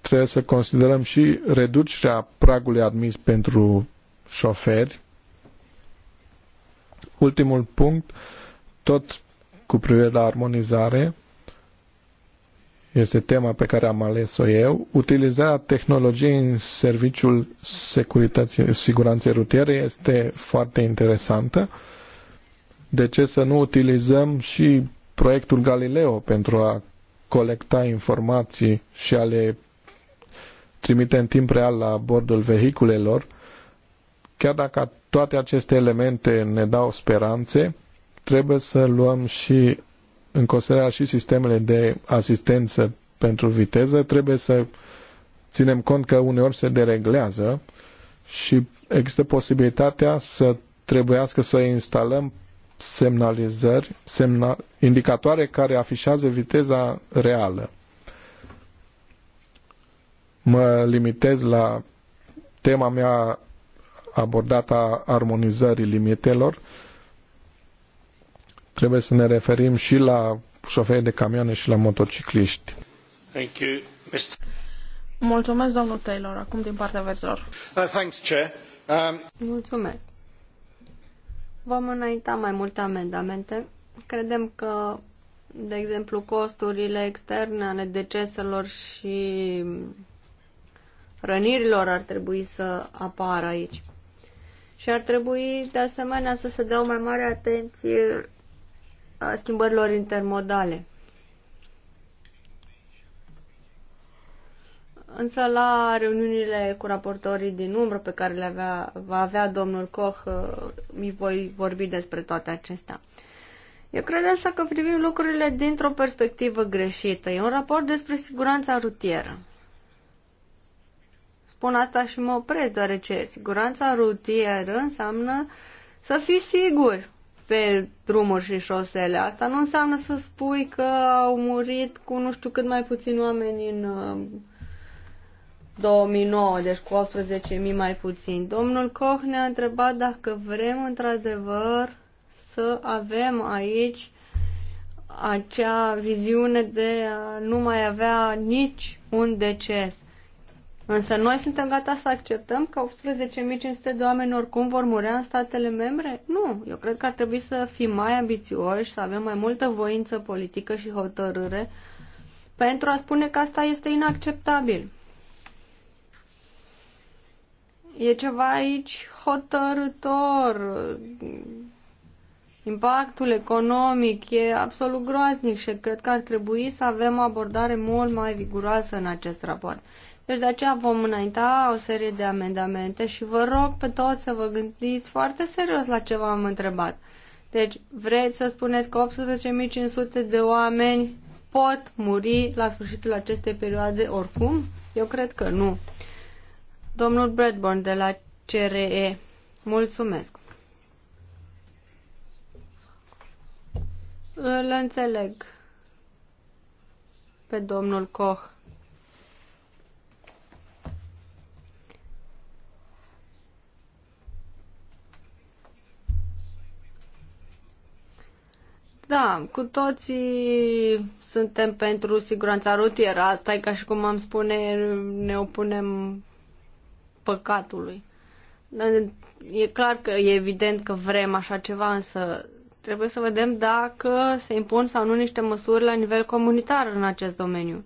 trebuie să considerăm și reducerea pragului admis pentru șoferi. Ultimul punct, tot cu privire la armonizare, este tema pe care am ales-o eu. Utilizarea tehnologiei în serviciul securității, siguranței rutiere este foarte interesantă. De ce să nu utilizăm și proiectul Galileo pentru a colecta informații și a le trimite în timp real la bordul vehiculelor, chiar dacă toate aceste elemente ne dau speranțe, trebuie să luăm și în considerare și sistemele de asistență pentru viteză, trebuie să ținem cont că uneori se dereglează și există posibilitatea să trebuiască să instalăm semnalizări, semna, indicatoare care afișează viteza reală. Mă limitez la tema mea abordată a armonizării limitelor. Trebuie să ne referim și la șoferii de camioane și la motocicliști. Thank you. Mulțumesc, domnul Taylor, acum din partea verzilor. Uh, thanks, Chair. Um... Mulțumesc. Vom înainta mai multe amendamente. Credem că, de exemplu, costurile externe ale deceselor și rănirilor ar trebui să apară aici. Și ar trebui, de asemenea, să se dea o mai mare atenție a schimbărilor intermodale. Însă la reuniunile cu raportorii din umbră pe care le avea, va avea domnul Koch, mi uh, voi vorbi despre toate acestea. Eu cred însă că privim lucrurile dintr-o perspectivă greșită. E un raport despre siguranța rutieră. Spun asta și mă opresc, deoarece siguranța rutieră înseamnă să fii sigur pe drumuri și șosele. Asta nu înseamnă să spui că au murit cu nu știu cât mai puțin oameni în uh, 2009, deci cu 18.000 mai puțin. Domnul Koch ne-a întrebat dacă vrem într-adevăr să avem aici acea viziune de a nu mai avea nici un deces. Însă noi suntem gata să acceptăm că 18.500 de oameni oricum vor murea în statele membre? Nu, eu cred că ar trebui să fim mai ambițioși, să avem mai multă voință politică și hotărâre pentru a spune că asta este inacceptabil. E ceva aici hotărător. Impactul economic e absolut groaznic și cred că ar trebui să avem o abordare mult mai viguroasă în acest raport. Deci de aceea vom înainta o serie de amendamente și vă rog pe toți să vă gândiți foarte serios la ce v-am întrebat. Deci vreți să spuneți că 18.500 de oameni pot muri la sfârșitul acestei perioade oricum? Eu cred că nu. Domnul Bradburn de la CRE. Mulțumesc. Îl înțeleg pe domnul Koch. Da, cu toții suntem pentru siguranța rutieră. Asta e ca și cum am spune, ne opunem păcatului. E clar că e evident că vrem așa ceva, însă trebuie să vedem dacă se impun sau nu niște măsuri la nivel comunitar în acest domeniu.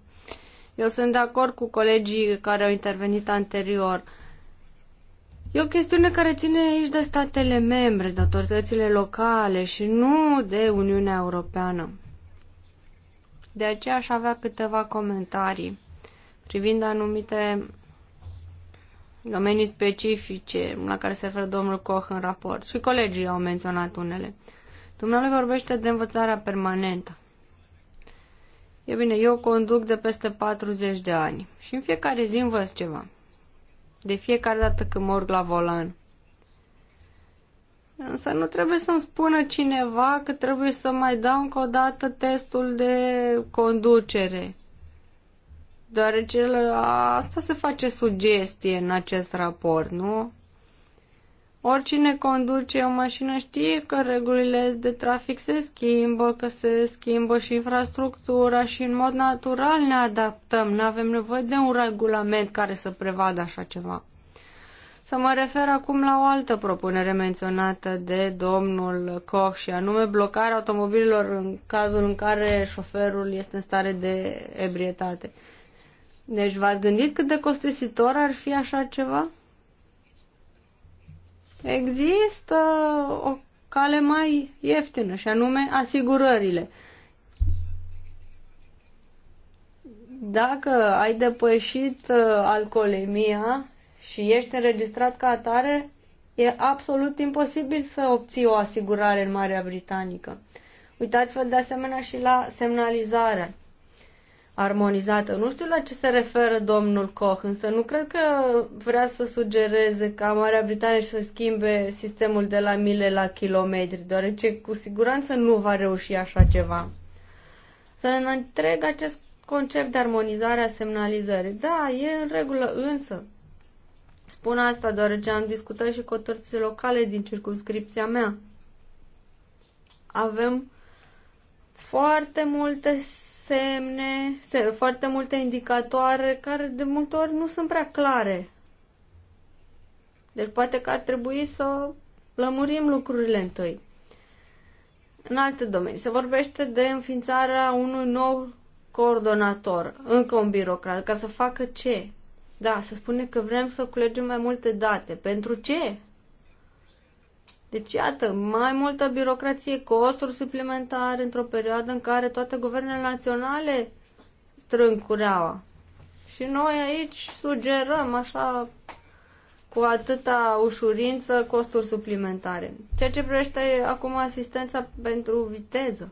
Eu sunt de acord cu colegii care au intervenit anterior. E o chestiune care ține aici de statele membre, de autoritățile locale și nu de Uniunea Europeană. De aceea aș avea câteva comentarii privind anumite domenii specifice la care se referă domnul Koch în raport și colegii au menționat unele. Dumnealui vorbește de învățarea permanentă. E bine, eu conduc de peste 40 de ani și în fiecare zi învăț ceva. De fiecare dată când mă urc la volan. Însă nu trebuie să-mi spună cineva că trebuie să mai dau încă o dată testul de conducere deoarece asta se face sugestie în acest raport, nu? Oricine conduce o mașină știe că regulile de trafic se schimbă, că se schimbă și infrastructura și în mod natural ne adaptăm. Nu avem nevoie de un regulament care să prevadă așa ceva. Să mă refer acum la o altă propunere menționată de domnul Koch și anume blocarea automobililor în cazul în care șoferul este în stare de ebrietate. Deci v-ați gândit cât de costisitor ar fi așa ceva? Există o cale mai ieftină și anume asigurările. Dacă ai depășit uh, alcoolemia și ești înregistrat ca atare, e absolut imposibil să obții o asigurare în Marea Britanică. Uitați-vă de asemenea și la semnalizare armonizată. Nu știu la ce se referă domnul Koch, însă nu cred că vrea să sugereze ca Marea Britanie să schimbe sistemul de la mile la kilometri, deoarece cu siguranță nu va reuși așa ceva. Să ne întreg acest concept de armonizare a semnalizării. Da, e în regulă, însă spun asta deoarece am discutat și cu autoritățile locale din circunscripția mea. Avem foarte multe semne, se, foarte multe indicatoare care de multe ori nu sunt prea clare. Deci poate că ar trebui să lămurim lucrurile întâi. În alte domenii se vorbește de înființarea unui nou coordonator, încă un birocrat, ca să facă ce? Da, se spune că vrem să culegem mai multe date. Pentru ce? Deci, iată, mai multă birocrație, costuri suplimentare într-o perioadă în care toate guvernele naționale strâng cureaua. Și noi aici sugerăm așa cu atâta ușurință costuri suplimentare. Ceea ce privește acum asistența pentru viteză.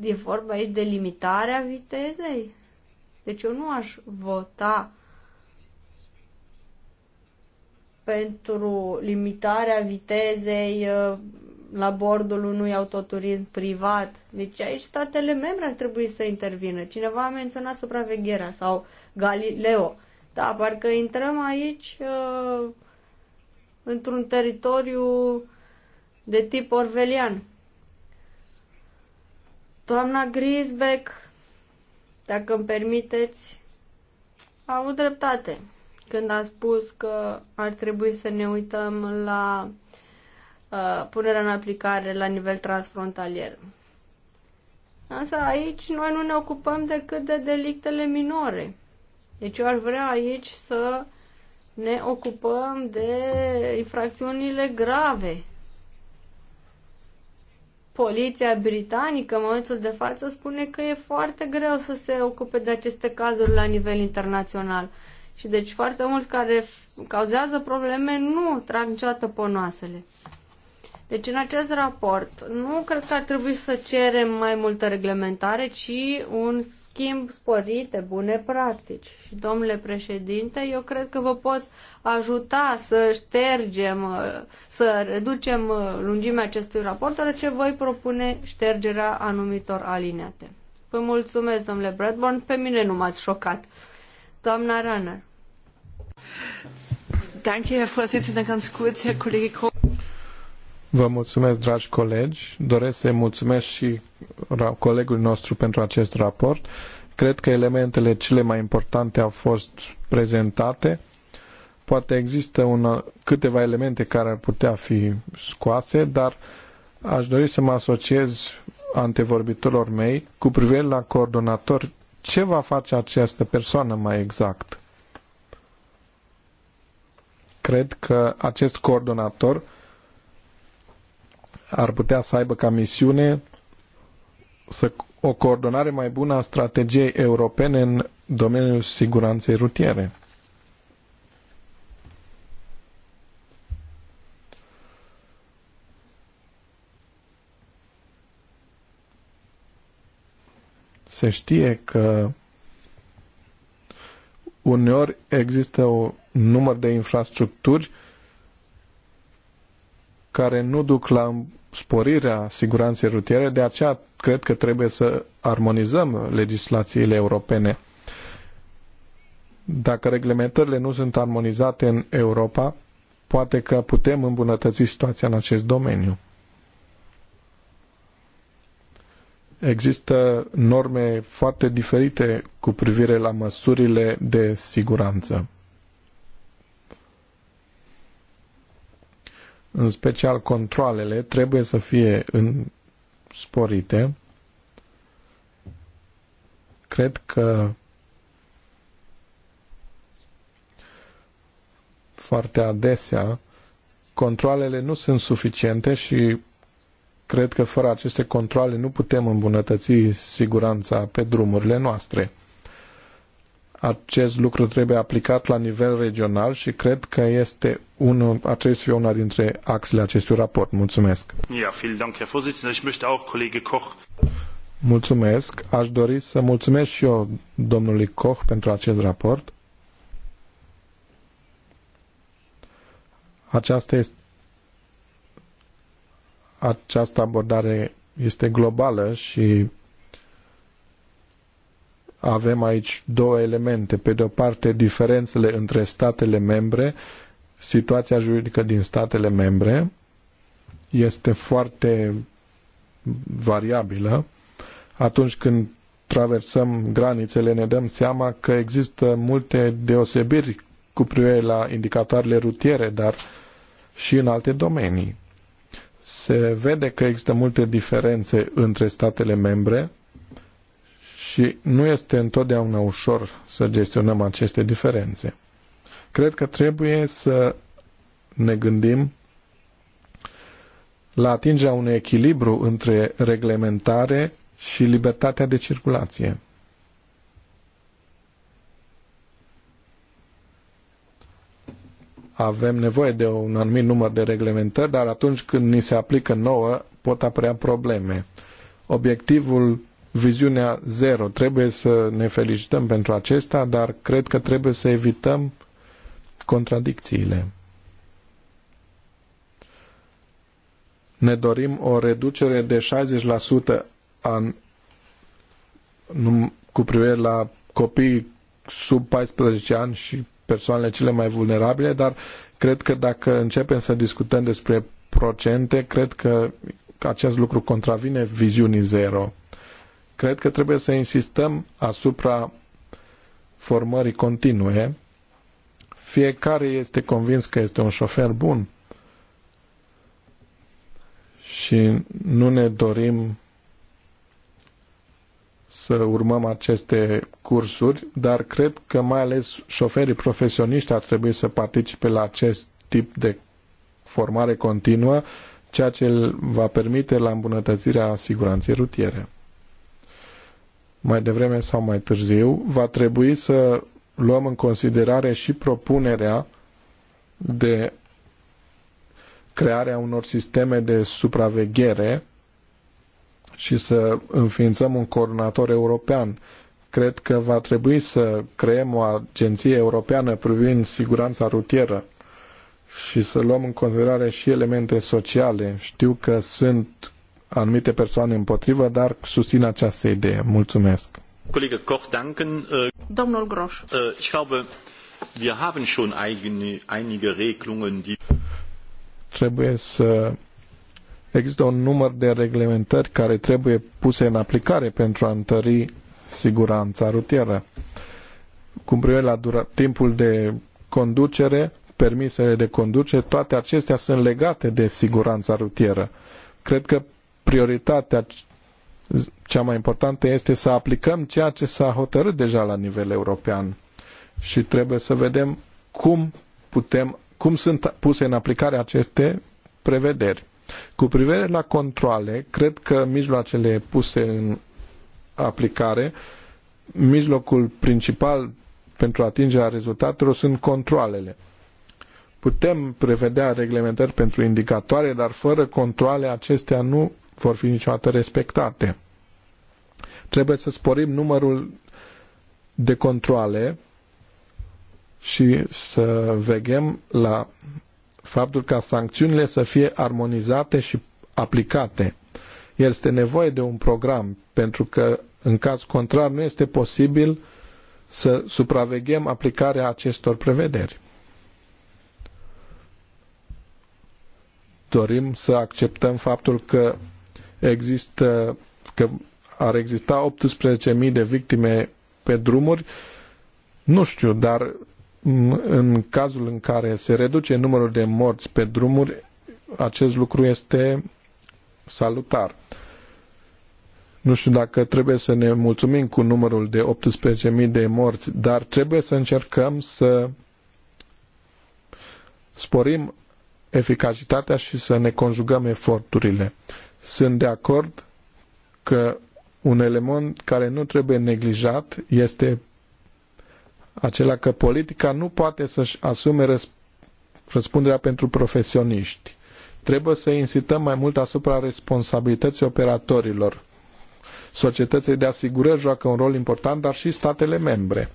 E vorba aici de limitarea vitezei. Deci eu nu aș vota pentru limitarea vitezei uh, la bordul unui autoturism privat. Deci aici statele membre ar trebui să intervină. Cineva a menționat supravegherea sau Galileo. Da, parcă intrăm aici uh, într-un teritoriu de tip orvelian. Doamna Grisbeck, dacă îmi permiteți, a avut dreptate când a spus că ar trebui să ne uităm la uh, punerea în aplicare la nivel transfrontalier. Însă aici noi nu ne ocupăm decât de delictele minore. Deci eu aș vrea aici să ne ocupăm de infracțiunile grave. Poliția britanică în momentul de față spune că e foarte greu să se ocupe de aceste cazuri la nivel internațional. Și deci foarte mulți care cauzează probleme nu trag niciodată ponoasele. Deci în acest raport nu cred că ar trebui să cerem mai multă reglementare, ci un schimb sporit de bune practici. Și domnule președinte, eu cred că vă pot ajuta să ștergem, să reducem lungimea acestui raport, deoarece voi propune ștergerea anumitor alineate. Vă mulțumesc, domnule Bradburn, pe mine nu m-ați șocat. Doamna Vă mulțumesc, dragi colegi. Doresc să-i mulțumesc și colegului nostru pentru acest raport. Cred că elementele cele mai importante au fost prezentate. Poate există una, câteva elemente care ar putea fi scoase, dar aș dori să mă asociez antevorbitorilor mei cu privire la coordonatori ce va face această persoană mai exact? Cred că acest coordonator ar putea să aibă ca misiune să, o coordonare mai bună a strategiei europene în domeniul siguranței rutiere. Se știe că uneori există un număr de infrastructuri care nu duc la sporirea siguranței rutiere, de aceea cred că trebuie să armonizăm legislațiile europene. Dacă reglementările nu sunt armonizate în Europa, poate că putem îmbunătăți situația în acest domeniu. există norme foarte diferite cu privire la măsurile de siguranță. În special controlele trebuie să fie sporite. Cred că foarte adesea controlele nu sunt suficiente și cred că fără aceste controle nu putem îmbunătăți siguranța pe drumurile noastre. Acest lucru trebuie aplicat la nivel regional și cred că este unul, ar trebui să fie una dintre axele acestui raport. Mulțumesc. Ja, vielen Dank, Herr Vorsitzender. Ich möchte auch Kollege Koch. Mulțumesc. Aș dori să mulțumesc și eu domnului Koch pentru acest raport. Aceasta este această abordare este globală și avem aici două elemente. Pe de o parte, diferențele între statele membre, situația juridică din statele membre este foarte variabilă. Atunci când traversăm granițele, ne dăm seama că există multe deosebiri cu privire la indicatoarele rutiere, dar și în alte domenii se vede că există multe diferențe între statele membre și nu este întotdeauna ușor să gestionăm aceste diferențe. Cred că trebuie să ne gândim la atingerea unui echilibru între reglementare și libertatea de circulație. avem nevoie de un anumit număr de reglementări, dar atunci când ni se aplică nouă pot apărea probleme. Obiectivul, viziunea zero, trebuie să ne felicităm pentru acesta, dar cred că trebuie să evităm contradicțiile. Ne dorim o reducere de 60% an, cu privire la copii sub 14 ani și persoanele cele mai vulnerabile, dar cred că dacă începem să discutăm despre procente, cred că acest lucru contravine viziunii zero. Cred că trebuie să insistăm asupra formării continue. Fiecare este convins că este un șofer bun și nu ne dorim să urmăm aceste cursuri, dar cred că mai ales șoferii profesioniști ar trebui să participe la acest tip de formare continuă, ceea ce îl va permite la îmbunătățirea siguranței rutiere. Mai devreme sau mai târziu, va trebui să luăm în considerare și propunerea de crearea unor sisteme de supraveghere și să înființăm un coordonator european. Cred că va trebui să creăm o agenție europeană privind siguranța rutieră și să luăm în considerare și elemente sociale. Știu că sunt anumite persoane împotrivă, dar susțin această idee. Mulțumesc. Kollege Koch, danken. Uh, Domnul Groș. Uh, ich glaube, wir haben schon einige Regelungen, die... Trebuie să Există un număr de reglementări care trebuie puse în aplicare pentru a întări siguranța rutieră. Cu privire la dura- timpul de conducere, permisele de conducere, toate acestea sunt legate de siguranța rutieră. Cred că prioritatea cea mai importantă este să aplicăm ceea ce s-a hotărât deja la nivel european și trebuie să vedem cum putem, cum sunt puse în aplicare aceste prevederi. Cu privire la controle, cred că mijloacele puse în aplicare, mijlocul principal pentru atingerea rezultatelor sunt controlele. Putem prevedea reglementări pentru indicatoare, dar fără controle acestea nu vor fi niciodată respectate. Trebuie să sporim numărul de controle și să vegem la faptul ca sancțiunile să fie armonizate și aplicate. Este nevoie de un program, pentru că, în caz contrar, nu este posibil să supraveghem aplicarea acestor prevederi. Dorim să acceptăm faptul că există, că ar exista 18.000 de victime pe drumuri, nu știu, dar în cazul în care se reduce numărul de morți pe drumuri, acest lucru este salutar. Nu știu dacă trebuie să ne mulțumim cu numărul de 18.000 de morți, dar trebuie să încercăm să sporim eficacitatea și să ne conjugăm eforturile. Sunt de acord că un element care nu trebuie neglijat este acela că politica nu poate să-și asume răspunderea pentru profesioniști. Trebuie să insistăm mai mult asupra responsabilității operatorilor. Societății de asigurări joacă un rol important, dar și statele membre.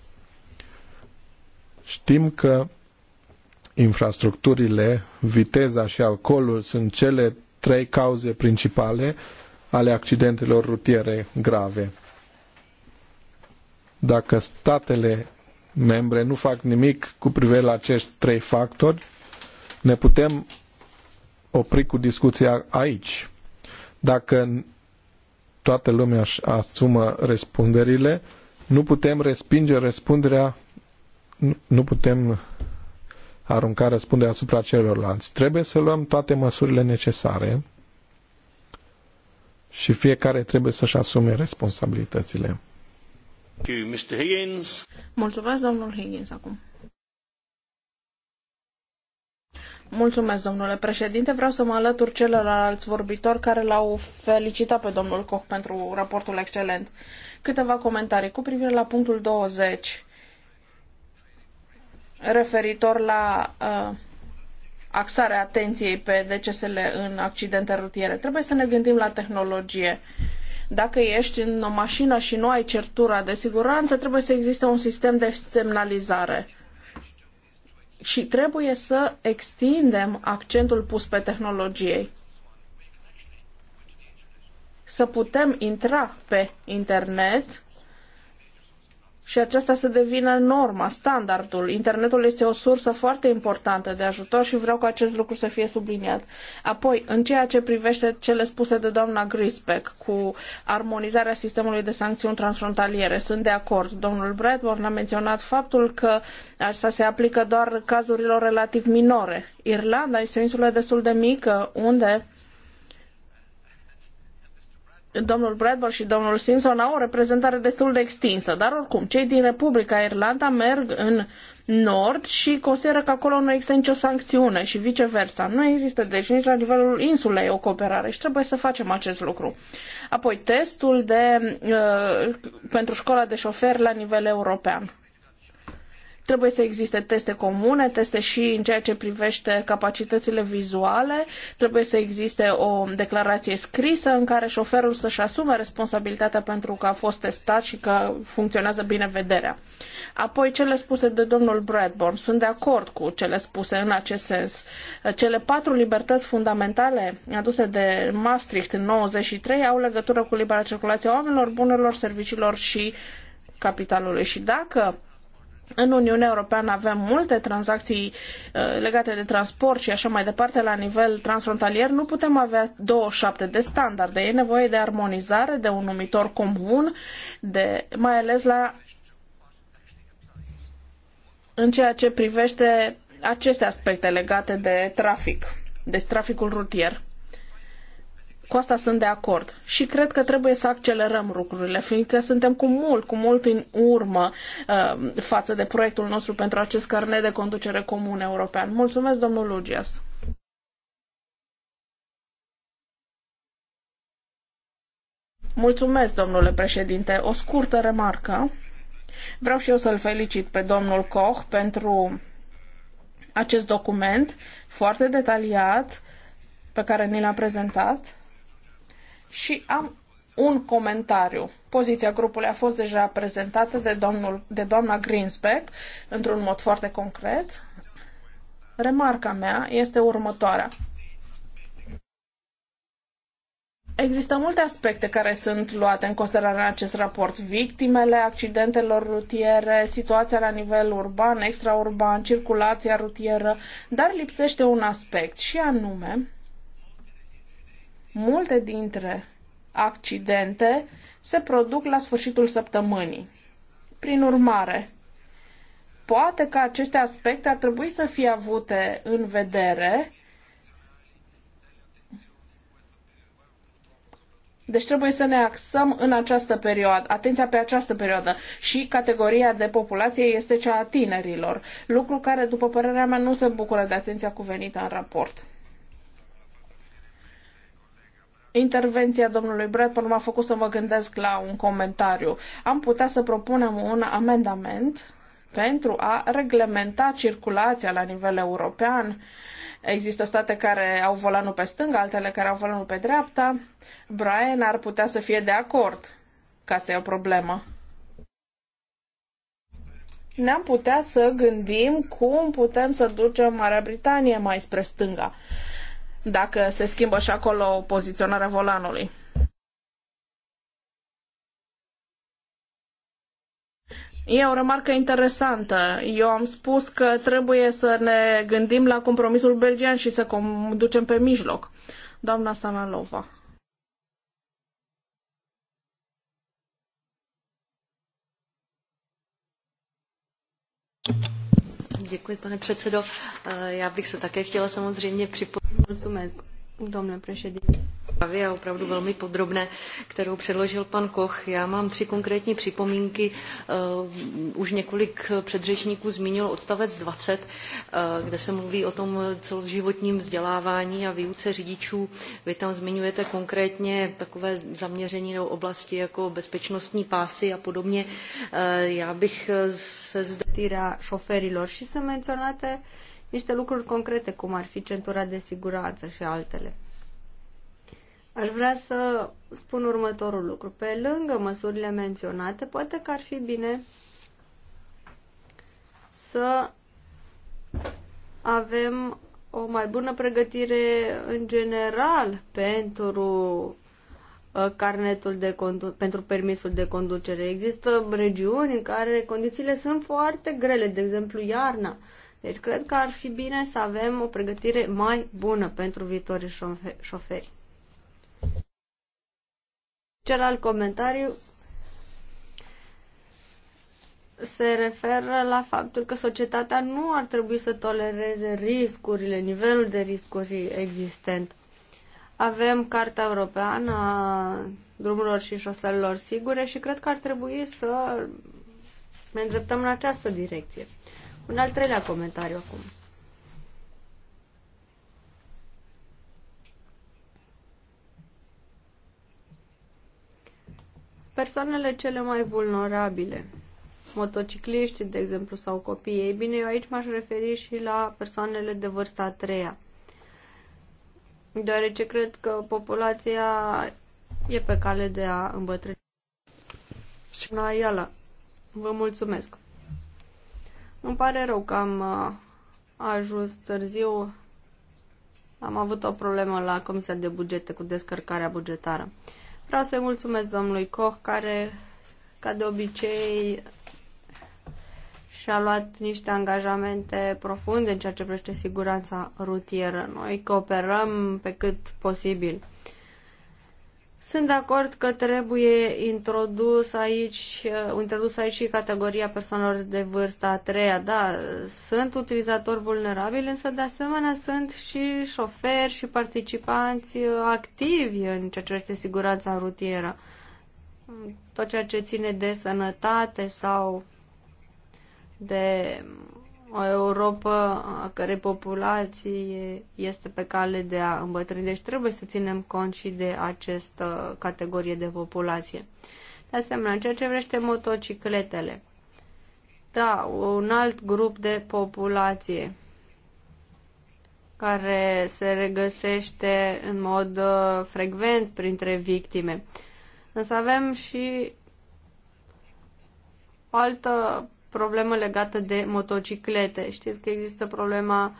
Știm că infrastructurile, viteza și alcoolul sunt cele trei cauze principale ale accidentelor rutiere grave. Dacă statele membre nu fac nimic cu privire la acești trei factori, ne putem opri cu discuția aici. Dacă toată lumea își asumă răspunderile, nu putem respinge răspunderea, nu putem arunca răspunderea asupra celorlalți. Trebuie să luăm toate măsurile necesare și fiecare trebuie să-și asume responsabilitățile. Mr. Higgins. Mulțumesc, domnul Higgins, acum. Mulțumesc, domnule președinte. Vreau să mă alătur celorlalți vorbitori care l-au felicitat pe domnul Koch pentru raportul excelent. Câteva comentarii cu privire la punctul 20 referitor la uh, axarea atenției pe decesele în accidente rutiere. Trebuie să ne gândim la tehnologie. Uh, dacă ești în o mașină și nu ai certura de siguranță, trebuie să existe un sistem de semnalizare. Și trebuie să extindem accentul pus pe tehnologie. Să putem intra pe internet și aceasta să devină norma, standardul. Internetul este o sursă foarte importantă de ajutor și vreau ca acest lucru să fie subliniat. Apoi, în ceea ce privește cele spuse de doamna Grisbeck cu armonizarea sistemului de sancțiuni transfrontaliere, sunt de acord. Domnul Bradburn a menționat faptul că asta se aplică doar cazurilor relativ minore. Irlanda este o insulă destul de mică unde domnul Bradbury și domnul Simpson au o reprezentare destul de extinsă, dar oricum, cei din Republica Irlanda merg în nord și consideră că acolo nu există nicio sancțiune și viceversa. Nu există deci nici la nivelul insulei o cooperare și trebuie să facem acest lucru. Apoi testul de, uh, pentru școala de șofer la nivel european. Trebuie să existe teste comune, teste și în ceea ce privește capacitățile vizuale, trebuie să existe o declarație scrisă în care șoferul să-și asume responsabilitatea pentru că a fost testat și că funcționează bine vederea. Apoi, cele spuse de domnul Bradburn, sunt de acord cu cele spuse în acest sens. Cele patru libertăți fundamentale aduse de Maastricht în 93 au legătură cu libera circulație a oamenilor, bunurilor, serviciilor și capitalului. Și dacă în Uniunea Europeană avem multe tranzacții uh, legate de transport și așa mai departe la nivel transfrontalier. Nu putem avea 27 de standarde. E nevoie de armonizare, de un numitor comun, de, mai ales la în ceea ce privește aceste aspecte legate de trafic, deci traficul rutier. Cu asta sunt de acord. Și cred că trebuie să accelerăm lucrurile, fiindcă suntem cu mult, cu mult în urmă uh, față de proiectul nostru pentru acest carnet de conducere comun european. Mulțumesc, domnul Lugias. Mulțumesc, domnule președinte. O scurtă remarcă. Vreau și eu să-l felicit pe domnul Koch pentru acest document foarte detaliat pe care ni l-a prezentat și am un comentariu. Poziția grupului a fost deja prezentată de, domnul, de doamna Greensbeck într-un mod foarte concret. Remarca mea este următoarea. Există multe aspecte care sunt luate în considerare în acest raport. Victimele accidentelor rutiere, situația la nivel urban, extraurban, circulația rutieră, dar lipsește un aspect și anume Multe dintre accidente se produc la sfârșitul săptămânii. Prin urmare, poate că aceste aspecte ar trebui să fie avute în vedere. Deci trebuie să ne axăm în această perioadă, atenția pe această perioadă și categoria de populație este cea a tinerilor, lucru care, după părerea mea, nu se bucură de atenția cuvenită în raport. Intervenția domnului Bradford m-a făcut să mă gândesc la un comentariu. Am putea să propunem un amendament pentru a reglementa circulația la nivel european. Există state care au volanul pe stânga, altele care au volanul pe dreapta. Brian ar putea să fie de acord că asta e o problemă ne-am putea să gândim cum putem să ducem Marea Britanie mai spre stânga dacă se schimbă și acolo poziționarea volanului. E o remarcă interesantă. Eu am spus că trebuie să ne gândim la compromisul belgian și să conducem pe mijloc. Doamna Sanalova. Děkuji, pane předsedo. Eh, já bych se také chtěla samozřejmě připojit. Mulțumesc, domnule președinte zprávy a opravdu velmi podrobné, kterou předložil pan Koch. Já mám tři konkrétní připomínky. Eh, už několik předřečníků zmínilo odstavec 20, eh, kde se mluví o tom celoživotním vzdělávání a výuce řidičů. Vy tam zmiňujete konkrétně takové zaměření do oblasti jako bezpečnostní pásy a podobně. Eh, já bych se zde... șoferilor și să menționate niște lucruri concrete, cum ar fi centura de siguranță și altele. Aș vrea să spun următorul lucru. Pe lângă măsurile menționate, poate că ar fi bine să avem o mai bună pregătire în general pentru uh, carnetul de condu- pentru permisul de conducere. Există regiuni în care condițiile sunt foarte grele, de exemplu iarna. Deci cred că ar fi bine să avem o pregătire mai bună pentru viitorii șoferi. Celălalt comentariu se referă la faptul că societatea nu ar trebui să tolereze riscurile, nivelul de riscuri existent. Avem Carta Europeană a drumurilor și șoselelor sigure și cred că ar trebui să ne îndreptăm în această direcție. Un al treilea comentariu acum. persoanele cele mai vulnerabile, motocicliști, de exemplu, sau copii. Ei bine, eu aici m-aș referi și la persoanele de vârsta a treia, deoarece cred că populația e pe cale de a îmbătrâni. Naiala, vă mulțumesc. Îmi pare rău că am uh, ajuns târziu. Am avut o problemă la Comisia de Bugete cu descărcarea bugetară. Vreau să-i mulțumesc domnului Koch, care, ca de obicei, și-a luat niște angajamente profunde în ceea ce privește siguranța rutieră. Noi cooperăm pe cât posibil. Sunt de acord că trebuie introdus aici, uh, introdus aici și categoria persoanelor de vârstă a treia. Da, sunt utilizatori vulnerabili, însă de asemenea sunt și șoferi și participanți uh, activi în ceea ce este siguranța rutieră. Tot ceea ce ține de sănătate sau de o Europa a cărei populație este pe cale de a îmbătrâni. Deci trebuie să ținem cont și de această categorie de populație. De asemenea, în ceea ce vrește motocicletele, da, un alt grup de populație care se regăsește în mod uh, frecvent printre victime. Însă avem și o altă problemă legată de motociclete. Știți că există problema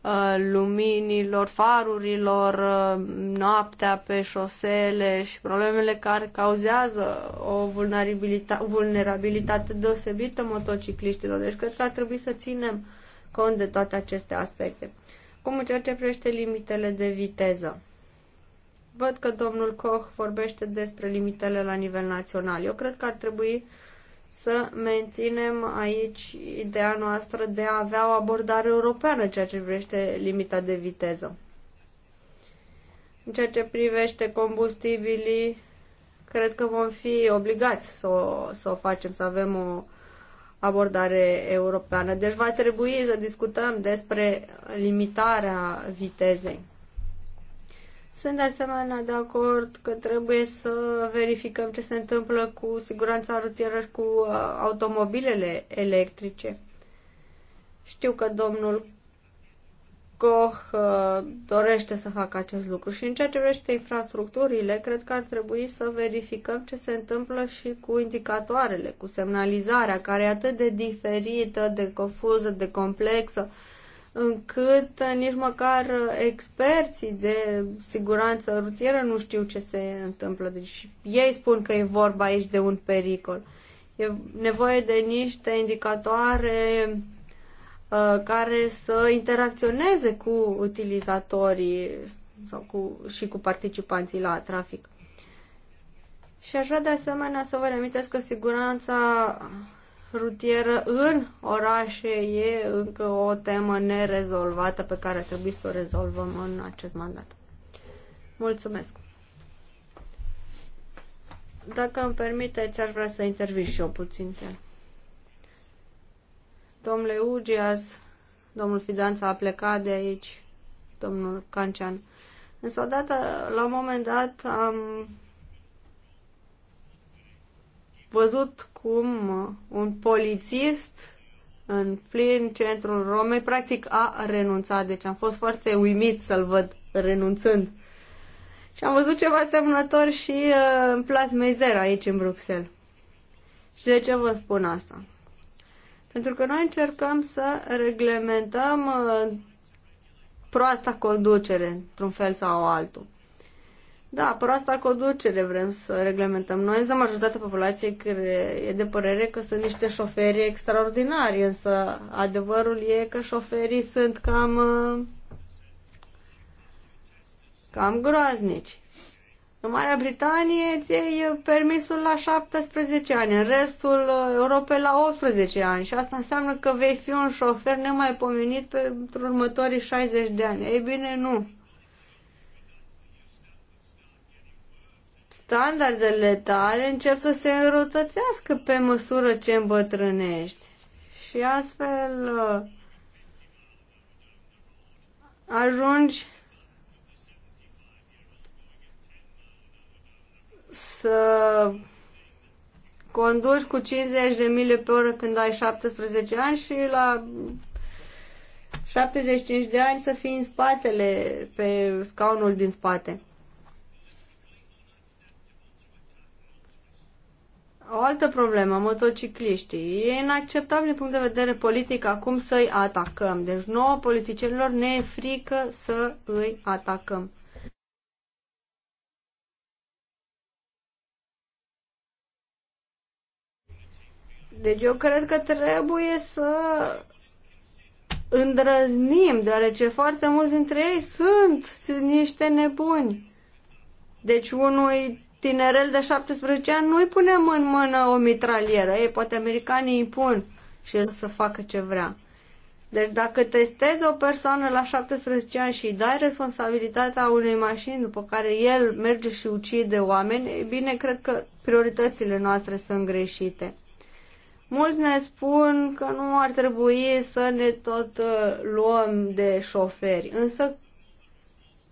uh, luminilor, farurilor, uh, noaptea pe șosele și problemele care cauzează o vulnerabilita- vulnerabilitate deosebită motocicliștilor. Deci cred că ar trebui să ținem cont de toate aceste aspecte. Cum în ceea ce privește limitele de viteză. Văd că domnul Koch vorbește despre limitele la nivel național. Eu cred că ar trebui uh, să menținem aici ideea noastră de a avea o abordare europeană ceea ce privește limita de viteză. În ceea ce privește combustibilii, cred că vom fi obligați să o, să o facem, să avem o abordare europeană. Deci va trebui să discutăm despre limitarea vitezei. Sunt de asemenea de acord că trebuie să verificăm ce se întâmplă cu siguranța rutieră și cu uh, automobilele electrice. Știu că domnul Koch uh, dorește să facă acest lucru și în ceea ce privește infrastructurile, cred că ar trebui să verificăm ce se întâmplă și cu indicatoarele, cu semnalizarea, care e atât de diferită, de confuză, de complexă încât nici măcar experții de siguranță rutieră nu știu ce se întâmplă. Deci ei spun că e vorba aici de un pericol. E nevoie de niște indicatoare uh, care să interacționeze cu utilizatorii sau cu, și cu participanții la trafic. Și aș vrea de asemenea să vă reamintesc că siguranța rutieră în orașe e încă o temă nerezolvată pe care trebuie să o rezolvăm în acest mandat. Mulțumesc! Dacă îmi permiteți, aș vrea să intervii și eu puțin. Domnule Ugias, domnul Fidanța a plecat de aici, domnul Cancean. Însă odată, la un moment dat, am văzut cum un polițist în plin centrul Romei practic a renunțat. Deci am fost foarte uimit să-l văd renunțând. Și am văzut ceva asemănător și uh, în Place Meiser aici în Bruxelles. Și de ce vă spun asta? Pentru că noi încercăm să reglementăm uh, proasta conducere, într-un fel sau altul. Da, pe asta conducere vrem să reglementăm. Noi însă majoritatea populației care e de părere că sunt niște șoferi extraordinari, însă adevărul e că șoferii sunt cam uh, cam groaznici. În Marea Britanie ți iei permisul la 17 ani, în restul uh, Europei la 18 ani și asta înseamnă că vei fi un șofer nemaipomenit pentru următorii 60 de ani. Ei bine, nu standardele tale încep să se înrotățească pe măsură ce îmbătrânești. Și astfel uh, ajungi să conduci cu 50 de mile pe oră când ai 17 ani și la 75 de ani să fii în spatele, pe scaunul din spate. O altă problemă, motocicliștii. E inacceptabil din punct de vedere politic acum să-i atacăm. Deci nouă politicienilor ne e frică să îi atacăm. Deci eu cred că trebuie să îndrăznim, deoarece foarte mulți dintre ei sunt, sunt niște nebuni. Deci unui tinerel de 17 ani, nu-i punem în mână o mitralieră. Ei, poate americanii îi pun și el să facă ce vrea. Deci dacă testezi o persoană la 17 ani și îi dai responsabilitatea unei mașini după care el merge și ucide oameni, e bine, cred că prioritățile noastre sunt greșite. Mulți ne spun că nu ar trebui să ne tot uh, luăm de șoferi, însă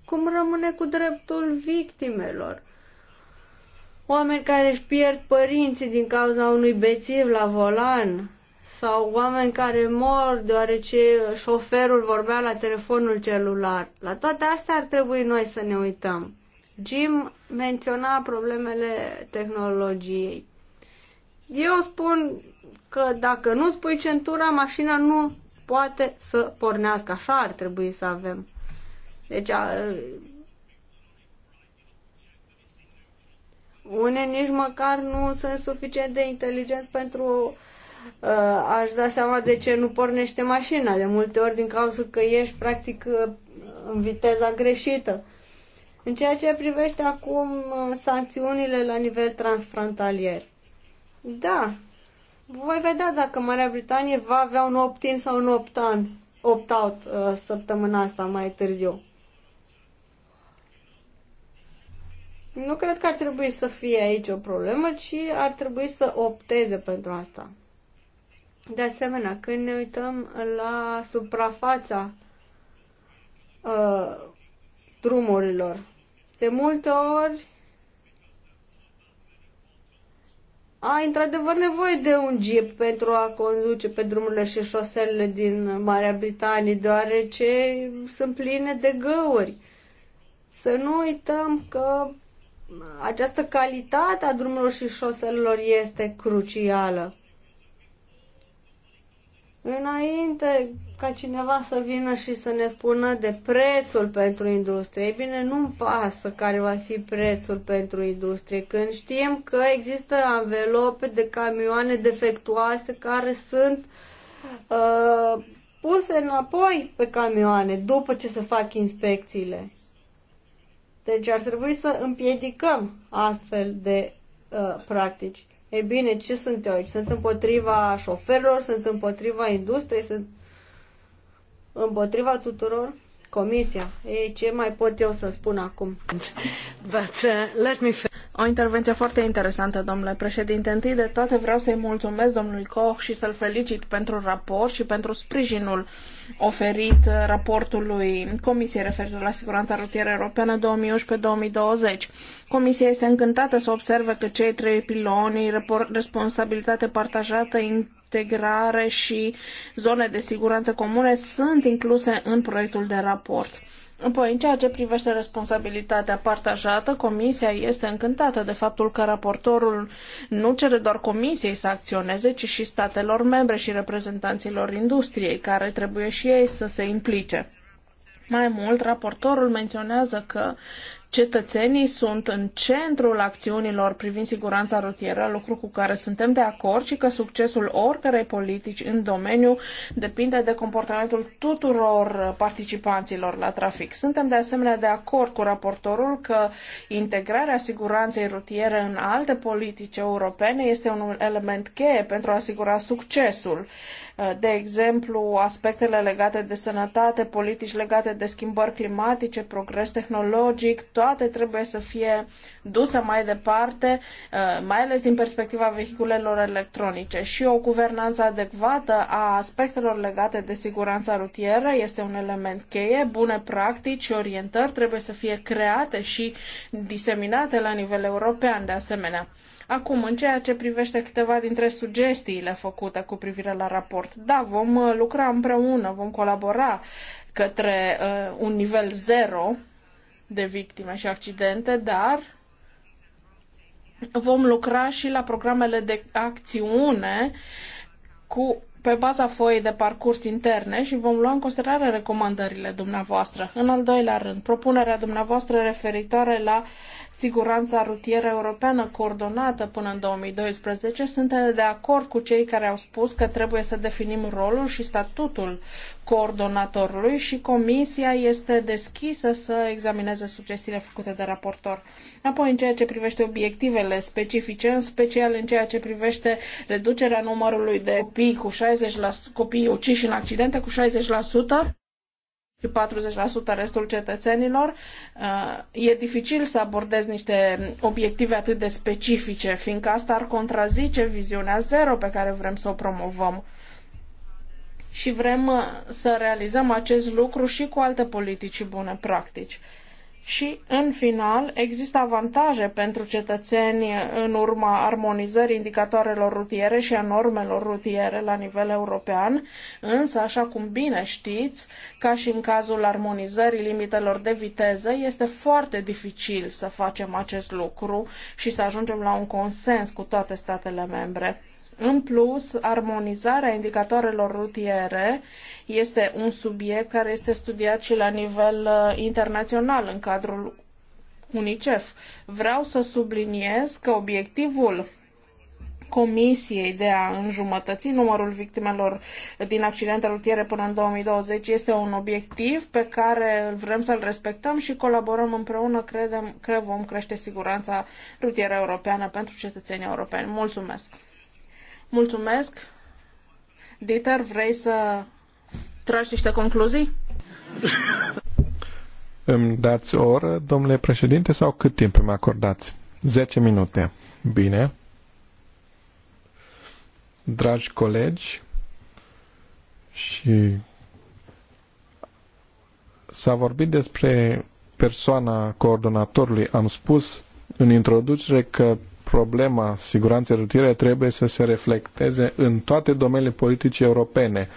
cum rămâne cu dreptul victimelor? oameni care își pierd părinții din cauza unui bețiv la volan sau oameni care mor deoarece șoferul vorbea la telefonul celular. La toate astea ar trebui noi să ne uităm. Jim menționa problemele tehnologiei. Eu spun că dacă nu spui centura, mașina nu poate să pornească. Așa ar trebui să avem. Deci Unii nici măcar nu sunt suficient de inteligenți pentru uh, a-și da seama de ce nu pornește mașina. De multe ori din cauza că ești practic uh, în viteza greșită. În ceea ce privește acum uh, sancțiunile la nivel transfrontalier. Da, voi vedea dacă Marea Britanie va avea un opt-in sau un opt-out uh, săptămâna asta mai târziu. Nu cred că ar trebui să fie aici o problemă, ci ar trebui să opteze pentru asta. De asemenea, când ne uităm la suprafața uh, drumurilor, de multe ori ai într-adevăr nevoie de un jeep pentru a conduce pe drumurile și șoselele din Marea Britanie, deoarece sunt pline de găuri. Să nu uităm că această calitate a drumurilor și șoselelor este crucială. Înainte ca cineva să vină și să ne spună de prețul pentru industrie, e bine, nu-mi pasă care va fi prețul pentru industrie, când știm că există anvelope de camioane defectuoase care sunt uh, puse înapoi pe camioane după ce se fac inspecțiile. Deci ar trebui să împiedicăm astfel de uh, practici. E bine, ce sunt eu aici? Sunt împotriva șoferilor, sunt împotriva industriei, sunt împotriva tuturor? Comisia. Ei, ce mai pot eu să spun acum? But, uh, let me... O intervenție foarte interesantă, domnule președinte. Întâi de toate vreau să-i mulțumesc domnului Koch și să-l felicit pentru raport și pentru sprijinul uh, oferit uh, raportului Comisiei referitor la siguranța rutieră europeană 2018. 2020 Comisia este încântată să observe că cei trei piloni, responsabilitate partajată, integrare și zone de siguranță comune sunt incluse în proiectul de raport. Apoi, în ceea ce privește responsabilitatea partajată, Comisia este încântată de faptul că raportorul nu cere doar Comisiei să acționeze, ci și statelor membre și reprezentanților industriei, care trebuie și și ei să se implice. Mai mult, raportorul menționează că cetățenii sunt în centrul acțiunilor privind siguranța rutieră, lucru cu care suntem de acord și că succesul oricărei politici în domeniu depinde de comportamentul tuturor participanților la trafic. Suntem de asemenea de acord cu raportorul că integrarea siguranței rutiere în alte politici europene este un element cheie pentru a asigura succesul Eh, de exemplu, aspectele legate de sănătate, politici legate de schimbări climatice, progres tehnologic, toate trebuie să fie duse mai departe, eh, mai ales din perspectiva vehiculelor electronice. Și o guvernanță adecvată a aspectelor legate de siguranța rutieră este un element cheie. Bune practici și orientări trebuie să fie create și diseminate la nivel european de asemenea. Acum, în ceea ce privește câteva dintre sugestiile făcute cu privire la raport, da, vom uh, lucra împreună, vom colabora către uh, un nivel zero de victime și accidente, dar vom lucra și la programele de acțiune cu pe baza foii de parcurs interne și vom lua în considerare recomandările dumneavoastră. În al doilea rând, propunerea dumneavoastră referitoare la siguranța rutieră europeană coordonată până în 2012, suntem de acord cu cei care au spus că trebuie să definim rolul și statutul coordonatorului și comisia este deschisă să examineze sugestiile făcute de raportor. Apoi, în ceea ce privește obiectivele specifice, în special în ceea ce privește reducerea numărului de copii cu 60 copii uciși în accidente cu 60%, și 40% restul cetățenilor, uh, e dificil să abordez niște obiective atât de specifice, fiindcă asta ar contrazice viziunea zero pe care vrem să o promovăm și vrem uh, să realizăm acest lucru și cu alte politici bune practici. Și, în final, există avantaje pentru cetățeni în urma armonizării indicatoarelor rutiere și a normelor rutiere la nivel european, însă, așa cum bine știți, ca și în cazul armonizării limitelor de viteză, este foarte dificil să facem acest lucru și să ajungem la un consens cu toate statele membre. În plus, armonizarea indicatoarelor rutiere este un subiect care este studiat și la nivel uh, internațional în cadrul UNICEF. Vreau să subliniez că obiectivul Comisiei de a înjumătăți numărul victimelor din accidente rutiere până în 2020 este un obiectiv pe care vrem să-l respectăm și colaborăm împreună, credem că vom crește siguranța rutieră europeană pentru cetățenii europeni. Mulțumesc! Mulțumesc. Dieter, vrei să tragi niște concluzii? Îmi dați o oră, domnule președinte, sau cât timp îmi acordați? 10 minute. Bine. Dragi colegi, și s-a vorbit despre persoana coordonatorului. Am spus în introducere că problema siguranței rutiere trebuie să se reflecteze în toate domeniile politice europene,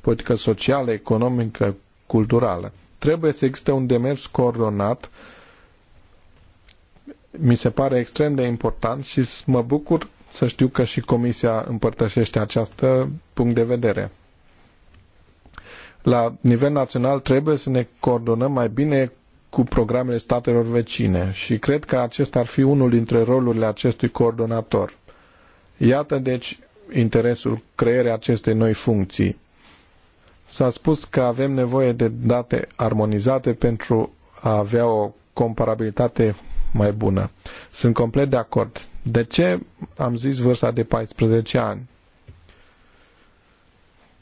politică socială, economică, culturală. Trebuie să existe un demers coordonat mi se pare extrem de important și mă bucur să știu că și Comisia împărtășește acest punct de vedere. La nivel național trebuie să ne coordonăm mai bine cu programele statelor vecine și cred că acesta ar fi unul dintre rolurile acestui coordonator. Iată deci interesul creierii acestei noi funcții. S-a spus că avem nevoie de date armonizate pentru a avea o comparabilitate mai bună. Sunt complet de acord. De ce am zis vârsta de 14 ani?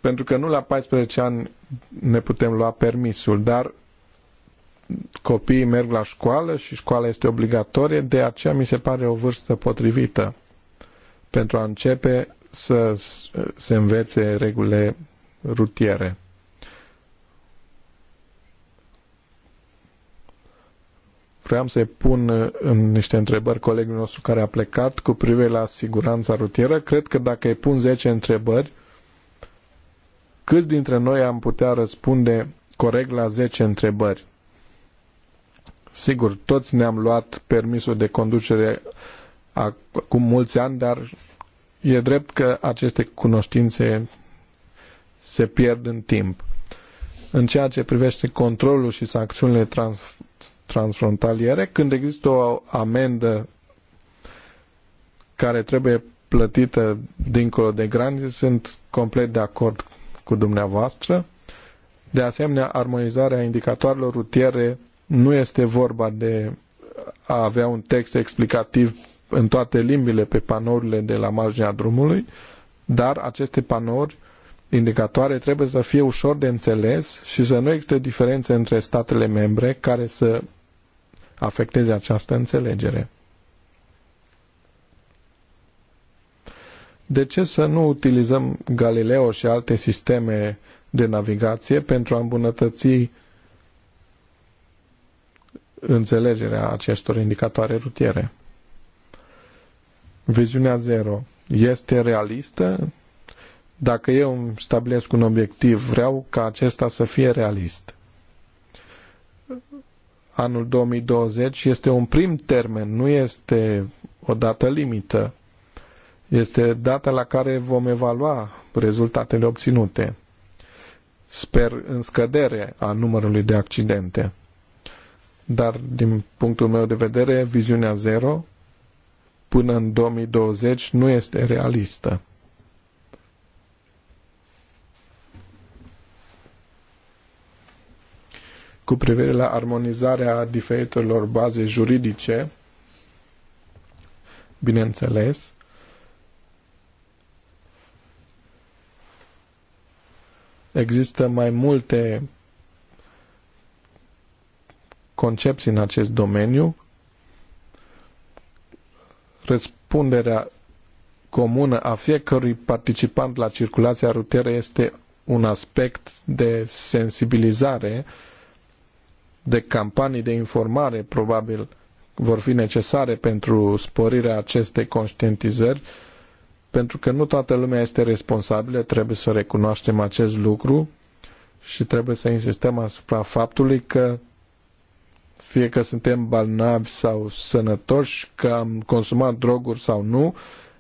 Pentru că nu la 14 ani ne putem lua permisul, dar copiii merg la școală și școala este obligatorie, de aceea mi se pare o vârstă potrivită pentru a începe să se învețe regulile rutiere. Vreau să-i pun în uh, niște întrebări colegul nostru care a plecat cu privire la siguranța rutieră. Cred că dacă îi pun 10 întrebări, câți dintre noi am putea răspunde corect la 10 întrebări? Sigur, toți ne-am luat permisul de conducere acum mulți ani, dar e drept că aceste cunoștințe se pierd în timp. În ceea ce privește controlul și sancțiunile trans, transfrontaliere, când există o amendă care trebuie plătită dincolo de granițe, sunt complet de acord cu dumneavoastră. De asemenea, armonizarea indicatoarelor rutiere nu este vorba de a avea un text explicativ în toate limbile pe panourile de la marginea drumului, dar aceste panouri indicatoare trebuie să fie ușor de înțeles și să nu existe diferențe între statele membre care să afecteze această înțelegere. De ce să nu utilizăm Galileo și alte sisteme de navigație pentru a îmbunătăți înțelegerea acestor indicatoare rutiere. Viziunea zero este realistă? Dacă eu îmi stabilesc un obiectiv, vreau ca acesta să fie realist. Anul 2020 este un prim termen, nu este o dată limită. Este data la care vom evalua rezultatele obținute. Sper în scădere a numărului de accidente. Dar, din punctul meu de vedere, viziunea zero până în 2020 nu este realistă. Cu privire la armonizarea diferitelor baze juridice, bineînțeles, există mai multe concepții în acest domeniu, răspunderea comună a fiecărui participant la circulația rutieră este un aspect de sensibilizare, de campanii de informare, probabil vor fi necesare pentru sporirea acestei conștientizări, pentru că nu toată lumea este responsabilă, trebuie să recunoaștem acest lucru și trebuie să insistăm asupra faptului că fie că suntem balnavi sau sănătoși, că am consumat droguri sau nu,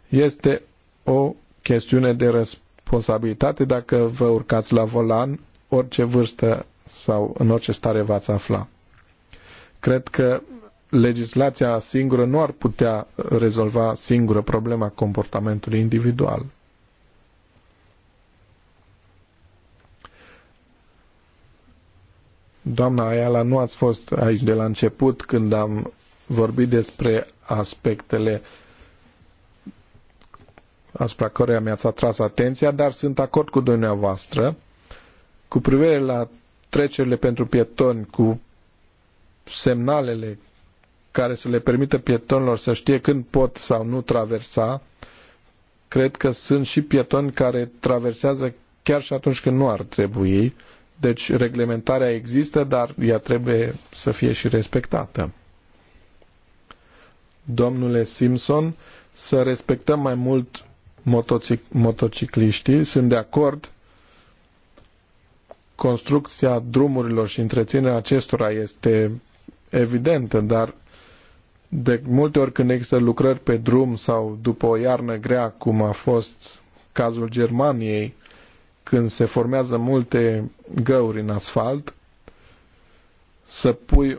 este o chestiune de responsabilitate dacă vă urcați la volan, orice vârstă sau în orice stare v-ați afla. Cred că legislația singură nu ar putea rezolva singură problema comportamentului individual. Doamna Ayala, nu ați fost aici de la început când am vorbit despre aspectele asupra căreia mi-ați atras atenția, dar sunt acord cu dumneavoastră cu privire la trecerile pentru pietoni, cu semnalele care să le permită pietonilor să știe când pot sau nu traversa, cred că sunt și pietoni care traversează chiar și atunci când nu ar trebui. Uh, deci reglementarea există, dar ea trebuie să fie și respectată. Domnule Simpson, să respectăm mai mult motocic- motocicliștii. Sunt de acord. Construcția drumurilor și întreținerea acestora este evidentă, dar de multe ori când există lucrări pe drum sau după o iarnă grea, cum a fost cazul Germaniei, când se formează multe găuri în asfalt, să pui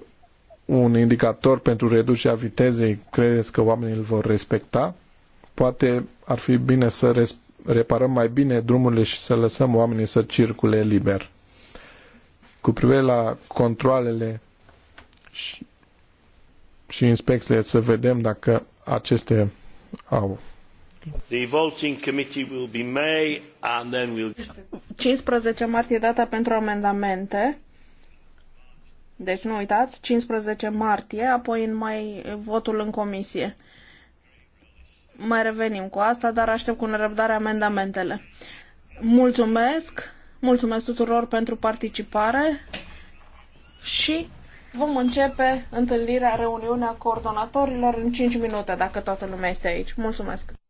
un indicator pentru reducerea vitezei, credeți că oamenii îl vor respecta? Poate ar fi bine să reparăm mai bine drumurile și să lăsăm oamenii să circule liber. Cu privire la controlele și, și inspecțiile, să vedem dacă aceste au The voting committee will be May and then we'll... martie data pentru amendamente. Deci nu uitați, cincisprezece martie, apoi în mai votul în comisie. Mai revenim cu asta, dar aștept cu nerăbdare amendamentele. Mulțumesc, mulțumesc tuturor pentru participare și vom începe întâlnirea, reuniunea coordonatorilor în 5 minute, dacă toată lumea este aici. Mulțumesc!